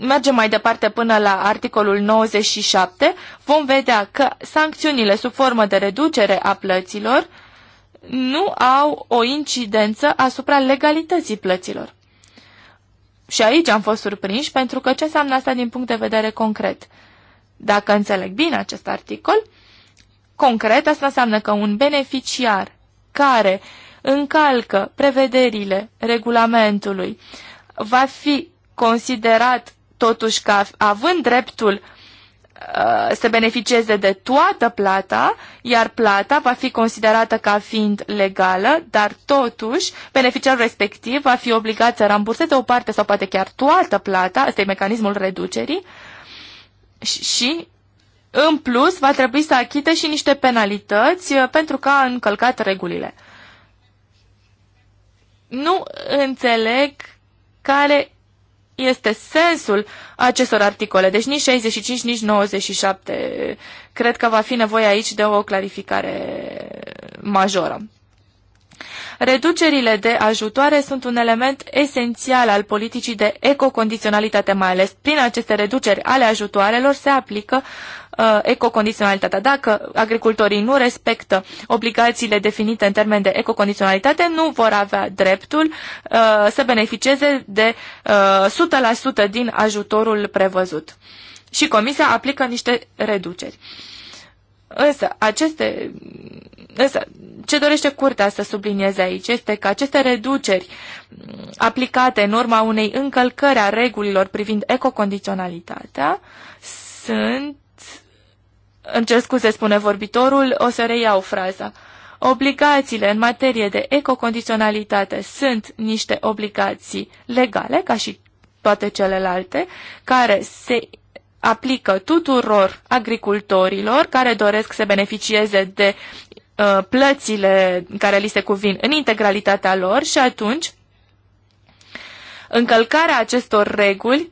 mergem mai departe până la articolul 97, vom vedea că sancțiunile sub formă de reducere a plăților nu au o incidență asupra legalității plăților. Și aici am fost surprinși pentru că ce înseamnă asta din punct de vedere concret? Dacă înțeleg bine acest articol, concret asta înseamnă că un beneficiar care încalcă prevederile regulamentului va fi considerat totuși că având dreptul uh, să beneficieze de toată plata, iar plata va fi considerată ca fiind legală, dar totuși beneficiarul respectiv va fi obligat să ramburseze o parte sau poate chiar toată plata, ăsta e mecanismul reducerii, și în plus va trebui să achite și niște penalități uh, pentru că a încălcat regulile. Nu înțeleg care este sensul acestor articole. Deci nici 65, nici 97. Cred că va fi nevoie aici de o clarificare majoră. Reducerile de ajutoare sunt un element esențial al politicii de ecocondiționalitate, mai ales prin aceste reduceri ale ajutoarelor se aplică uh, ecocondiționalitatea. Dacă agricultorii nu respectă obligațiile definite în termen de ecocondiționalitate, nu vor avea dreptul uh, să beneficieze de uh, 100% din ajutorul prevăzut. Și Comisia aplică niște reduceri. Însă, aceste ce dorește curtea să sublinieze aici este că aceste reduceri mm, aplicate în urma unei încălcări a regulilor privind ecocondiționalitatea sunt, îmi cer scuze, spune vorbitorul, o să reiau fraza, Obligațiile în materie de ecocondiționalitate sunt niște obligații legale, ca și toate celelalte, care se aplică tuturor agricultorilor care doresc să beneficieze de Uh, plățile care li se cuvin în integralitatea lor și atunci încălcarea acestor reguli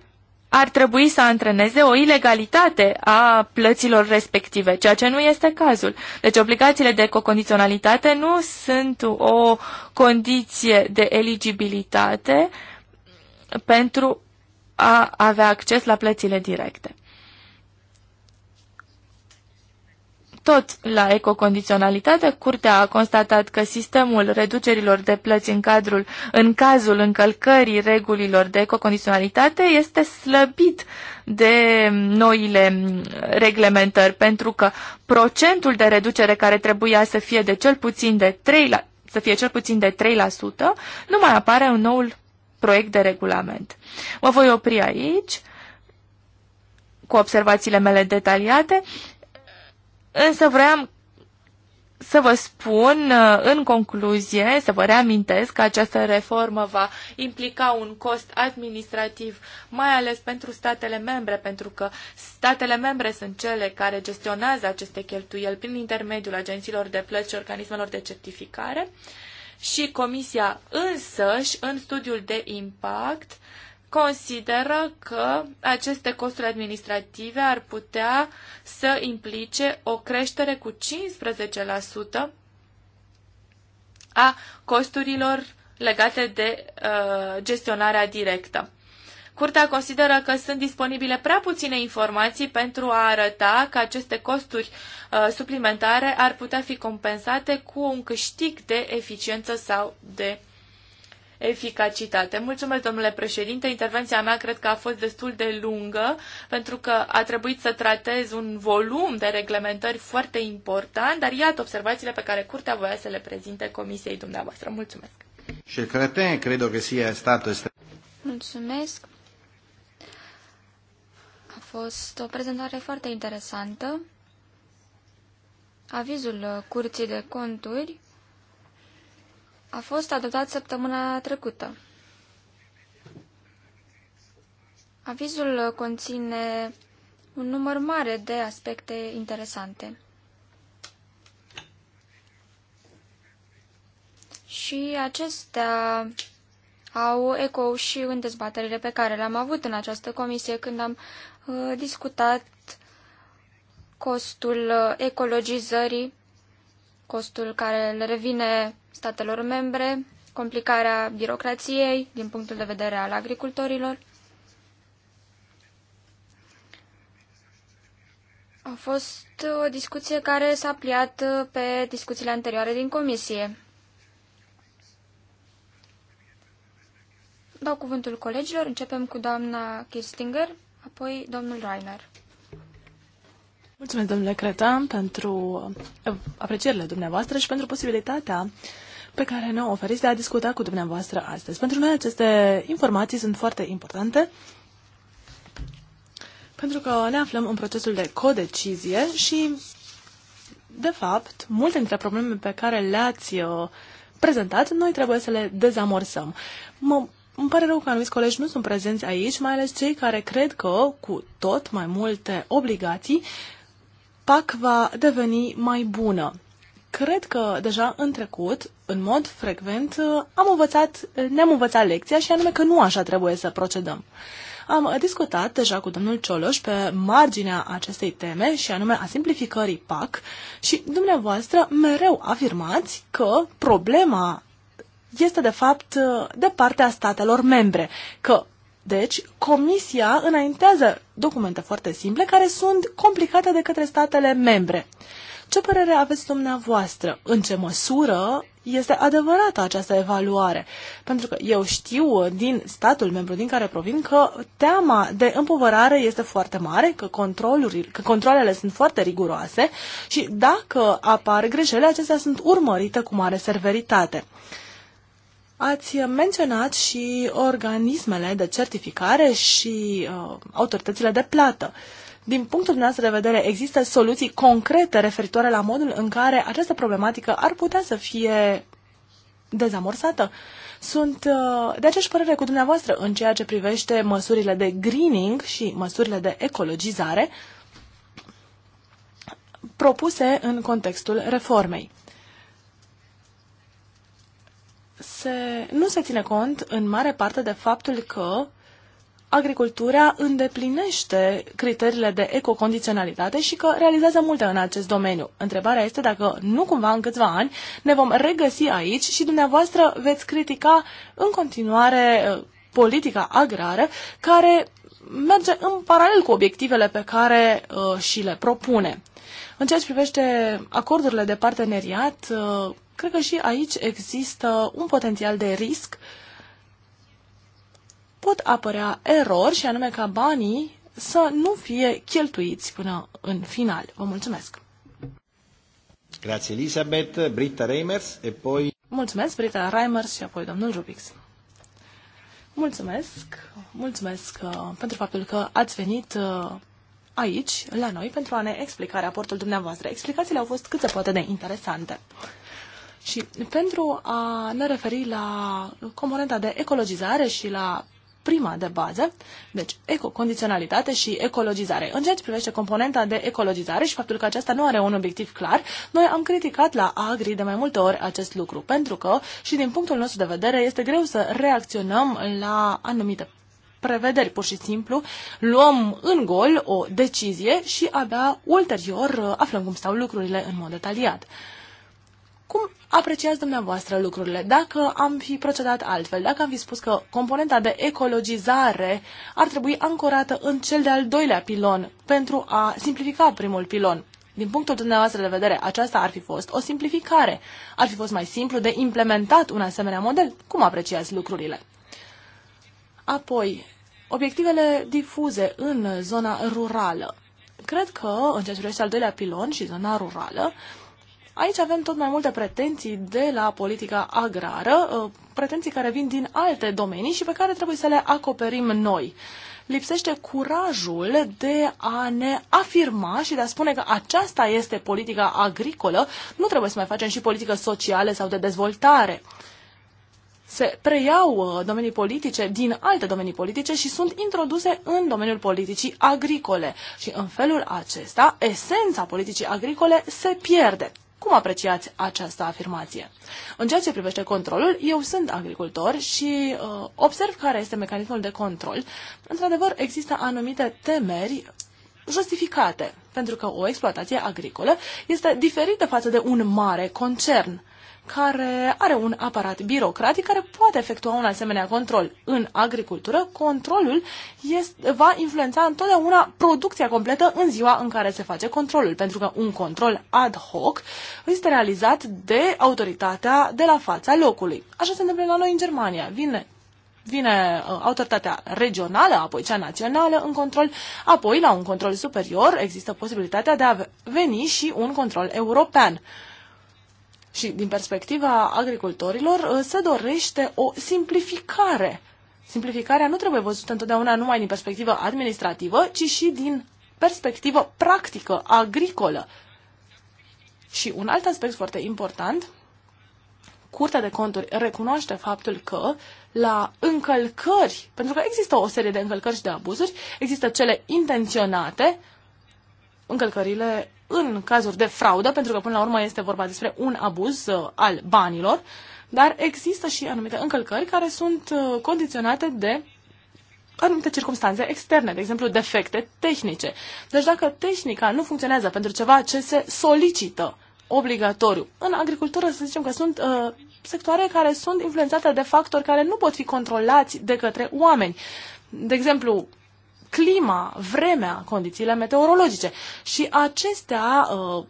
ar trebui să antreneze o ilegalitate a plăților respective, ceea ce nu este cazul. Deci obligațiile de cocondiționalitate nu sunt o condiție de eligibilitate pentru a avea acces la plățile directe. Tot la ecocondiționalitate, Curtea a constatat că sistemul reducerilor de plăți în, cadrul, în cazul încălcării regulilor de ecocondiționalitate este slăbit de noile reglementări, pentru că procentul de reducere care trebuia să fie de cel puțin de 3 la, să fie cel puțin de 3% nu mai apare în noul proiect de regulament. Mă voi opri aici cu observațiile mele detaliate Însă vreau să vă spun uh, în concluzie, să vă reamintesc că această reformă va implica un cost administrativ, mai ales pentru statele membre, pentru că statele membre sunt cele care gestionează aceste cheltuieli prin intermediul agențiilor de plăți și organismelor de certificare. Și Comisia însăși, în studiul de impact, consideră că aceste costuri administrative ar putea să implice o creștere cu 15% a costurilor legate de uh, gestionarea directă. Curtea consideră că sunt disponibile prea puține informații pentru a arăta că aceste costuri uh, suplimentare ar putea fi compensate cu un câștig de eficiență sau de uh, eficacitate. Mulțumesc, domnule președinte. Intervenția mea cred că a fost destul de lungă, pentru că a trebuit să tratez un volum de reglementări foarte important, dar iată observațiile pe care Curtea voia să le prezinte Comisiei dumneavoastră. Mulțumesc. Și Cretin, cred că sia este... Mulțumesc. A fost o prezentare foarte interesantă. Avizul uh, Curții de Conturi a fost adoptat săptămâna trecută. Avizul conține un număr mare de aspecte interesante. Și acestea au ecou și în dezbaterile pe care le-am avut în această comisie când am uh, discutat costul uh, ecologizării costul care le revine statelor membre, complicarea birocrației din punctul de vedere al agricultorilor. A fost o discuție care s-a pliat pe discuțiile anterioare din comisie. Dau cuvântul colegilor. Începem cu doamna Kirstinger, apoi domnul Reiner. Mulțumesc, domnule Cretan, pentru uh, aprecierile dumneavoastră și pentru posibilitatea pe care ne-o oferiți de a discuta cu dumneavoastră astăzi. Pentru noi aceste informații sunt foarte importante pentru că ne aflăm în procesul de codecizie și, de fapt, multe dintre problemele pe care le-ați uh, prezentat, noi trebuie să le dezamorsăm. Mă îmi pare rău că anumiți colegi nu sunt prezenți aici, mai ales cei care cred că, cu tot mai multe obligații, PAC va deveni mai bună. Cred că deja în trecut, în mod frecvent, am învățat, ne-am învățat lecția și anume că nu așa trebuie să procedăm. Am discutat deja cu domnul Cioloș pe marginea acestei teme și anume a simplificării PAC și dumneavoastră mereu afirmați că problema este de fapt de partea statelor membre, că deci, Comisia înaintează documente foarte simple care sunt complicate de către statele membre. Ce părere aveți dumneavoastră? În ce măsură este adevărată această evaluare? Pentru că eu știu din statul membru din care provin că teama de împovărare este foarte mare, că, că controlele sunt foarte riguroase și dacă apar greșele, acestea sunt urmărite cu mare severitate. Ați menționat și organismele de certificare și uh, autoritățile de plată. Din punctul dumneavoastră de vedere, există soluții concrete referitoare la modul în care această problematică ar putea să fie dezamorsată? Sunt uh, de aceeași părere cu dumneavoastră în ceea ce privește măsurile de greening și măsurile de ecologizare propuse în contextul reformei. se, nu se ține cont în mare parte de faptul că agricultura îndeplinește criteriile de ecocondiționalitate și că realizează multe în acest domeniu. Întrebarea este dacă nu cumva în câțiva ani ne vom regăsi aici și dumneavoastră veți critica în continuare uh, politica agrară care merge în paralel cu obiectivele pe care uh, și le propune. În ceea ce privește acordurile de parteneriat, uh, Cred că și aici există un potențial de risc. Pot apărea erori și anume ca banii să nu fie cheltuiți până în final. Vă mulțumesc! Grazie Elisabeth, Britta Reimers e poi... Mulțumesc, Britta Reimers și apoi domnul Rubix. Mulțumesc, mulțumesc uh, pentru faptul că ați venit uh, aici, la noi, pentru a ne explica raportul dumneavoastră. Explicațiile au fost cât se poate de interesante. Și pentru a ne referi la componenta de ecologizare și la prima de bază, deci ecocondiționalitate și ecologizare. În ceea ce privește componenta de ecologizare și faptul că aceasta nu are un obiectiv clar, noi am criticat la Agri de mai multe ori acest lucru, pentru că și din punctul nostru de vedere este greu să reacționăm la anumite prevederi, pur și simplu, luăm în gol o decizie și abia ulterior uh, aflăm cum stau lucrurile în mod detaliat. Cum apreciați dumneavoastră lucrurile? Dacă am fi procedat altfel, dacă am fi spus că componenta de ecologizare ar trebui ancorată în cel de-al doilea pilon pentru a simplifica primul pilon, din punctul dumneavoastră de vedere, aceasta ar fi fost o simplificare. Ar fi fost mai simplu de implementat un asemenea model. Cum apreciați lucrurile? Apoi, obiectivele difuze în zona rurală. Cred că, în ceea ce privește al doilea pilon și zona rurală, uh, Aici avem tot mai multe pretenții de la politica agrară, uh, pretenții care vin din alte domenii și pe care trebuie să le acoperim noi. Lipsește curajul de a ne afirma și de a spune că aceasta este politica agricolă, nu trebuie să mai facem și politică socială sau de dezvoltare se preiau uh, domenii politice din alte domenii politice și sunt introduse în domeniul politicii agricole. Și în felul acesta, esența politicii agricole se pierde. Cum apreciați această afirmație? În ceea ce privește controlul, eu sunt agricultor și uh, observ care este mecanismul de control. Într-adevăr, există anumite temeri justificate, pentru că o exploatație agricolă este diferită față de un mare concern care are un aparat birocratic care poate efectua un asemenea control. În agricultură, controlul este, va influența întotdeauna producția completă în ziua în care se face controlul, pentru că un control ad hoc este realizat de autoritatea de la fața locului. Așa se întâmplă la noi în Germania. Vine vine uh, autoritatea regională, apoi cea națională în control, apoi la un control superior există posibilitatea de a veni și un control european. Și din perspectiva agricultorilor uh, se dorește o simplificare. Simplificarea nu trebuie văzută întotdeauna numai din perspectivă administrativă, ci și din perspectivă practică, agricolă. Și un alt aspect foarte important, Curtea de Conturi recunoaște faptul că la încălcări, pentru că există o serie de încălcări și de abuzuri, există cele intenționate, încălcările în cazuri de fraudă, pentru că până la urmă este vorba despre un abuz uh, al banilor, dar există și anumite încălcări care sunt uh, condiționate de anumite circunstanțe externe, de exemplu defecte tehnice. Deci dacă tehnica nu funcționează pentru ceva ce se solicită obligatoriu, în agricultură să zicem că sunt uh, sectoare care sunt influențate de factori care nu pot fi controlați de către oameni. De exemplu, clima, vremea, condițiile meteorologice. Și acestea uh,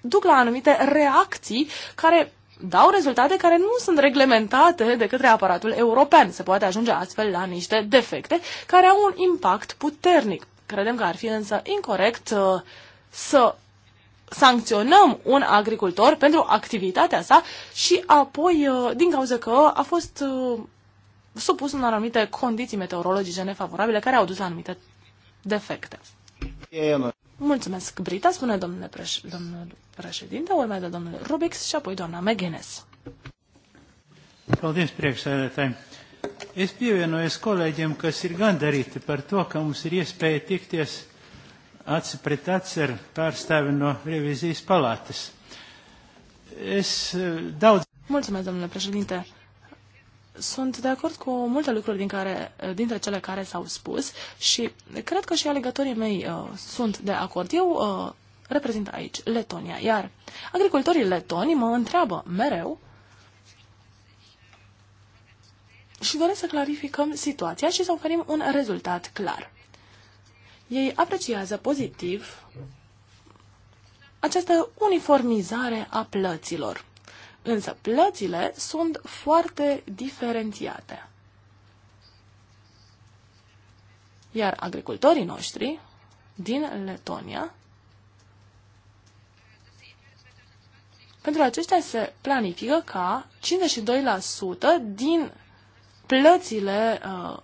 duc la anumite reacții care dau rezultate care nu sunt reglementate de către aparatul european. Se poate ajunge astfel la niște defecte care au un impact puternic. Credem că ar fi însă incorrect uh, să sancționăm un agricultor pentru activitatea sa și apoi, uh, din cauza că a fost supus unor anumite condiții meteorologice nefavorabile care au dus la anumite defecte. Mulțumesc, Brita, spune domnule, preș- domnul președinte, urmează domnul Rubix și apoi doamna McGuinness. Paldies, priekšsēdētāji. Es pievienojos kolēģiem, kas ir că par to, ka mums ir iespēja tikties aci pret aci ar pārstāvi no revizijas palātes. Es eh, daud. Mulțumesc, domnule președinte sunt de acord cu multe lucruri din care, dintre cele care s-au spus și cred că și alegătorii mei uh, sunt de acord. Eu uh, reprezint aici Letonia, iar agricultorii letoni mă întreabă mereu și doresc să clarificăm situația și să oferim un rezultat clar. Ei apreciază pozitiv această uniformizare a plăților. Însă plățile sunt foarte diferențiate. Iar agricultorii noștri din Letonia, pentru aceștia se planifică ca 52% din plățile uh,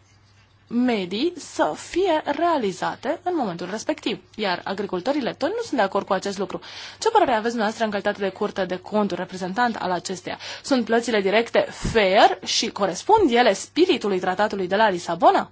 medii să fie realizate în momentul respectiv. Iar agricultorii letoni nu sunt de acord cu acest lucru. Ce părere aveți dumneavoastră în calitate de curte de conturi, reprezentant al acesteia? Sunt plățile directe fair și corespund ele spiritului tratatului de la Lisabona?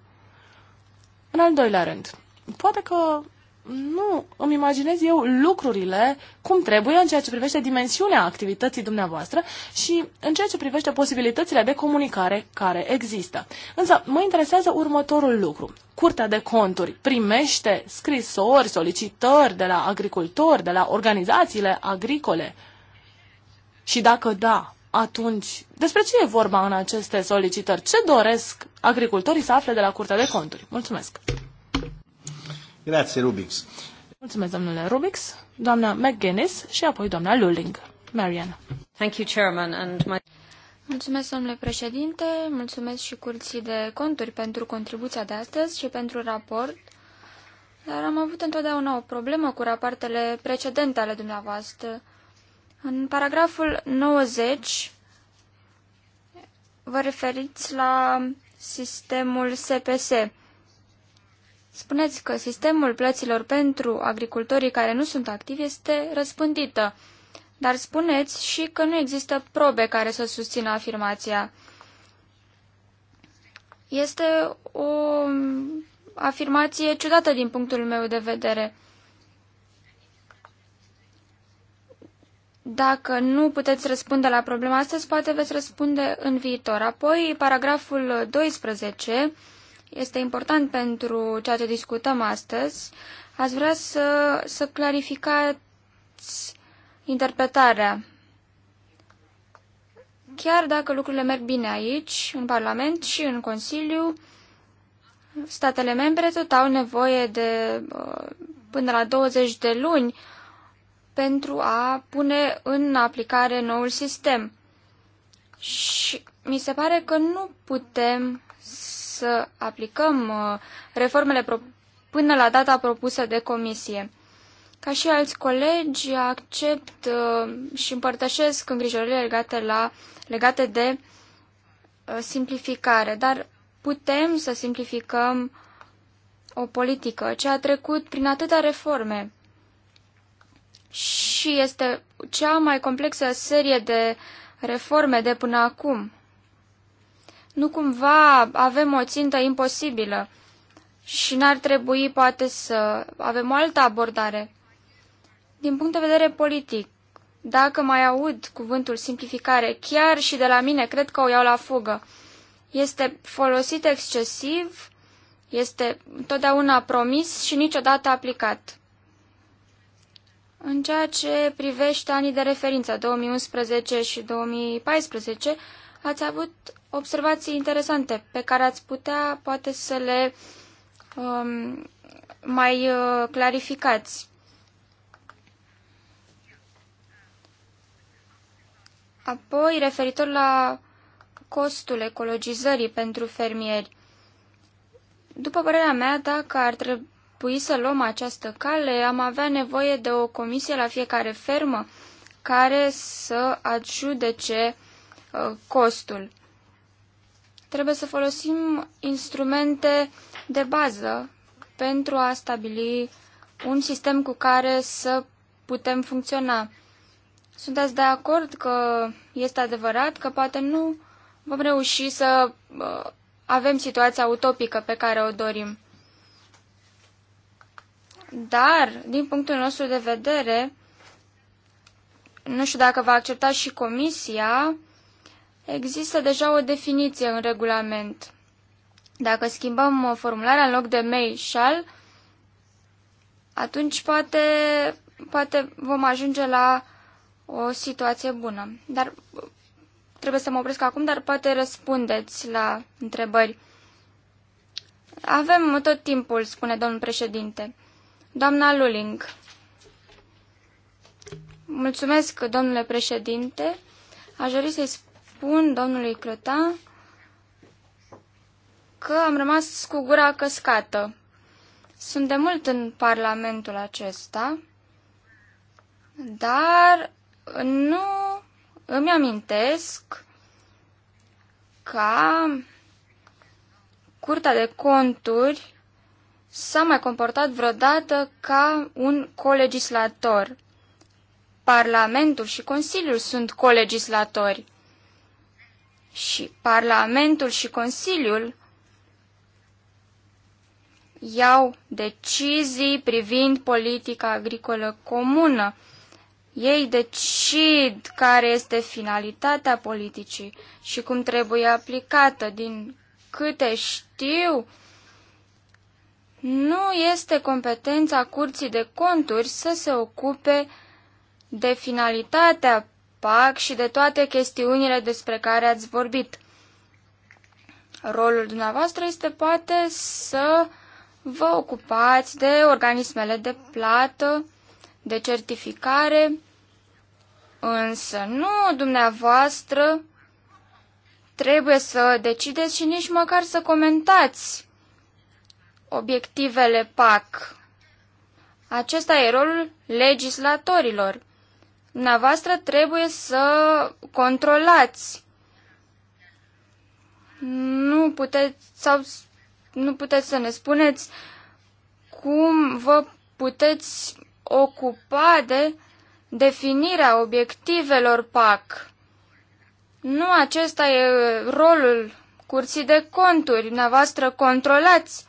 În al doilea rând, poate că nu îmi imaginez eu lucrurile cum trebuie în ceea ce privește dimensiunea activității dumneavoastră și în ceea ce privește posibilitățile de comunicare care există. Însă mă interesează următorul lucru. Curtea de conturi primește scrisori, solicitări de la agricultori, de la organizațiile agricole? Și dacă da, atunci despre ce e vorba în aceste solicitări? Ce doresc agricultorii să afle de la Curtea de Conturi? Mulțumesc! Grazie, Rubix. Mulțumesc, domnule Rubix, doamna McGuinness și apoi doamna Lulling. Marian. Thank you, Chairman, and my... Mulțumesc, domnule președinte, mulțumesc și curții de conturi pentru contribuția de astăzi și pentru raport. Dar am avut întotdeauna o problemă cu rapoartele precedente ale dumneavoastră. În paragraful 90 vă referiți la sistemul SPS. Spuneți că sistemul plăților pentru agricultorii care nu sunt activi este răspândită, dar spuneți și că nu există probe care să susțină afirmația. Este o afirmație ciudată din punctul meu de vedere. Dacă nu puteți răspunde la problema astăzi, poate veți răspunde în viitor. Apoi, paragraful 12 este important pentru ceea ce discutăm astăzi. Aș vrea să, să clarificați interpretarea. Chiar dacă lucrurile merg bine aici, în Parlament și în Consiliu, statele membre tot au nevoie de uh, până la 20 de luni pentru a pune în aplicare noul sistem. Și mi se pare că nu putem să aplicăm uh, reformele până la data propusă de comisie. Ca și alți colegi, accept uh, și împărtășesc îngrijorările legate, la, legate de uh, simplificare, dar putem să simplificăm o politică ce a trecut prin atâtea reforme și este cea mai complexă serie de reforme de până acum nu cumva avem o țintă imposibilă și n-ar trebui poate să avem o altă abordare. Din punct de vedere politic, dacă mai aud cuvântul simplificare, chiar și de la mine cred că o iau la fugă. Este folosit excesiv, este totdeauna promis și niciodată aplicat. În ceea ce privește anii de referință, 2011 și 2014, ați avut observații interesante pe care ați putea poate să le um, mai uh, clarificați. Apoi, referitor la costul ecologizării pentru fermieri. După părerea mea, dacă ar trebui să luăm această cale, am avea nevoie de o comisie la fiecare fermă care să adjudece uh, costul. Trebuie să folosim instrumente de bază pentru a stabili un sistem cu care să putem funcționa. Sunteți de acord că este adevărat că poate nu vom reuși să uh, avem situația utopică pe care o dorim. Dar, din punctul nostru de vedere, nu știu dacă va accepta și Comisia, Există deja o definiție în regulament. Dacă schimbăm uh, formularea în loc de may shall, atunci poate, poate vom ajunge la o situație bună. Dar uh, trebuie să mă opresc acum, dar poate răspundeți la întrebări. Avem tot timpul, spune domnul președinte. Doamna Luling. Mulțumesc, domnule președinte. Aș dori să-i spun domnului Clăta că am rămas cu gura căscată. Sunt de mult în parlamentul acesta, dar nu îmi amintesc ca Curtea de Conturi s-a mai comportat vreodată ca un colegislator. Parlamentul și Consiliul sunt colegislatori și Parlamentul și Consiliul iau decizii privind politica agricolă comună. Ei decid care este finalitatea politicii și cum trebuie aplicată. Din câte știu, nu este competența Curții de Conturi să se ocupe de finalitatea PAC și de toate chestiunile despre care ați vorbit. Rolul dumneavoastră este poate să vă ocupați de organismele de plată, de certificare, însă nu dumneavoastră trebuie să decideți și nici măcar să comentați obiectivele PAC. Acesta e rolul legislatorilor dumneavoastră trebuie să controlați. Nu puteți, sau nu puteți să ne spuneți cum vă puteți ocupa de definirea obiectivelor PAC. Nu acesta e rolul curții de conturi. Dumneavoastră controlați,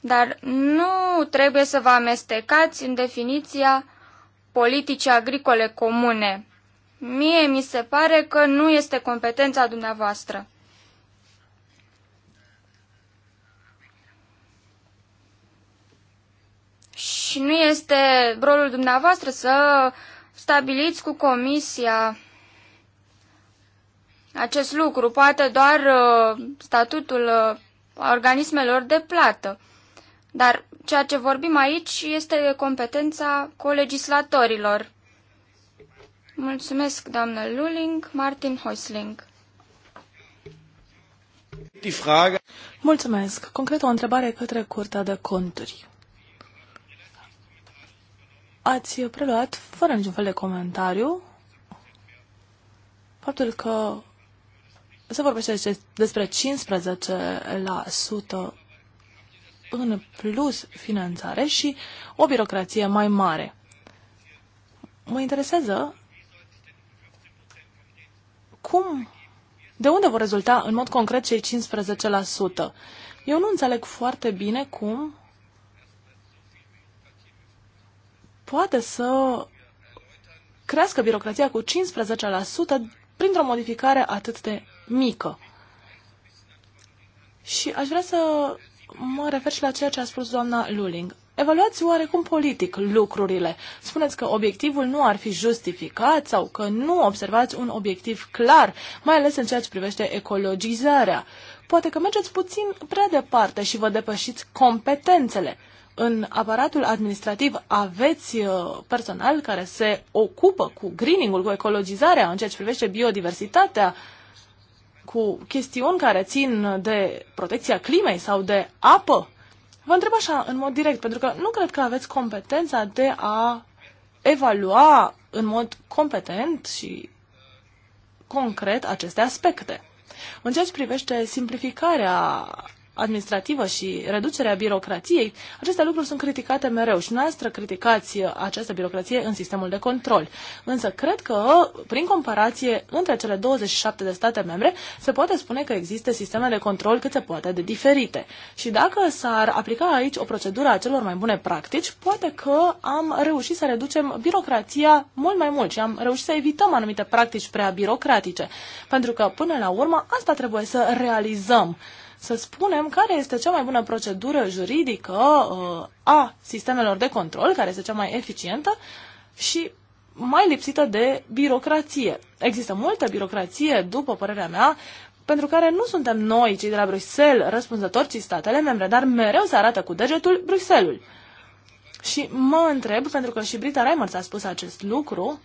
dar nu trebuie să vă amestecați în definiția politicii agricole comune. Mie mi se pare că nu este competența dumneavoastră. Și nu este rolul dumneavoastră să stabiliți cu comisia acest lucru, poate doar uh, statutul uh, organismelor de plată. Dar ceea ce vorbim aici este competența colegislatorilor. Mulțumesc, doamnă Luling, Martin Hoisling. Mulțumesc. Concret o întrebare către Curtea de Conturi. Ați preluat, fără niciun fel de comentariu, faptul că se vorbește despre 15% în plus finanțare și o birocrație mai mare. Mă interesează cum, de unde vor rezulta în mod concret cei 15%. Eu nu înțeleg foarte bine cum poate să crească birocrația cu 15% printr-o modificare atât de mică. Și aș vrea să mă refer și la ceea ce a spus doamna Luling. Evaluați oarecum politic lucrurile. Spuneți că obiectivul nu ar fi justificat sau că nu observați un obiectiv clar, mai ales în ceea ce privește ecologizarea. Poate că mergeți puțin prea departe și vă depășiți competențele. În aparatul administrativ aveți uh, personal care se ocupă cu greening-ul, cu ecologizarea în ceea ce privește biodiversitatea, cu chestiuni care țin de protecția climei sau de apă, vă întreb așa în mod direct, pentru că nu cred că aveți competența de a evalua în mod competent și concret aceste aspecte. În ceea ce privește simplificarea administrativă și reducerea birocratiei. aceste lucruri sunt criticate mereu și noastră criticați această birocrație în sistemul de control. Însă cred că, prin comparație între cele 27 de state membre, se poate spune că există sisteme de control cât se poate de diferite. Și dacă s-ar aplica aici o procedură a celor mai bune practici, poate că am reușit să reducem birocrația mult mai mult și am reușit să evităm anumite practici prea birocratice. Pentru că, până la urmă, asta trebuie să realizăm să spunem care este cea mai bună procedură juridică uh, a sistemelor de control, care este cea mai eficientă și mai lipsită de birocrație. Există multă birocrație, după părerea mea, pentru care nu suntem noi, cei de la Bruxelles, răspunzători, ci statele membre, dar mereu se arată cu degetul Bruxellesul. Și mă întreb, pentru că și Brita Reimers a spus acest lucru,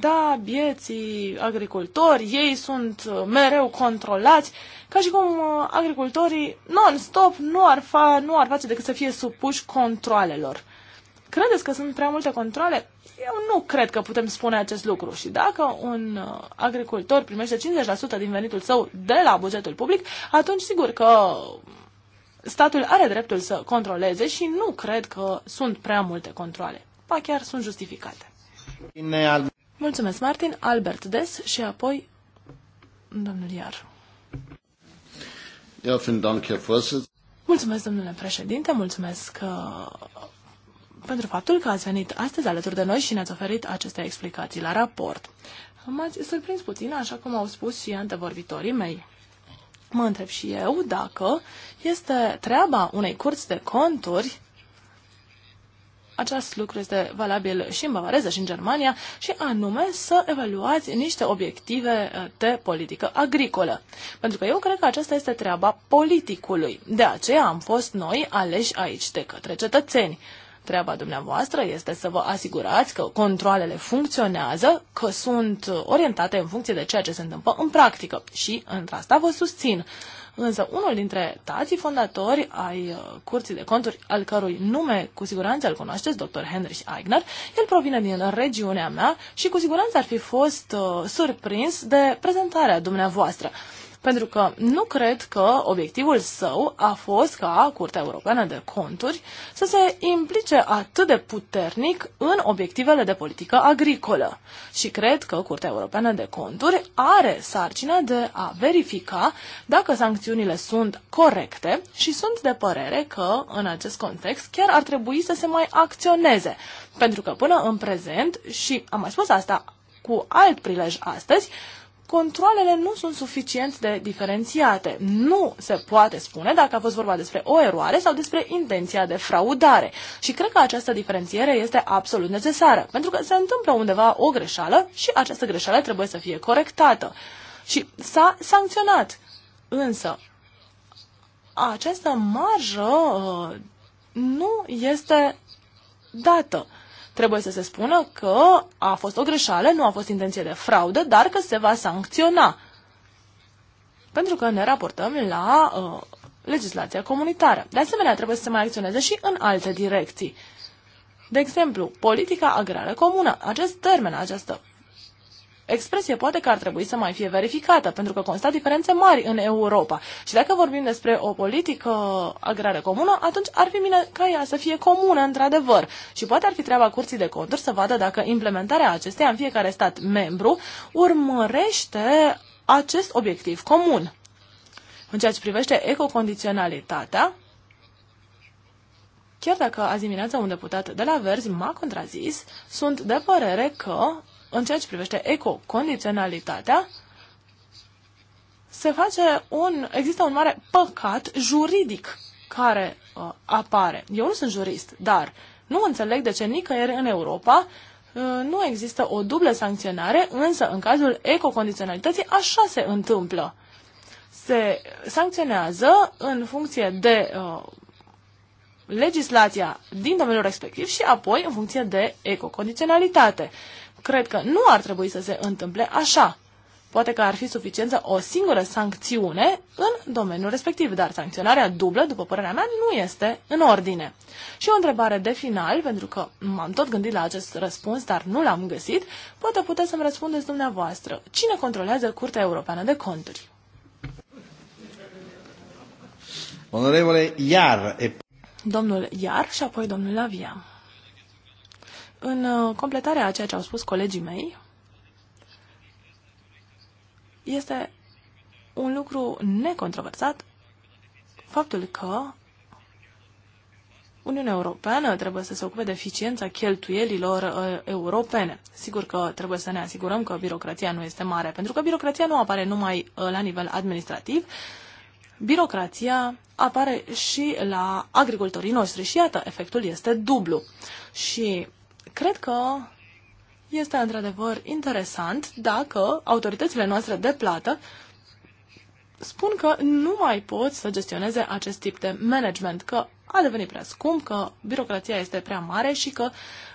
da, bieții agricultori, ei sunt uh, mereu controlați, ca și cum uh, agricultorii non-stop nu ar, fa, nu ar face decât să fie supuși controlelor. Credeți că sunt prea multe controle? Eu nu cred că putem spune acest lucru. Și dacă un uh, agricultor primește 50% din venitul său de la bugetul public, atunci sigur că statul are dreptul să controleze și nu cred că sunt prea multe controle. Ba chiar sunt justificate. Mulțumesc, Martin. Albert Des și apoi domnul Iar. Ja, vielen Dank, Herr Vorsitz. Mulțumesc, domnule președinte, mulțumesc că... Uh, pentru faptul că ați venit astăzi alături de noi și ne-ați oferit aceste explicații la raport. M-ați surprins puțin, așa cum au spus și antevorbitorii mei. Mă întreb și eu dacă este treaba unei curți de conturi acest lucru este valabil și în Bavareză și în Germania, și anume să evaluați niște obiective uh, de politică agricolă. Pentru că eu cred că aceasta este treaba politicului. De aceea am fost noi aleși aici de către cetățeni. Treaba dumneavoastră este să vă asigurați că controlele funcționează, că sunt orientate în funcție de ceea ce se întâmplă în practică și într-asta vă susțin. Însă unul dintre tații fondatori ai uh, Curții de Conturi, al cărui nume cu siguranță îl cunoașteți, dr. Henry Eigner, el provine din regiunea mea și cu siguranță ar fi fost uh, surprins de prezentarea dumneavoastră. Uh, pentru că nu cred că obiectivul său a fost ca Curtea Europeană de Conturi să se implice atât de puternic în obiectivele de politică agricolă. Și cred că Curtea Europeană de Conturi are sarcina de a verifica dacă sancțiunile sunt corecte și sunt de părere că, în acest context, chiar ar trebui să se mai acționeze. Pentru că până în prezent, și am mai spus asta cu alt prilej astăzi, controlele nu sunt suficient de diferențiate. Nu se poate spune dacă a fost vorba despre o eroare sau despre intenția de fraudare. Și cred că această diferențiere este absolut necesară, pentru că se întâmplă undeva o greșeală și această greșeală trebuie să fie corectată. Și s-a sancționat. Însă, această marjă uh, nu este dată. Trebuie să se spună că a fost o greșeală, nu a fost intenție de fraudă, dar că se va sancționa. Pentru că ne raportăm la uh, legislația comunitară. De asemenea, trebuie să se mai acționeze și în alte direcții. De exemplu, politica agrară comună. Acest termen, această expresie poate că ar trebui să mai fie verificată, pentru că constat diferențe mari în Europa. Și dacă vorbim despre o politică agrară comună, atunci ar fi bine ca ea să fie comună, într-adevăr. Și poate ar fi treaba Curții de Conturi să vadă dacă implementarea acesteia în fiecare stat membru urmărește acest obiectiv comun. În ceea ce privește ecocondiționalitatea, chiar dacă azi dimineața un deputat de la Verzi m-a contrazis, sunt de părere că în ceea ce privește ecocondiționalitatea, se face un, există un mare păcat juridic care uh, apare. Eu nu sunt jurist, dar nu înțeleg de ce nicăieri în Europa uh, nu există o dublă sancționare, însă în cazul ecocondiționalității așa se întâmplă. Se sancționează în funcție de uh, legislația din domeniul respectiv și apoi în funcție de ecocondiționalitate. Uh, cred că nu ar trebui să se întâmple așa. Poate că ar fi suficientă o singură sancțiune în domeniul respectiv, dar sancționarea dublă, după părerea mea, nu este în ordine. Și o întrebare de final, pentru că m-am tot gândit la acest răspuns, dar nu l-am găsit, poate puteți să-mi răspundeți dumneavoastră. Cine controlează Curtea Europeană de Conturi? Onorevole Iar. E... Domnul Iar și apoi domnul Lavia în uh, completarea a ceea ce au spus colegii mei, este un lucru necontroversat faptul că Uniunea Europeană trebuie să se ocupe de eficiența cheltuielilor uh, europene. Sigur că trebuie să ne asigurăm că birocrația nu este mare, pentru că birocrația nu apare numai uh, la nivel administrativ, birocrația apare și la agricultorii noștri și iată, efectul este dublu. Și Cred că este într-adevăr interesant dacă autoritățile noastre de plată spun că nu mai pot să gestioneze acest tip de management, că a devenit prea scump, că birocrația este prea mare și că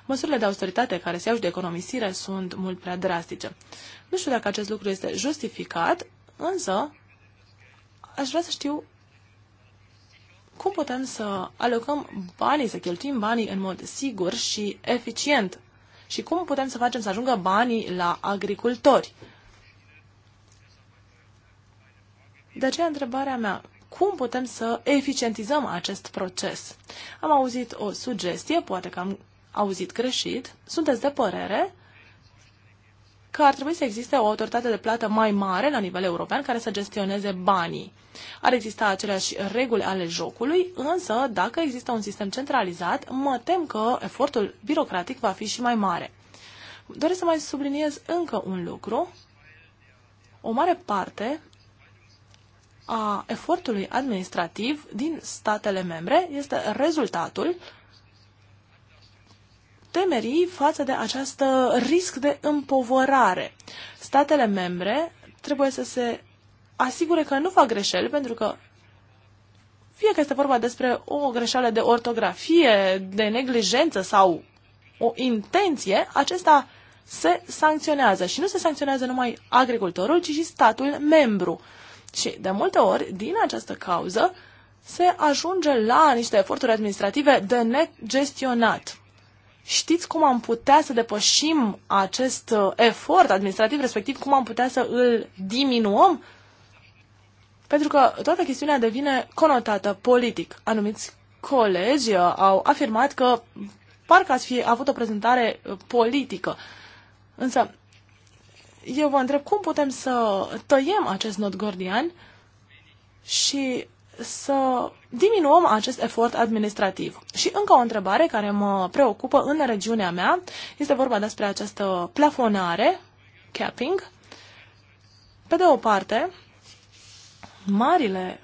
măsurile de austeritate care se iau și de economisire sunt mult prea drastice. Nu știu dacă acest lucru este justificat, însă aș vrea să știu cum putem să alocăm banii, să cheltuim banii în mod sigur și eficient și cum putem să facem să ajungă banii la agricultori. De aceea întrebarea mea, cum putem să eficientizăm acest proces? Am auzit o sugestie, poate că am auzit greșit. Sunteți de părere că ar trebui să existe o autoritate de plată mai mare la nivel european care să gestioneze banii. Ar exista aceleași reguli ale jocului, însă dacă există un sistem centralizat, mă tem că efortul birocratic va fi și mai mare. Doresc să mai subliniez încă un lucru. O mare parte a efortului administrativ din statele membre este rezultatul temerii față de acest risc de împovărare. Statele membre trebuie să se asigure că nu fac greșeli, pentru că fie că este vorba despre o greșeală de ortografie, de neglijență sau o intenție, acesta se sancționează. Și nu se sancționează numai agricultorul, ci și statul membru. Și de multe ori, din această cauză, se ajunge la niște eforturi administrative de negestionat. Știți cum am putea să depășim acest uh, efort administrativ, respectiv cum am putea să îl diminuăm? Pentru că toată chestiunea devine conotată politic. Anumiți colegi uh, au afirmat că parcă ați fi avut o prezentare uh, politică. Însă, eu vă întreb cum putem să tăiem acest nod gordian și să diminuăm acest efort administrativ. Și încă o întrebare care mă preocupă în regiunea mea este vorba despre această plafonare, capping. Pe de o parte, marile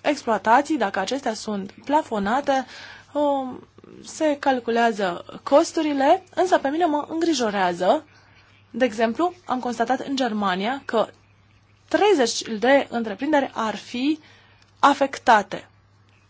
exploatații, dacă acestea sunt plafonate, um, se calculează costurile, însă pe mine mă îngrijorează. De exemplu, am constatat în Germania că 30 de întreprinderi ar fi afectate.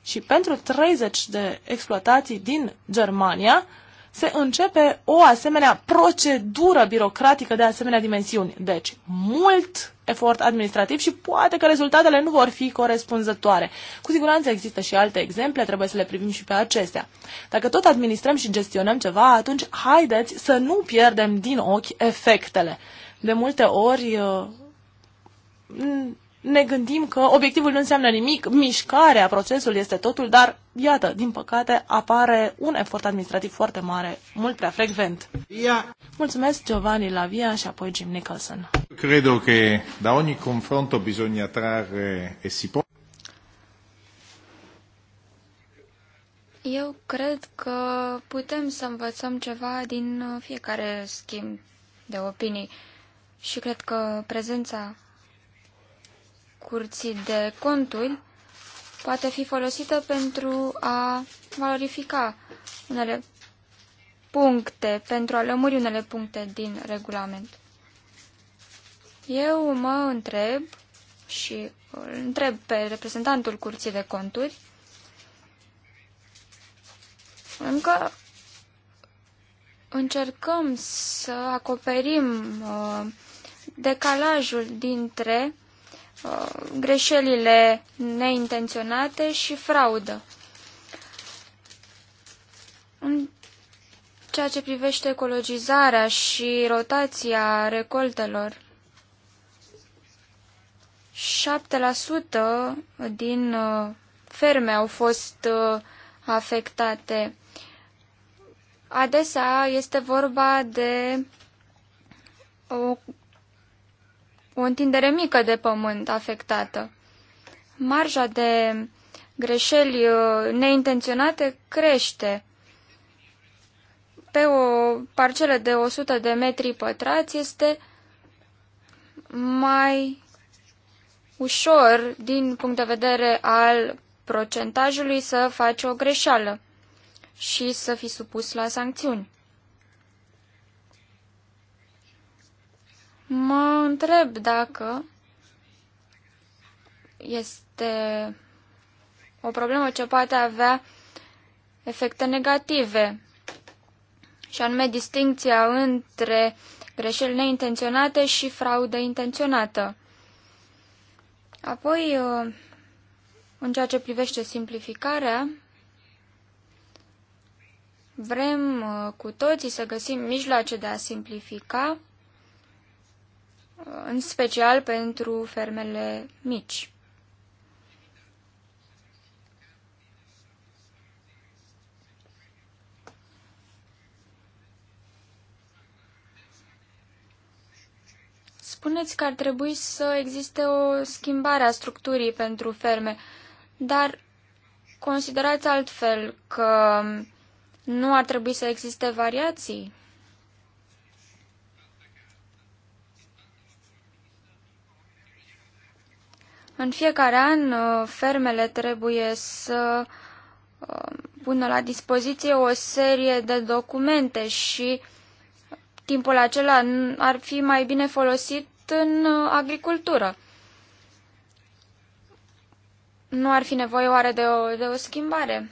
Și pentru 30 de exploatații din Germania se începe o asemenea procedură birocratică de asemenea dimensiuni. Deci, mult efort administrativ și poate că rezultatele nu vor fi corespunzătoare. Cu siguranță există și alte exemple, trebuie să le privim și pe acestea. Dacă tot administrăm și gestionăm ceva, atunci haideți să nu pierdem din ochi efectele. De multe ori uh, ne gândim că obiectivul nu înseamnă nimic, mișcarea, procesul este totul, dar iată, din păcate, apare un efort administrativ foarte mare, mult prea frecvent. Yeah. Mulțumesc Giovanni Lavia și apoi Jim Nicholson. Cred că da ogni confronto bisogna trarre e si può. Eu cred că putem să învățăm ceva din fiecare schimb de opinii și cred că prezența curții de conturi poate fi folosită pentru a valorifica unele puncte, pentru a lămuri unele puncte din regulament. Eu mă întreb și îl întreb pe reprezentantul curții de conturi încă încercăm să acoperim uh, decalajul dintre Uh, greșelile neintenționate și fraudă. În ceea ce privește ecologizarea și rotația recoltelor, 7% din uh, ferme au fost uh, afectate. Adesea este vorba de o o întindere mică de pământ afectată. Marja de greșeli uh, neintenționate crește. Pe o parcelă de 100 de metri pătrați este mai ușor, din punct de vedere al procentajului, să faci o greșeală și să fii supus la sancțiuni. Mă întreb dacă este o problemă ce poate avea efecte negative, și anume distinția între greșeli neintenționate și fraudă intenționată. Apoi, în ceea ce privește simplificarea, vrem uh, cu toții să găsim mijloace de a simplifica în special pentru fermele mici. Spuneți că ar trebui să existe o schimbare a structurii pentru ferme, dar considerați altfel că nu ar trebui să existe variații? În fiecare an, uh, fermele trebuie să uh, pună la dispoziție o serie de documente și timpul acela ar fi mai bine folosit în uh, agricultură. Nu ar fi nevoie oare de o, de o schimbare?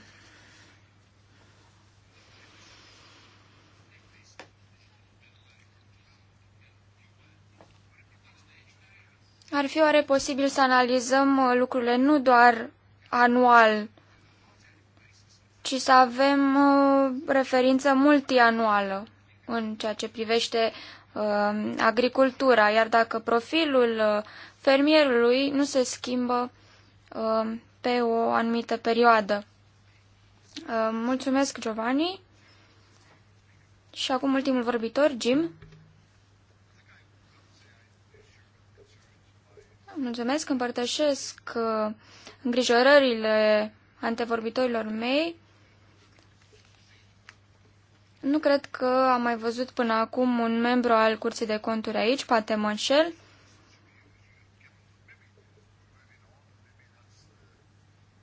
ar fi oare posibil să analizăm uh, lucrurile nu doar anual, ci să avem uh, referință multianuală în ceea ce privește uh, agricultura, iar dacă profilul fermierului nu se schimbă pe o anumită perioadă. Mulțumesc, Giovanni. Și acum ultimul vorbitor, Jim. Mulțumesc, împărtășesc uh, îngrijorările antevorbitorilor mei. Nu cred că am mai văzut până acum un membru al Curții de Conturi aici, poate mă înșel.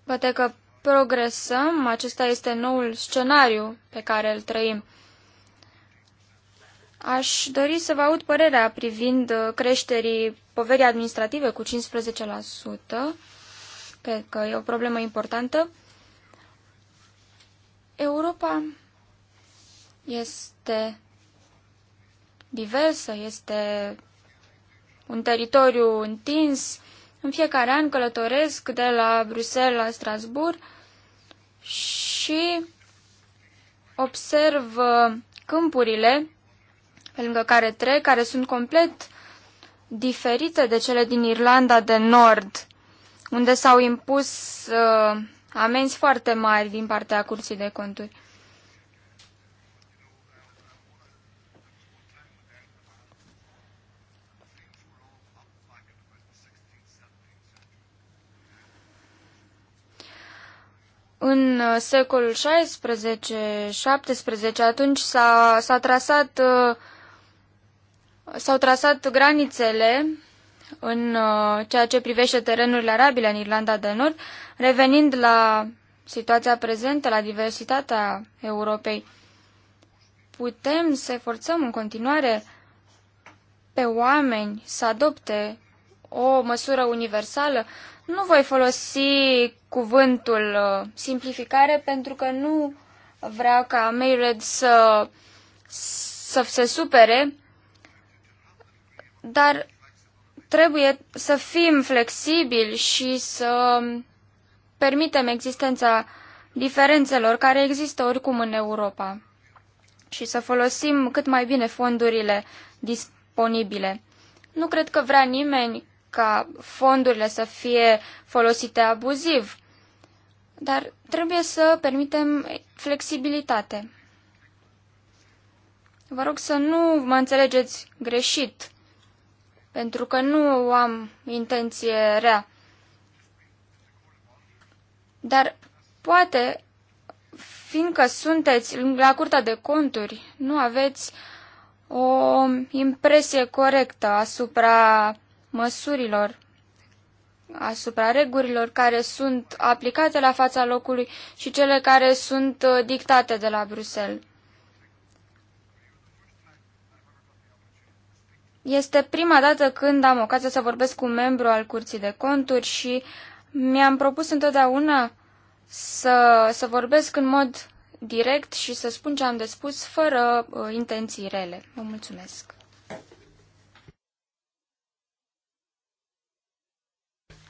Poate că progresăm, acesta este noul scenariu pe care îl trăim. Aș dori să vă aud părerea privind uh, creșterii poverii administrative cu 15%. Cred că e o problemă importantă. Europa este diversă, este un teritoriu întins. În fiecare an călătoresc de la Bruxelles la Strasbourg și observ uh, câmpurile pe lângă care trec, care sunt complet diferite de cele din Irlanda de Nord, unde s-au impus uh, amenzi foarte mari din partea Curții de Conturi. în uh, secolul 16-17, atunci s-a, trasat uh, S-au trasat granițele în uh, ceea ce privește terenurile arabile în Irlanda de Nord, revenind la situația prezentă, la diversitatea Europei. Putem să forțăm în continuare pe oameni să adopte o măsură universală? Nu voi folosi cuvântul uh, simplificare pentru că nu vreau ca Mayred să, să se supere dar trebuie să fim flexibili și să permitem existența diferențelor care există oricum în Europa și să folosim cât mai bine fondurile disponibile. Nu cred că vrea nimeni ca fondurile să fie folosite abuziv, dar trebuie să permitem flexibilitate. Vă rog să nu mă înțelegeți greșit pentru că nu am intenție rea. Dar poate, fiindcă sunteți la curtea de conturi, nu aveți o impresie corectă asupra măsurilor, asupra regulilor care sunt aplicate la fața locului și cele care sunt dictate de la Bruxelles. Este prima dată când am ocazia să vorbesc cu un membru al Curții de Conturi și mi-am propus întotdeauna să, să vorbesc în mod direct și să spun ce am de spus fără uh, intenții rele. Vă mulțumesc!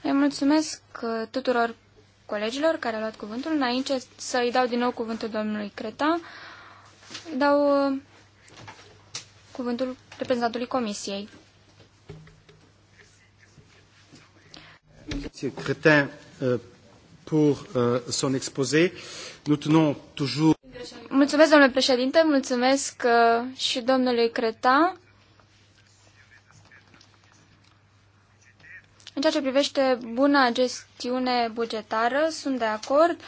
Îi mulțumesc uh, tuturor colegilor care au luat cuvântul. Înainte să-i dau din nou cuvântul domnului Creta, îi dau uh, cuvântul reprezentantului Comisiei. Cretin, euh, pour euh, son exposé. Nous tenons toujours... Mulțumesc, domnule președinte, mulțumesc uh, și domnului Cretin. În ceea ce privește buna gestiune bugetară, sunt de acord.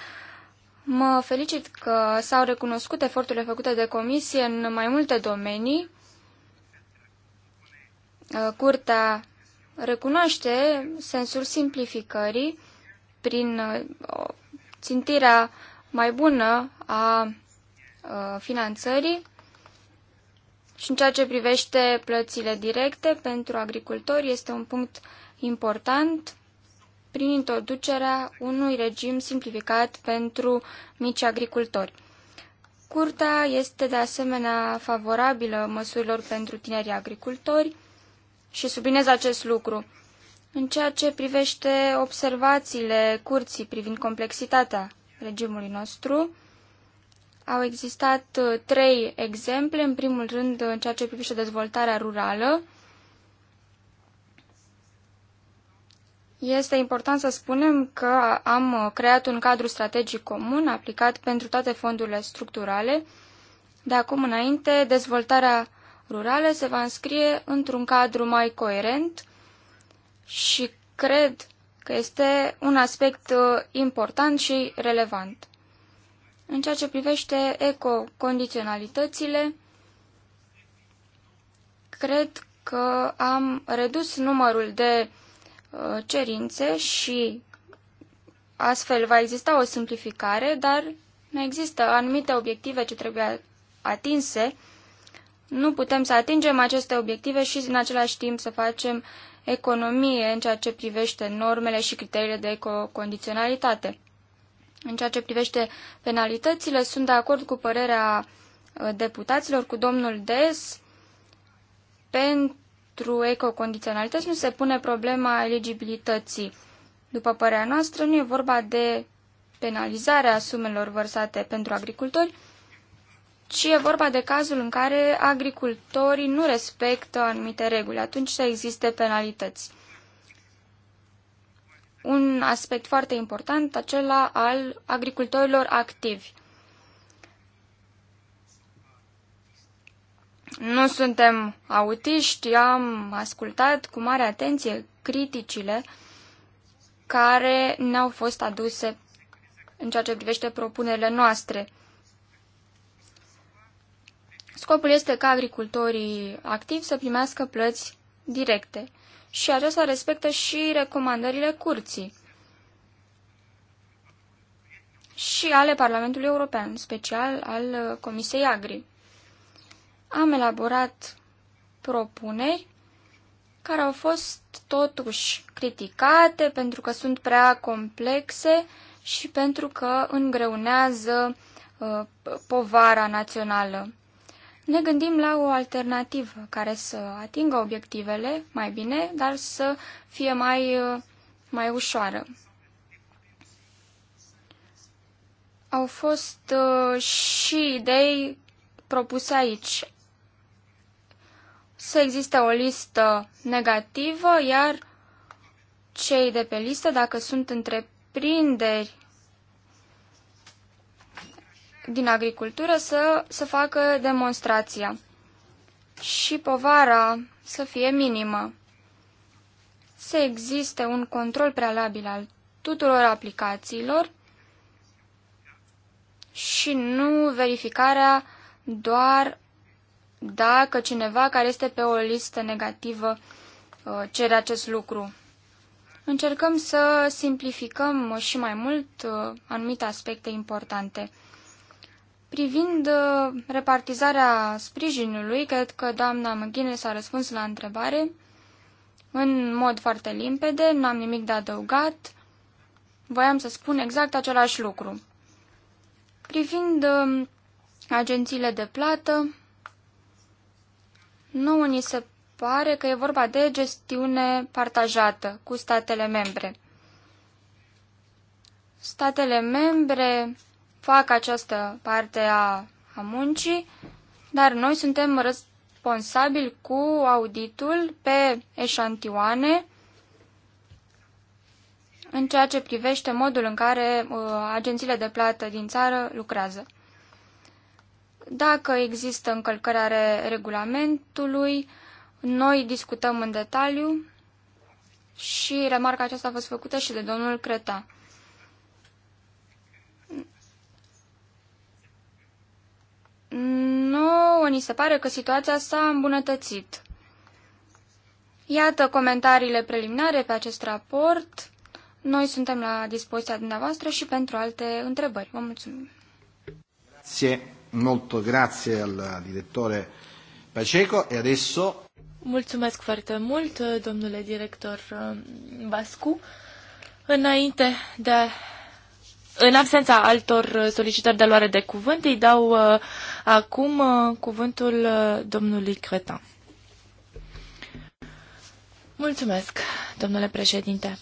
Mă felicit că s-au recunoscut eforturile făcute de comisie în mai multe domenii. Uh, curtea recunoaște sensul simplificării prin uh, țintirea mai bună a uh, finanțării și în ceea ce privește plățile directe pentru agricultori este un punct important prin introducerea unui regim simplificat pentru mici agricultori. Curtea este de asemenea favorabilă măsurilor pentru tinerii agricultori, și sublinez acest lucru. În ceea ce privește observațiile curții privind complexitatea regimului nostru, au existat uh, trei exemple. În primul rând, în ceea ce privește dezvoltarea rurală, Este important să spunem că am uh, creat un cadru strategic comun aplicat pentru toate fondurile structurale. De acum înainte, dezvoltarea rurale se va înscrie într-un cadru mai coerent și cred că este un aspect uh, important și relevant. În ceea ce privește ecocondiționalitățile, cred că am redus numărul de uh, cerințe și astfel va exista o simplificare, dar mai există anumite obiective ce trebuie atinse nu putem să atingem aceste obiective și în același timp să facem economie în ceea ce privește normele și criteriile de ecocondiționalitate. În ceea ce privește penalitățile, sunt de acord cu părerea uh, deputaților, cu domnul Des. Pentru ecocondiționalități nu se pune problema eligibilității. După părerea noastră, nu e vorba de penalizarea sumelor vărsate pentru agricultori, ci e vorba de cazul în care agricultorii nu respectă anumite reguli. Atunci să existe penalități. Un aspect foarte important, acela al agricultorilor activi. Nu suntem autiști, am ascultat cu mare atenție criticile care ne-au fost aduse în ceea ce privește propunerile noastre. Scopul este ca agricultorii activi să primească plăți directe și aceasta respectă și recomandările curții și ale Parlamentului European, special al Comisiei Agri. Am elaborat propuneri care au fost totuși criticate pentru că sunt prea complexe și pentru că îngreunează uh, povara națională ne gândim la o alternativă care să atingă obiectivele mai bine, dar să fie mai, mai ușoară. Au fost uh, și idei propuse aici. Să existe o listă negativă, iar cei de pe listă, dacă sunt întreprinderi din agricultură să, să facă demonstrația și povara să fie minimă. Să existe un control prealabil al tuturor aplicațiilor și nu verificarea doar dacă cineva care este pe o listă negativă uh, cere acest lucru. Încercăm să simplificăm și mai mult uh, anumite aspecte importante. Privind uh, repartizarea sprijinului, cred că doamna McGuinness a răspuns la întrebare în mod foarte limpede, nu am nimic de adăugat, voiam să spun exact același lucru. Privind um, agențiile de plată, nouă ni se pare că e vorba de gestiune partajată cu statele membre. Statele membre fac această parte a, a muncii, dar noi suntem responsabili cu auditul pe eșantioane în ceea ce privește modul în care uh, agențiile de plată din țară lucrează. Dacă există încălcări ale regulamentului, noi discutăm în detaliu și remarca aceasta a fost făcută și de domnul Creta. Nu, ni se pare că situația s-a îmbunătățit. Iată comentariile preliminare pe acest raport. Noi suntem la dispoziția dumneavoastră și pentru alte întrebări. Vă mulțumim. Grazie, molto grazie al direttore Paceco e adesso... Mulțumesc foarte mult, domnule director uh, Bascu. Înainte de a în absența altor solicitări de luare de cuvânt, îi dau uh, acum uh, cuvântul uh, domnului Cretan. Mulțumesc, domnule președinte.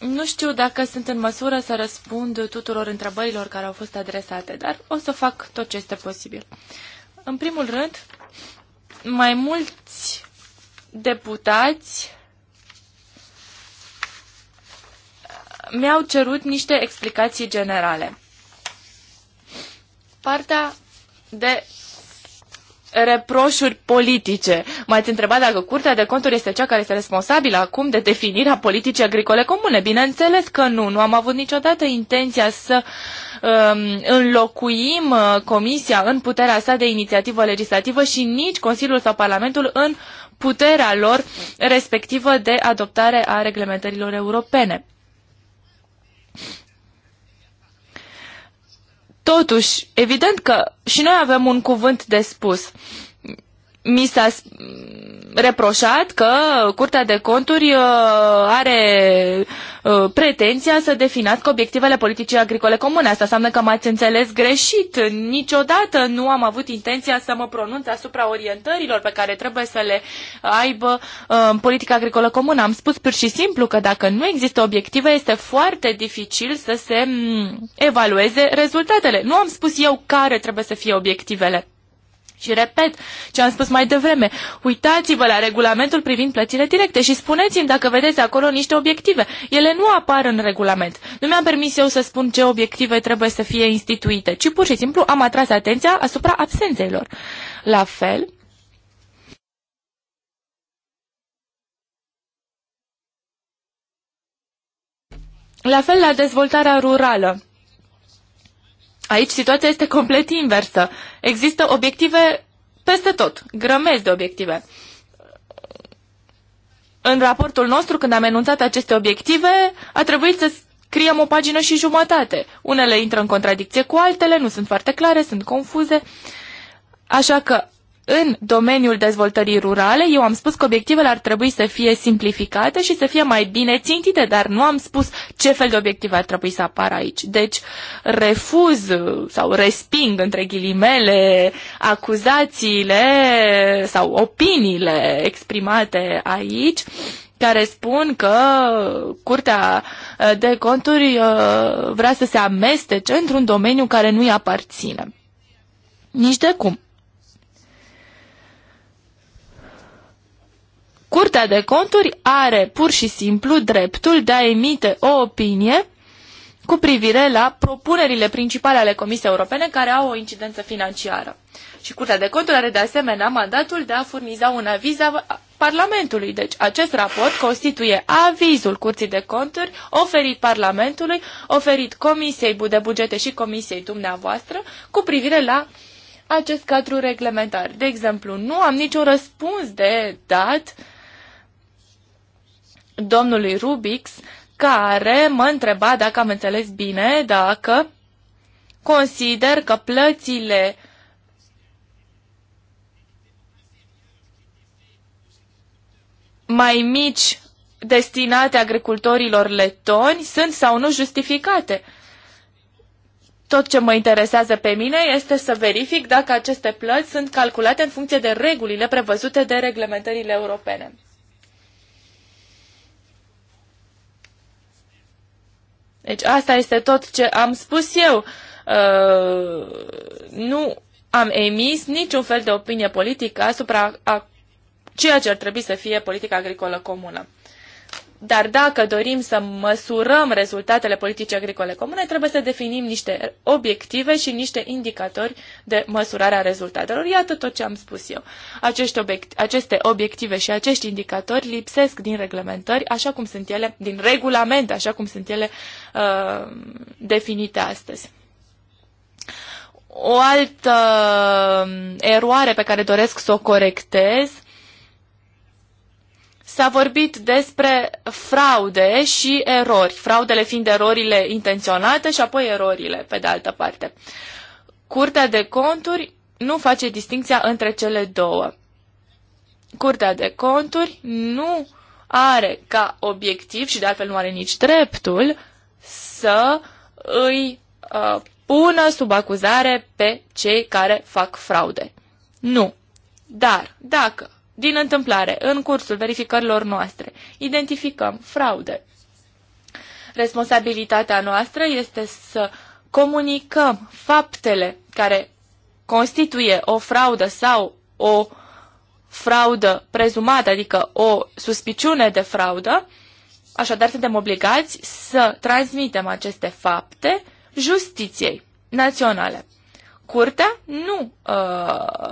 Nu știu dacă sunt în măsură să răspund tuturor întrebărilor care au fost adresate, dar o să fac tot ce este posibil. În primul rând, mai mulți deputați mi-au cerut niște explicații generale. Partea de reproșuri politice. M-ați întrebat dacă Curtea de Conturi este cea care este responsabilă acum de definirea politicii agricole comune. Bineînțeles că nu. Nu am avut niciodată intenția să um, înlocuim uh, Comisia în puterea sa de inițiativă legislativă și nici Consiliul sau Parlamentul în puterea lor respectivă de adoptare a reglementărilor europene. Totuși, evident că și noi avem un cuvânt de spus. Uh, mi s-a reproșat că Curtea de Conturi uh, are uh, pretenția să definească obiectivele politicii agricole comune. Asta înseamnă că m-ați înțeles greșit. Niciodată nu am avut intenția să mă pronunț asupra orientărilor pe care trebuie să le aibă uh, în politica agricolă comună. Am spus pur și simplu că dacă nu există obiective, este foarte dificil să se mm, evalueze rezultatele. Nu am spus eu care trebuie să fie obiectivele. Și repet ce am spus mai devreme, uitați-vă la regulamentul privind plățile directe și spuneți-mi dacă vedeți acolo niște obiective. Ele nu apar în regulament. Nu mi-am permis eu să spun ce obiective trebuie să fie instituite, ci pur și simplu am atras atenția asupra absențelor. La fel, La fel la dezvoltarea rurală. Aici situația este complet inversă. Există obiective peste tot, grămezi de obiective. În raportul nostru, când am enunțat aceste obiective, a trebuit să scriem o pagină și jumătate. Unele intră în contradicție cu altele, nu sunt foarte clare, sunt confuze. Așa că în domeniul dezvoltării rurale, eu am spus că obiectivele ar trebui să fie simplificate și să fie mai bine țintite, dar nu am spus ce fel de obiective ar trebui să apară aici. Deci refuz sau resping între ghilimele acuzațiile sau opiniile exprimate aici care spun că Curtea de Conturi uh, vrea să se amestece într-un domeniu care nu-i aparține. Nici de cum. Curtea de conturi are pur și simplu dreptul de a emite o opinie cu privire la propunerile principale ale Comisiei Europene care au o incidență financiară. Și Curtea de Conturi are de asemenea mandatul de a furniza un aviz a Parlamentului. Deci acest raport constituie avizul Curții de Conturi oferit Parlamentului, oferit Comisiei de Bugete și Comisiei dumneavoastră cu privire la acest cadru reglementar. De exemplu, nu am niciun răspuns de dat uh, domnului Rubix, care mă întreba, dacă am înțeles bine, dacă consider că plățile mai mici destinate agricultorilor letoni sunt sau nu justificate. Tot ce mă interesează pe mine este să verific dacă aceste plăți sunt calculate în funcție de regulile prevăzute de reglementările europene. Deci asta este tot ce am spus eu. Uh, nu am emis niciun fel de opinie politică asupra a ceea ce ar trebui să fie politica agricolă comună. Dar dacă dorim să măsurăm rezultatele politicii agricole comune, trebuie să definim niște obiective și niște indicatori de măsurare a rezultatelor. Iată tot ce am spus eu. Acești obiect- aceste obiective și acești indicatori lipsesc din reglementări, așa cum sunt ele, din regulament, așa cum sunt ele uh, definite astăzi. O altă um, eroare pe care doresc să o corectez uh, S-a vorbit despre fraude și erori, fraudele fiind erorile intenționate și apoi erorile, pe de altă parte. Curtea de conturi nu face distinția între cele două. Curtea de conturi nu are ca obiectiv și de altfel nu are nici dreptul să îi uh, pună sub acuzare pe cei care fac fraude. Nu. Dar dacă din întâmplare, în cursul verificărilor noastre, identificăm fraude. Responsabilitatea noastră este să comunicăm faptele care constituie o fraudă sau o fraudă prezumată, adică o suspiciune de fraudă, așadar suntem obligați să transmitem aceste fapte justiției naționale. Curtea nu uh,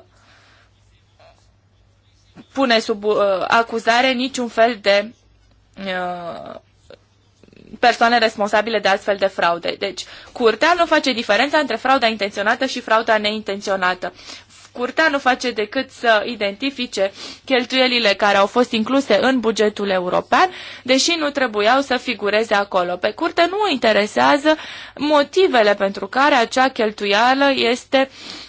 pune sub uh, acuzare niciun fel de uh, persoane responsabile de astfel de fraude. Deci, curtea nu face diferența între frauda intenționată și frauda neintenționată. Curtea nu face decât să identifice cheltuielile care au fost incluse în bugetul european, deși nu trebuiau să figureze acolo. Pe curte nu interesează motivele pentru care acea cheltuială este uh,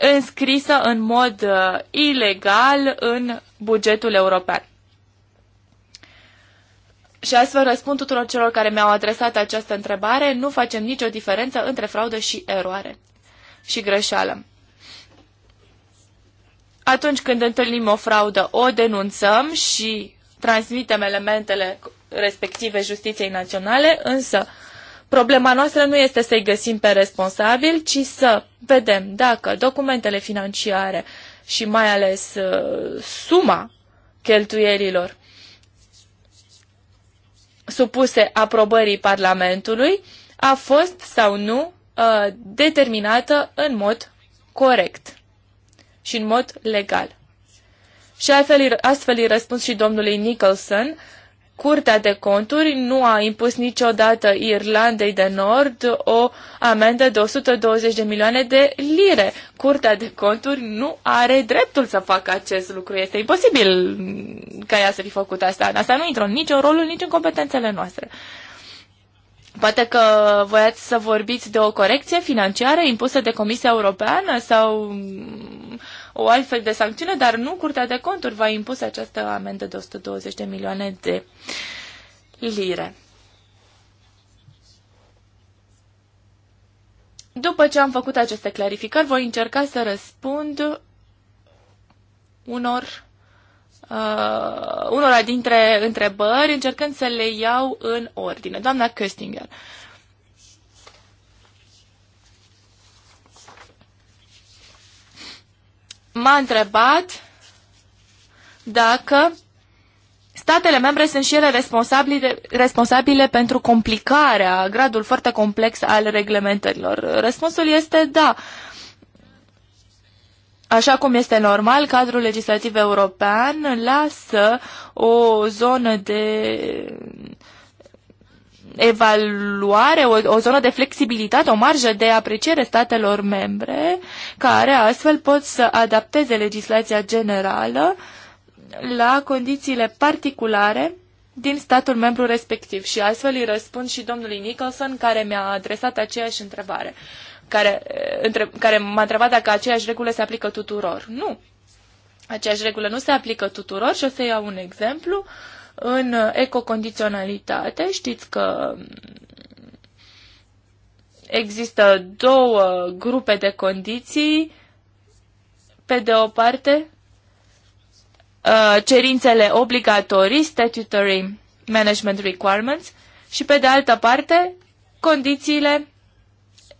înscrisă în mod uh, ilegal în bugetul european. Și astfel răspund tuturor celor care mi-au adresat această întrebare, nu facem nicio diferență între fraudă și eroare și greșeală. Atunci când întâlnim o fraudă, o denunțăm și transmitem elementele respective justiției naționale, însă uh, Problema noastră nu este să-i găsim pe responsabil, ci să vedem dacă documentele financiare și mai ales uh, suma cheltuielilor supuse aprobării Parlamentului a fost sau nu uh, determinată în mod corect și în mod legal. Și astfel, îi răspuns și domnului Nicholson Curtea de conturi nu a impus niciodată Irlandei de Nord o amendă de 120 de milioane de lire. Curtea de conturi nu are dreptul să facă acest lucru. Este imposibil ca ea să fi făcut asta. Asta nu intră în niciun rolul, nici în competențele noastre. Uh, Poate că voiați să vorbiți de o corecție financiară impusă de Comisia Europeană sau mm, o altfel de sancțiune, dar nu Curtea de Conturi va impus această amendă de 120 de milioane de lire. După ce am făcut aceste clarificări, voi încerca să răspund unor uh, unora dintre întrebări, încercând să le iau în ordine. Doamna Köstinger. M-a întrebat dacă statele membre sunt și ele responsabile, responsabile pentru complicarea, gradul foarte complex al reglementărilor. Răspunsul este da. Uh, Așa cum este normal, cadrul legislativ european lasă o zonă de evaluare, o, o zonă de flexibilitate, o marjă de apreciere statelor membre, care astfel pot să adapteze legislația generală la condițiile particulare din statul membru respectiv. Și astfel îi răspund și domnului Nicholson, care mi-a adresat aceeași întrebare. Uh, care, eh, între, care m-a întrebat dacă aceeași regulă se aplică tuturor. Nu. Aceeași regulă nu se aplică tuturor și o să iau un exemplu. În eh, ecocondiționalitate știți că mm, există două grupe de condiții. Pe de o parte, eh, cerințele obligatorii, statutory management requirements, și pe de altă parte, condițiile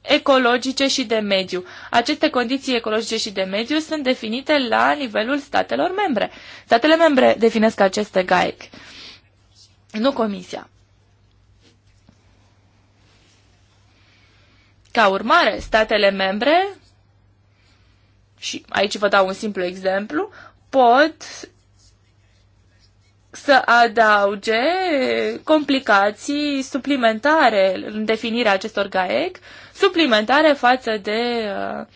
ecologice și de mediu. Aceste condiții ecologice și de mediu sunt definite la nivelul statelor membre. Statele membre definesc aceste GAEC, nu Comisia. Ca urmare, statele membre, și aici vă dau un simplu exemplu, pot să adauge complicații suplimentare în definirea acestor GAEC suplimentare față de uh,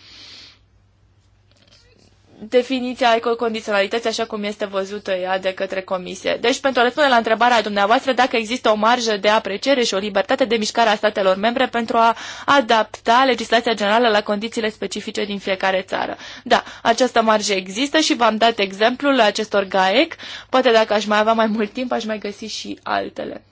definiția ecocondiționalității așa cum este văzută ea de către comisie. Deci, pentru a răspunde la întrebarea dumneavoastră, dacă există o marjă de apreciere și o libertate de mișcare a statelor membre pentru a adapta legislația generală la condițiile specifice din fiecare țară. Da, această marjă există și v-am dat exemplul acestor GAEC. Poate dacă aș mai avea mai mult timp, aș mai găsi și altele.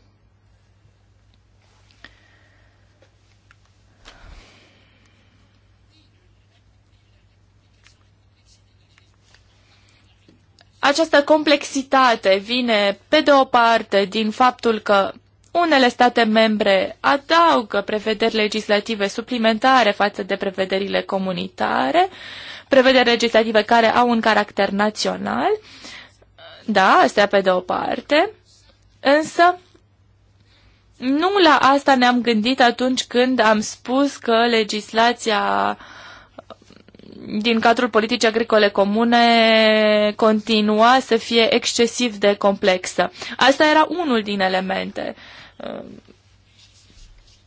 această complexitate vine, pe de o parte, din faptul că unele state membre adaugă prevederi legislative suplimentare față de prevederile comunitare, prevederi legislative care au un caracter național, da, astea pe de o parte, însă nu la asta ne-am gândit atunci când am spus că legislația uh, din cadrul politicii agricole comune continua să fie excesiv de complexă. Asta era unul din elemente. Uh,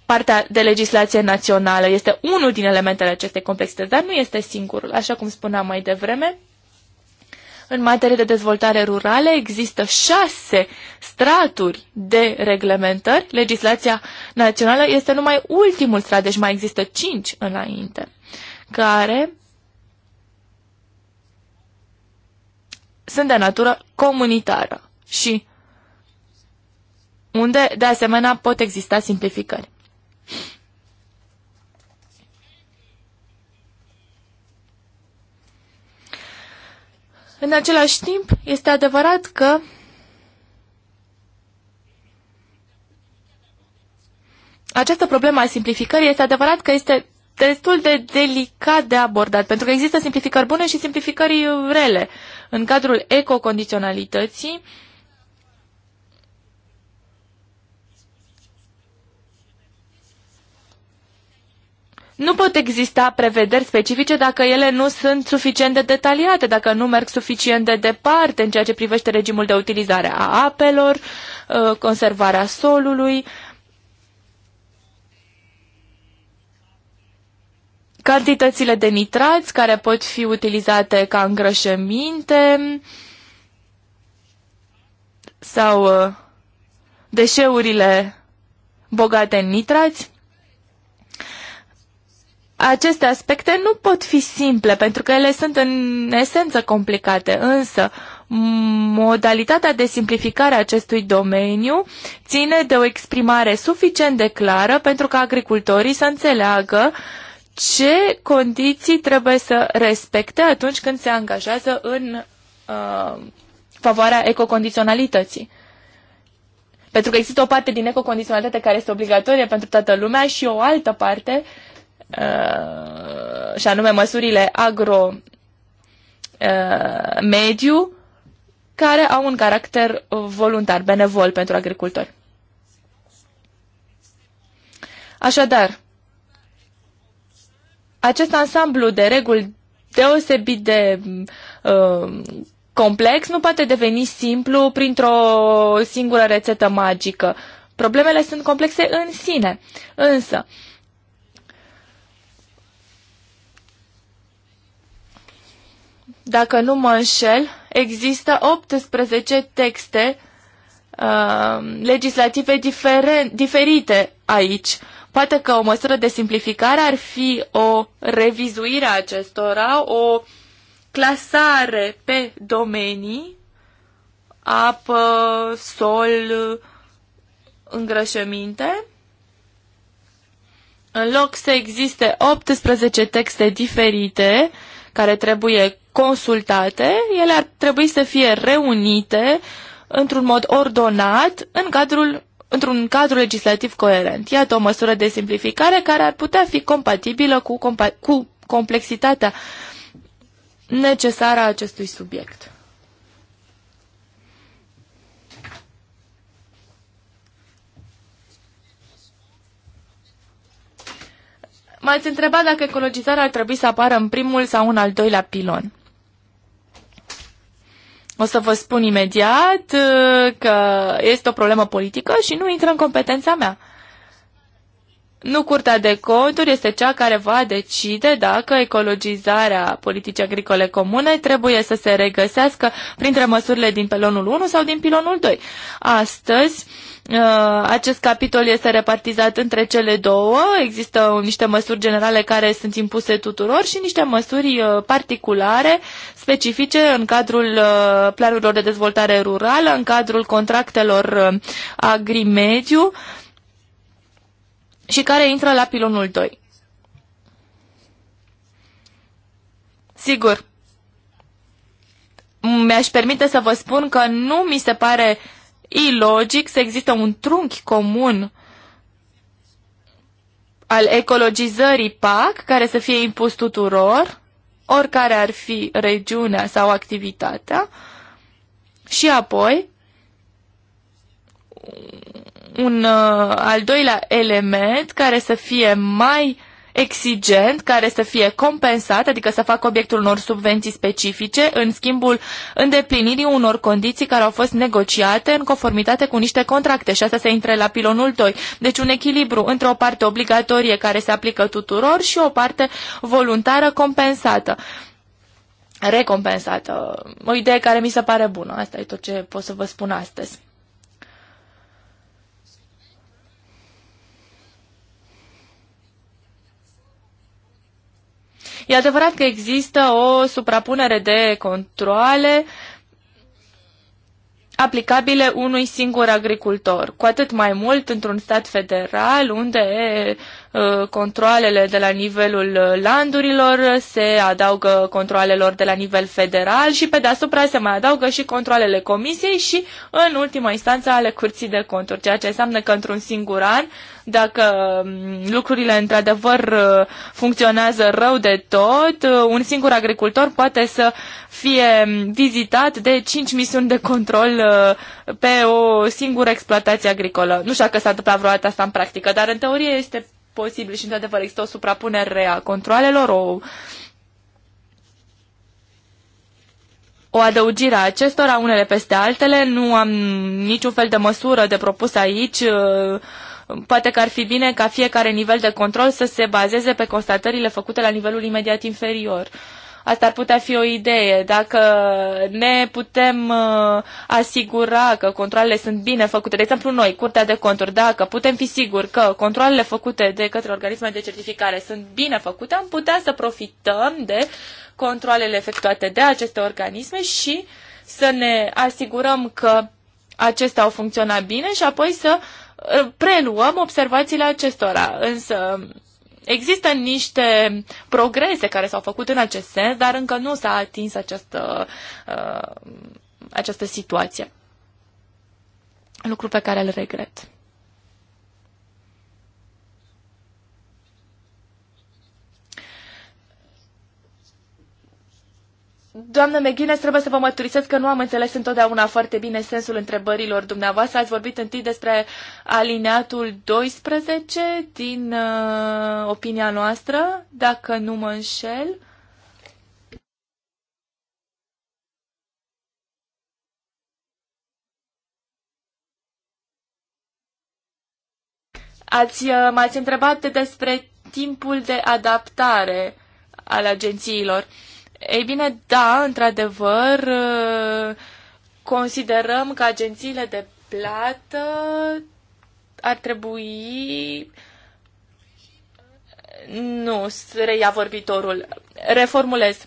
partea de legislație națională este unul din elementele acestei complexități, dar nu este singurul. Așa cum spuneam mai devreme, în materie de dezvoltare rurală există șase straturi de reglementări. Legislația națională este numai ultimul strat, deci mai există cinci înainte, care sunt de natură comunitară și unde, de asemenea, pot exista simplificări. În același timp, este adevărat că această problemă a simplificării este adevărat că este destul de delicat de abordat, pentru că există simplificări bune și simplificări rele. În cadrul ecocondiționalității, Nu pot exista prevederi specifice dacă ele nu sunt suficient de detaliate, dacă nu merg suficient de departe în ceea ce privește regimul de utilizare a apelor, ă, conservarea solului, cantitățile de nitrați care pot fi utilizate ca îngrășăminte sau uh, deșeurile bogate în nitrați. Aceste aspecte nu pot fi simple pentru că ele sunt în esență complicate, însă modalitatea de simplificare a acestui domeniu ține de o exprimare suficient de clară pentru ca agricultorii să înțeleagă uh, ce condiții trebuie să respecte atunci când se angajează în uh, favoarea ecocondiționalității. Pentru că există o parte din ecocondiționalitate care este obligatorie pentru toată lumea și o altă parte, uh, și anume măsurile agro uh, mediu, care au un caracter voluntar, benevol pentru agricultori. Așadar, acest ansamblu de reguli deosebit de uh, complex nu poate deveni simplu printr-o singură rețetă magică. Problemele sunt complexe în sine, însă dacă nu mă înșel, există 18 texte uh, legislative diferen, diferite aici. Uh, Poate că o măsură de simplificare ar fi o revizuire a acestora, o clasare pe domenii, apă, sol, îngrășăminte, în loc să existe 18 texte diferite care trebuie consultate, ele ar trebui să fie reunite într-un mod ordonat în cadrul într-un cadru legislativ coerent. Iată o măsură de simplificare care ar putea fi compatibilă cu, compa- cu complexitatea necesară a acestui subiect. M-ați întrebat dacă ecologizarea ar trebui să apară în primul sau în al doilea pilon. O să vă spun imediat uh, că este o problemă politică și nu intră în competența mea. Nu Curtea de Conturi este cea care va decide dacă ecologizarea politicii agricole comune trebuie să se regăsească printre măsurile din pilonul 1 sau din pilonul 2. Astăzi, uh, acest capitol este repartizat între cele două. Există niște măsuri generale care sunt impuse tuturor și niște măsuri uh, particulare, specifice în cadrul uh, planurilor de dezvoltare rurală, în cadrul contractelor agrimediu. mediu și care intră la pilonul 2. Sigur, mi-aș permite să vă spun că nu mi se pare ilogic să există un trunchi comun al ecologizării PAC care să fie impus tuturor, oricare ar fi regiunea sau activitatea, și apoi un uh, al doilea element care să fie mai exigent, care să fie compensat, adică să facă obiectul unor subvenții specifice în schimbul îndeplinirii unor condiții care au fost negociate în conformitate cu niște contracte și asta se intre la pilonul 2. Deci un echilibru între o parte obligatorie care se aplică tuturor și o parte voluntară compensată recompensată. O idee care mi se pare bună. Asta e tot ce pot să vă spun astăzi. E adevărat că există o suprapunere de controle aplicabile unui singur agricultor, cu atât mai mult într-un stat federal unde Uh, controlele de la nivelul uh, landurilor, se adaugă controalelor de la nivel federal și pe deasupra se mai adaugă și controlele comisiei și în ultima instanță ale curții de conturi, ceea ce înseamnă că într-un singur an, dacă um, lucrurile într-adevăr uh, funcționează rău de tot, un singur agricultor poate să fie um, vizitat de 5 misiuni de control pe o singură exploatație agricolă. Nu știu dacă s-a întâmplat vreodată asta în practică, dar în teorie este posibil și, într-adevăr, există o suprapunere a controalelor, o, o adăugire a acestora, unele peste altele. Nu am niciun fel de măsură de propus aici. Poate că ar fi bine ca fiecare nivel de control să se bazeze pe constatările făcute la nivelul imediat inferior. Uh, Asta ar putea fi o idee. Dacă ne putem uh, asigura că controlele sunt bine făcute, de exemplu noi, Curtea de Conturi, dacă putem fi siguri că controlele făcute de către organisme de certificare sunt bine făcute, am putea să profităm de controlele efectuate de aceste organisme și să ne asigurăm că acestea au funcționat bine și apoi să uh, preluăm observațiile acestora. Însă Există niște progrese care s-au făcut în acest sens, dar încă nu s-a atins această, uh, această situație. Lucru pe care îl regret. Doamnă McGuinness, trebuie să vă mărturisesc că nu am înțeles întotdeauna foarte bine sensul întrebărilor dumneavoastră. Ați vorbit întâi despre alineatul 12 din uh, opinia noastră, dacă nu mă înșel. Ați, uh, m-ați întrebat despre timpul de adaptare al agențiilor. Uh, ei bine, da, într-adevăr, considerăm că agențiile de plată ar trebui nu, reia vorbitorul. Reformulez.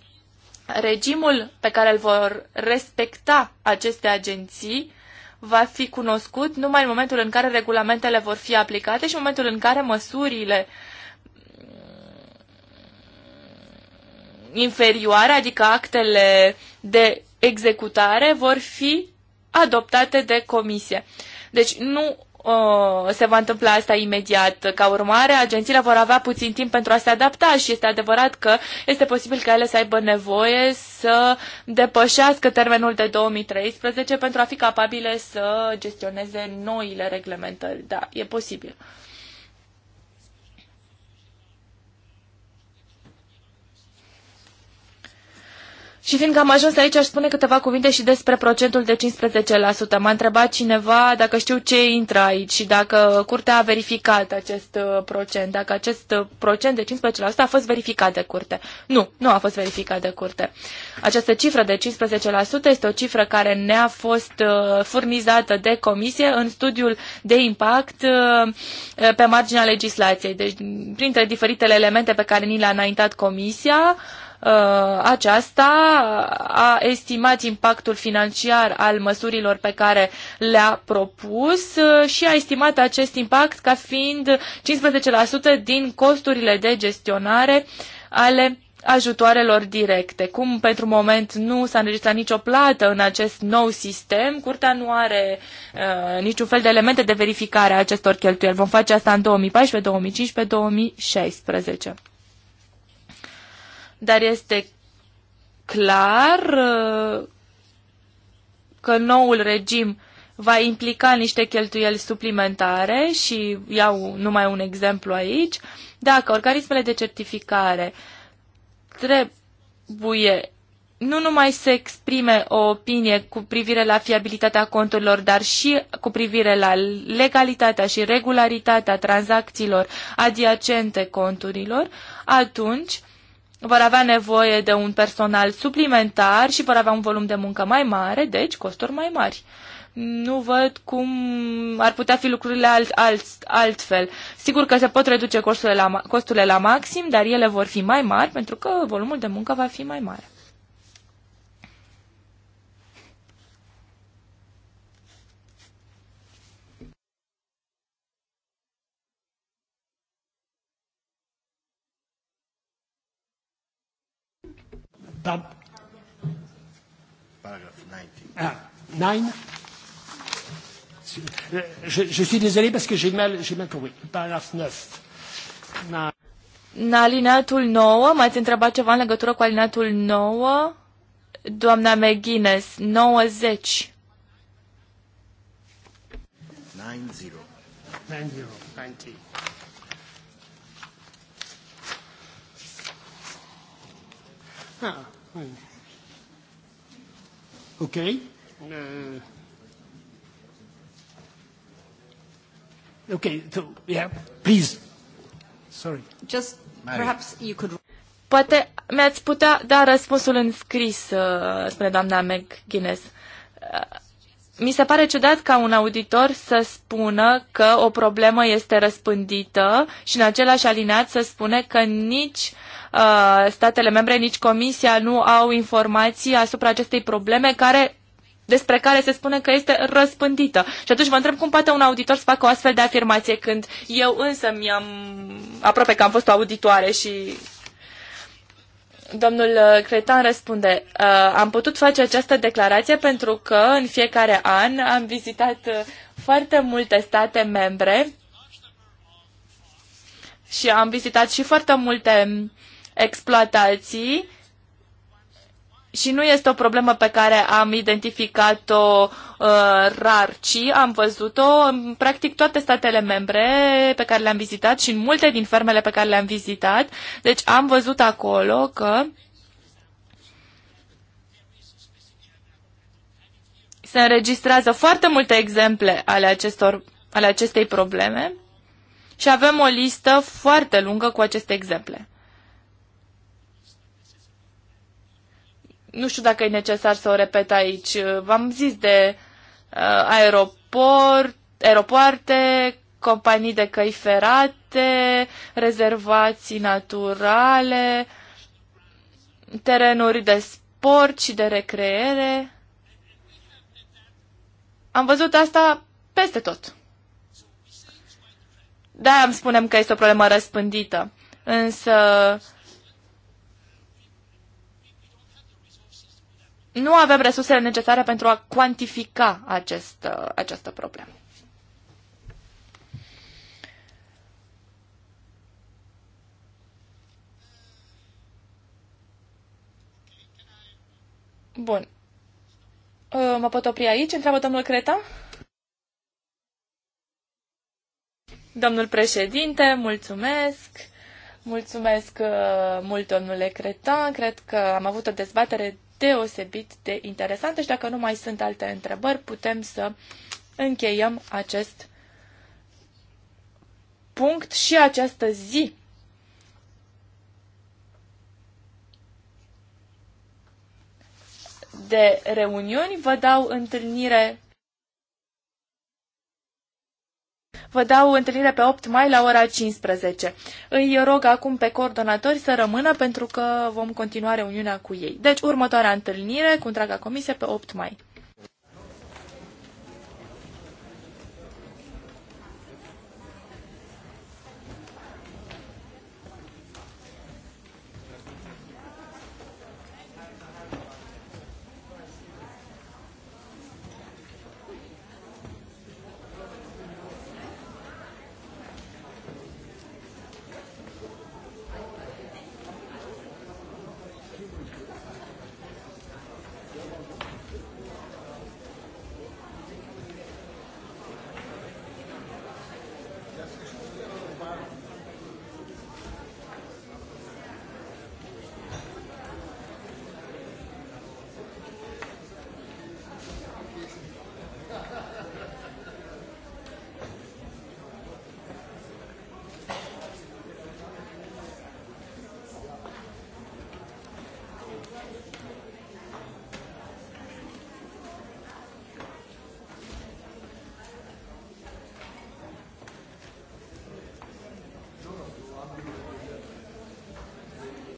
Regimul pe care îl vor respecta aceste agenții va fi cunoscut numai în momentul în care regulamentele vor fi aplicate și în momentul în care măsurile inferioare, adică actele de executare, vor fi adoptate de comisie. Deci nu uh, se va întâmpla asta imediat. Ca urmare, agențiile vor avea puțin timp pentru a se adapta și este adevărat că este posibil ca ele să aibă nevoie să depășească termenul de 2013 pentru a fi capabile să gestioneze noile reglementări. Da, e posibil. Și fiindcă am ajuns aici, aș spune câteva cuvinte și despre procentul de 15%. M-a întrebat cineva dacă știu ce intră aici și dacă curtea a verificat acest uh, procent, dacă acest uh, procent de 15% a fost verificat de curte. Nu, nu a fost verificat de curte. Această cifră de 15% este o cifră care ne-a fost uh, furnizată de comisie în studiul de impact pe marginea legislației. Deci, printre diferitele elemente pe care ni le-a înaintat comisia, Uh, aceasta a estimat impactul financiar al măsurilor pe care le-a propus uh, și a estimat acest impact ca fiind 15% din costurile de gestionare ale ajutoarelor directe. Cum pentru moment nu s-a înregistrat nicio plată în acest nou sistem, curtea nu are uh, niciun fel de elemente de verificare a acestor cheltuieli. Vom face asta în 2014, 2015, 2016 dar este clar uh, că noul regim va implica niște cheltuieli suplimentare și iau numai un exemplu aici. Dacă organismele de certificare trebuie nu numai să exprime o opinie cu privire la fiabilitatea conturilor, dar și cu privire la legalitatea și regularitatea tranzacțiilor adiacente conturilor, atunci vor avea nevoie de un personal suplimentar și vor avea un volum de muncă mai mare, deci costuri mai mari. Nu văd cum ar putea fi lucrurile alt, alt, altfel. Sigur că se pot reduce costurile la, costurile la maxim, dar ele vor fi mai mari pentru că volumul de muncă va fi mai mare. That paragraph 19. Ah, nine. Je, je suis désolé parce que j'ai mal, mal compris. Paragraph 9. Na... În alineatul 9, m-ați întrebat ceva în legătură cu alineatul 9? Doamna McGuinness, 90. 90. 90. 90. Ah. Ok, Uh, so, yeah, please. Sorry. Just Mary. perhaps you could... Poate mi-ați putea da răspunsul în scris, uh, spune doamna McGuinness. Uh, mi se pare ciudat ca un auditor să spună că o problemă este răspândită și în același alinat să spune că nici uh, statele membre, nici Comisia nu au informații asupra acestei probleme care despre care se spune că este răspândită. Și atunci vă întreb cum poate un auditor să facă o astfel de afirmație când eu însă mi-am... aproape că am fost o auditoare și Domnul uh, Cretan răspunde, uh, am putut face această declarație pentru că în fiecare an am vizitat uh, foarte multe state membre și am vizitat și foarte multe mm, exploatații și nu este o problemă pe care am identificat-o uh, rar, ci am văzut-o în practic toate statele membre pe care le-am vizitat și în multe din fermele pe care le-am vizitat. Deci am văzut acolo că se înregistrează foarte multe exemple ale, acestor, ale acestei probleme și avem o listă foarte lungă cu aceste exemple. nu știu dacă e necesar să o repet aici. V-am zis de uh, aeroport, aeropoarte, companii de căi ferate, rezervații naturale, terenuri de sport și de recreere. Am văzut asta peste tot. Da, îmi spunem că este o problemă răspândită. Însă, uh, nu avem resursele necesare pentru a cuantifica acest, uh, această problemă. Bun. Uh, mă pot opri aici? Întreabă domnul Creta. Domnul președinte, mulțumesc. Mulțumesc uh, mult, domnule Creta. Cred că am avut o dezbatere deosebit de interesantă și dacă nu mai sunt alte întrebări, putem să încheiem acest punct și această zi. de reuniuni. Vă dau întâlnire Vă dau întâlnire pe 8 mai la ora 15. Îi rog acum pe coordonatori să rămână pentru că vom continua reuniunea cu ei. Deci, următoarea întâlnire cu întreaga comisie pe 8 mai.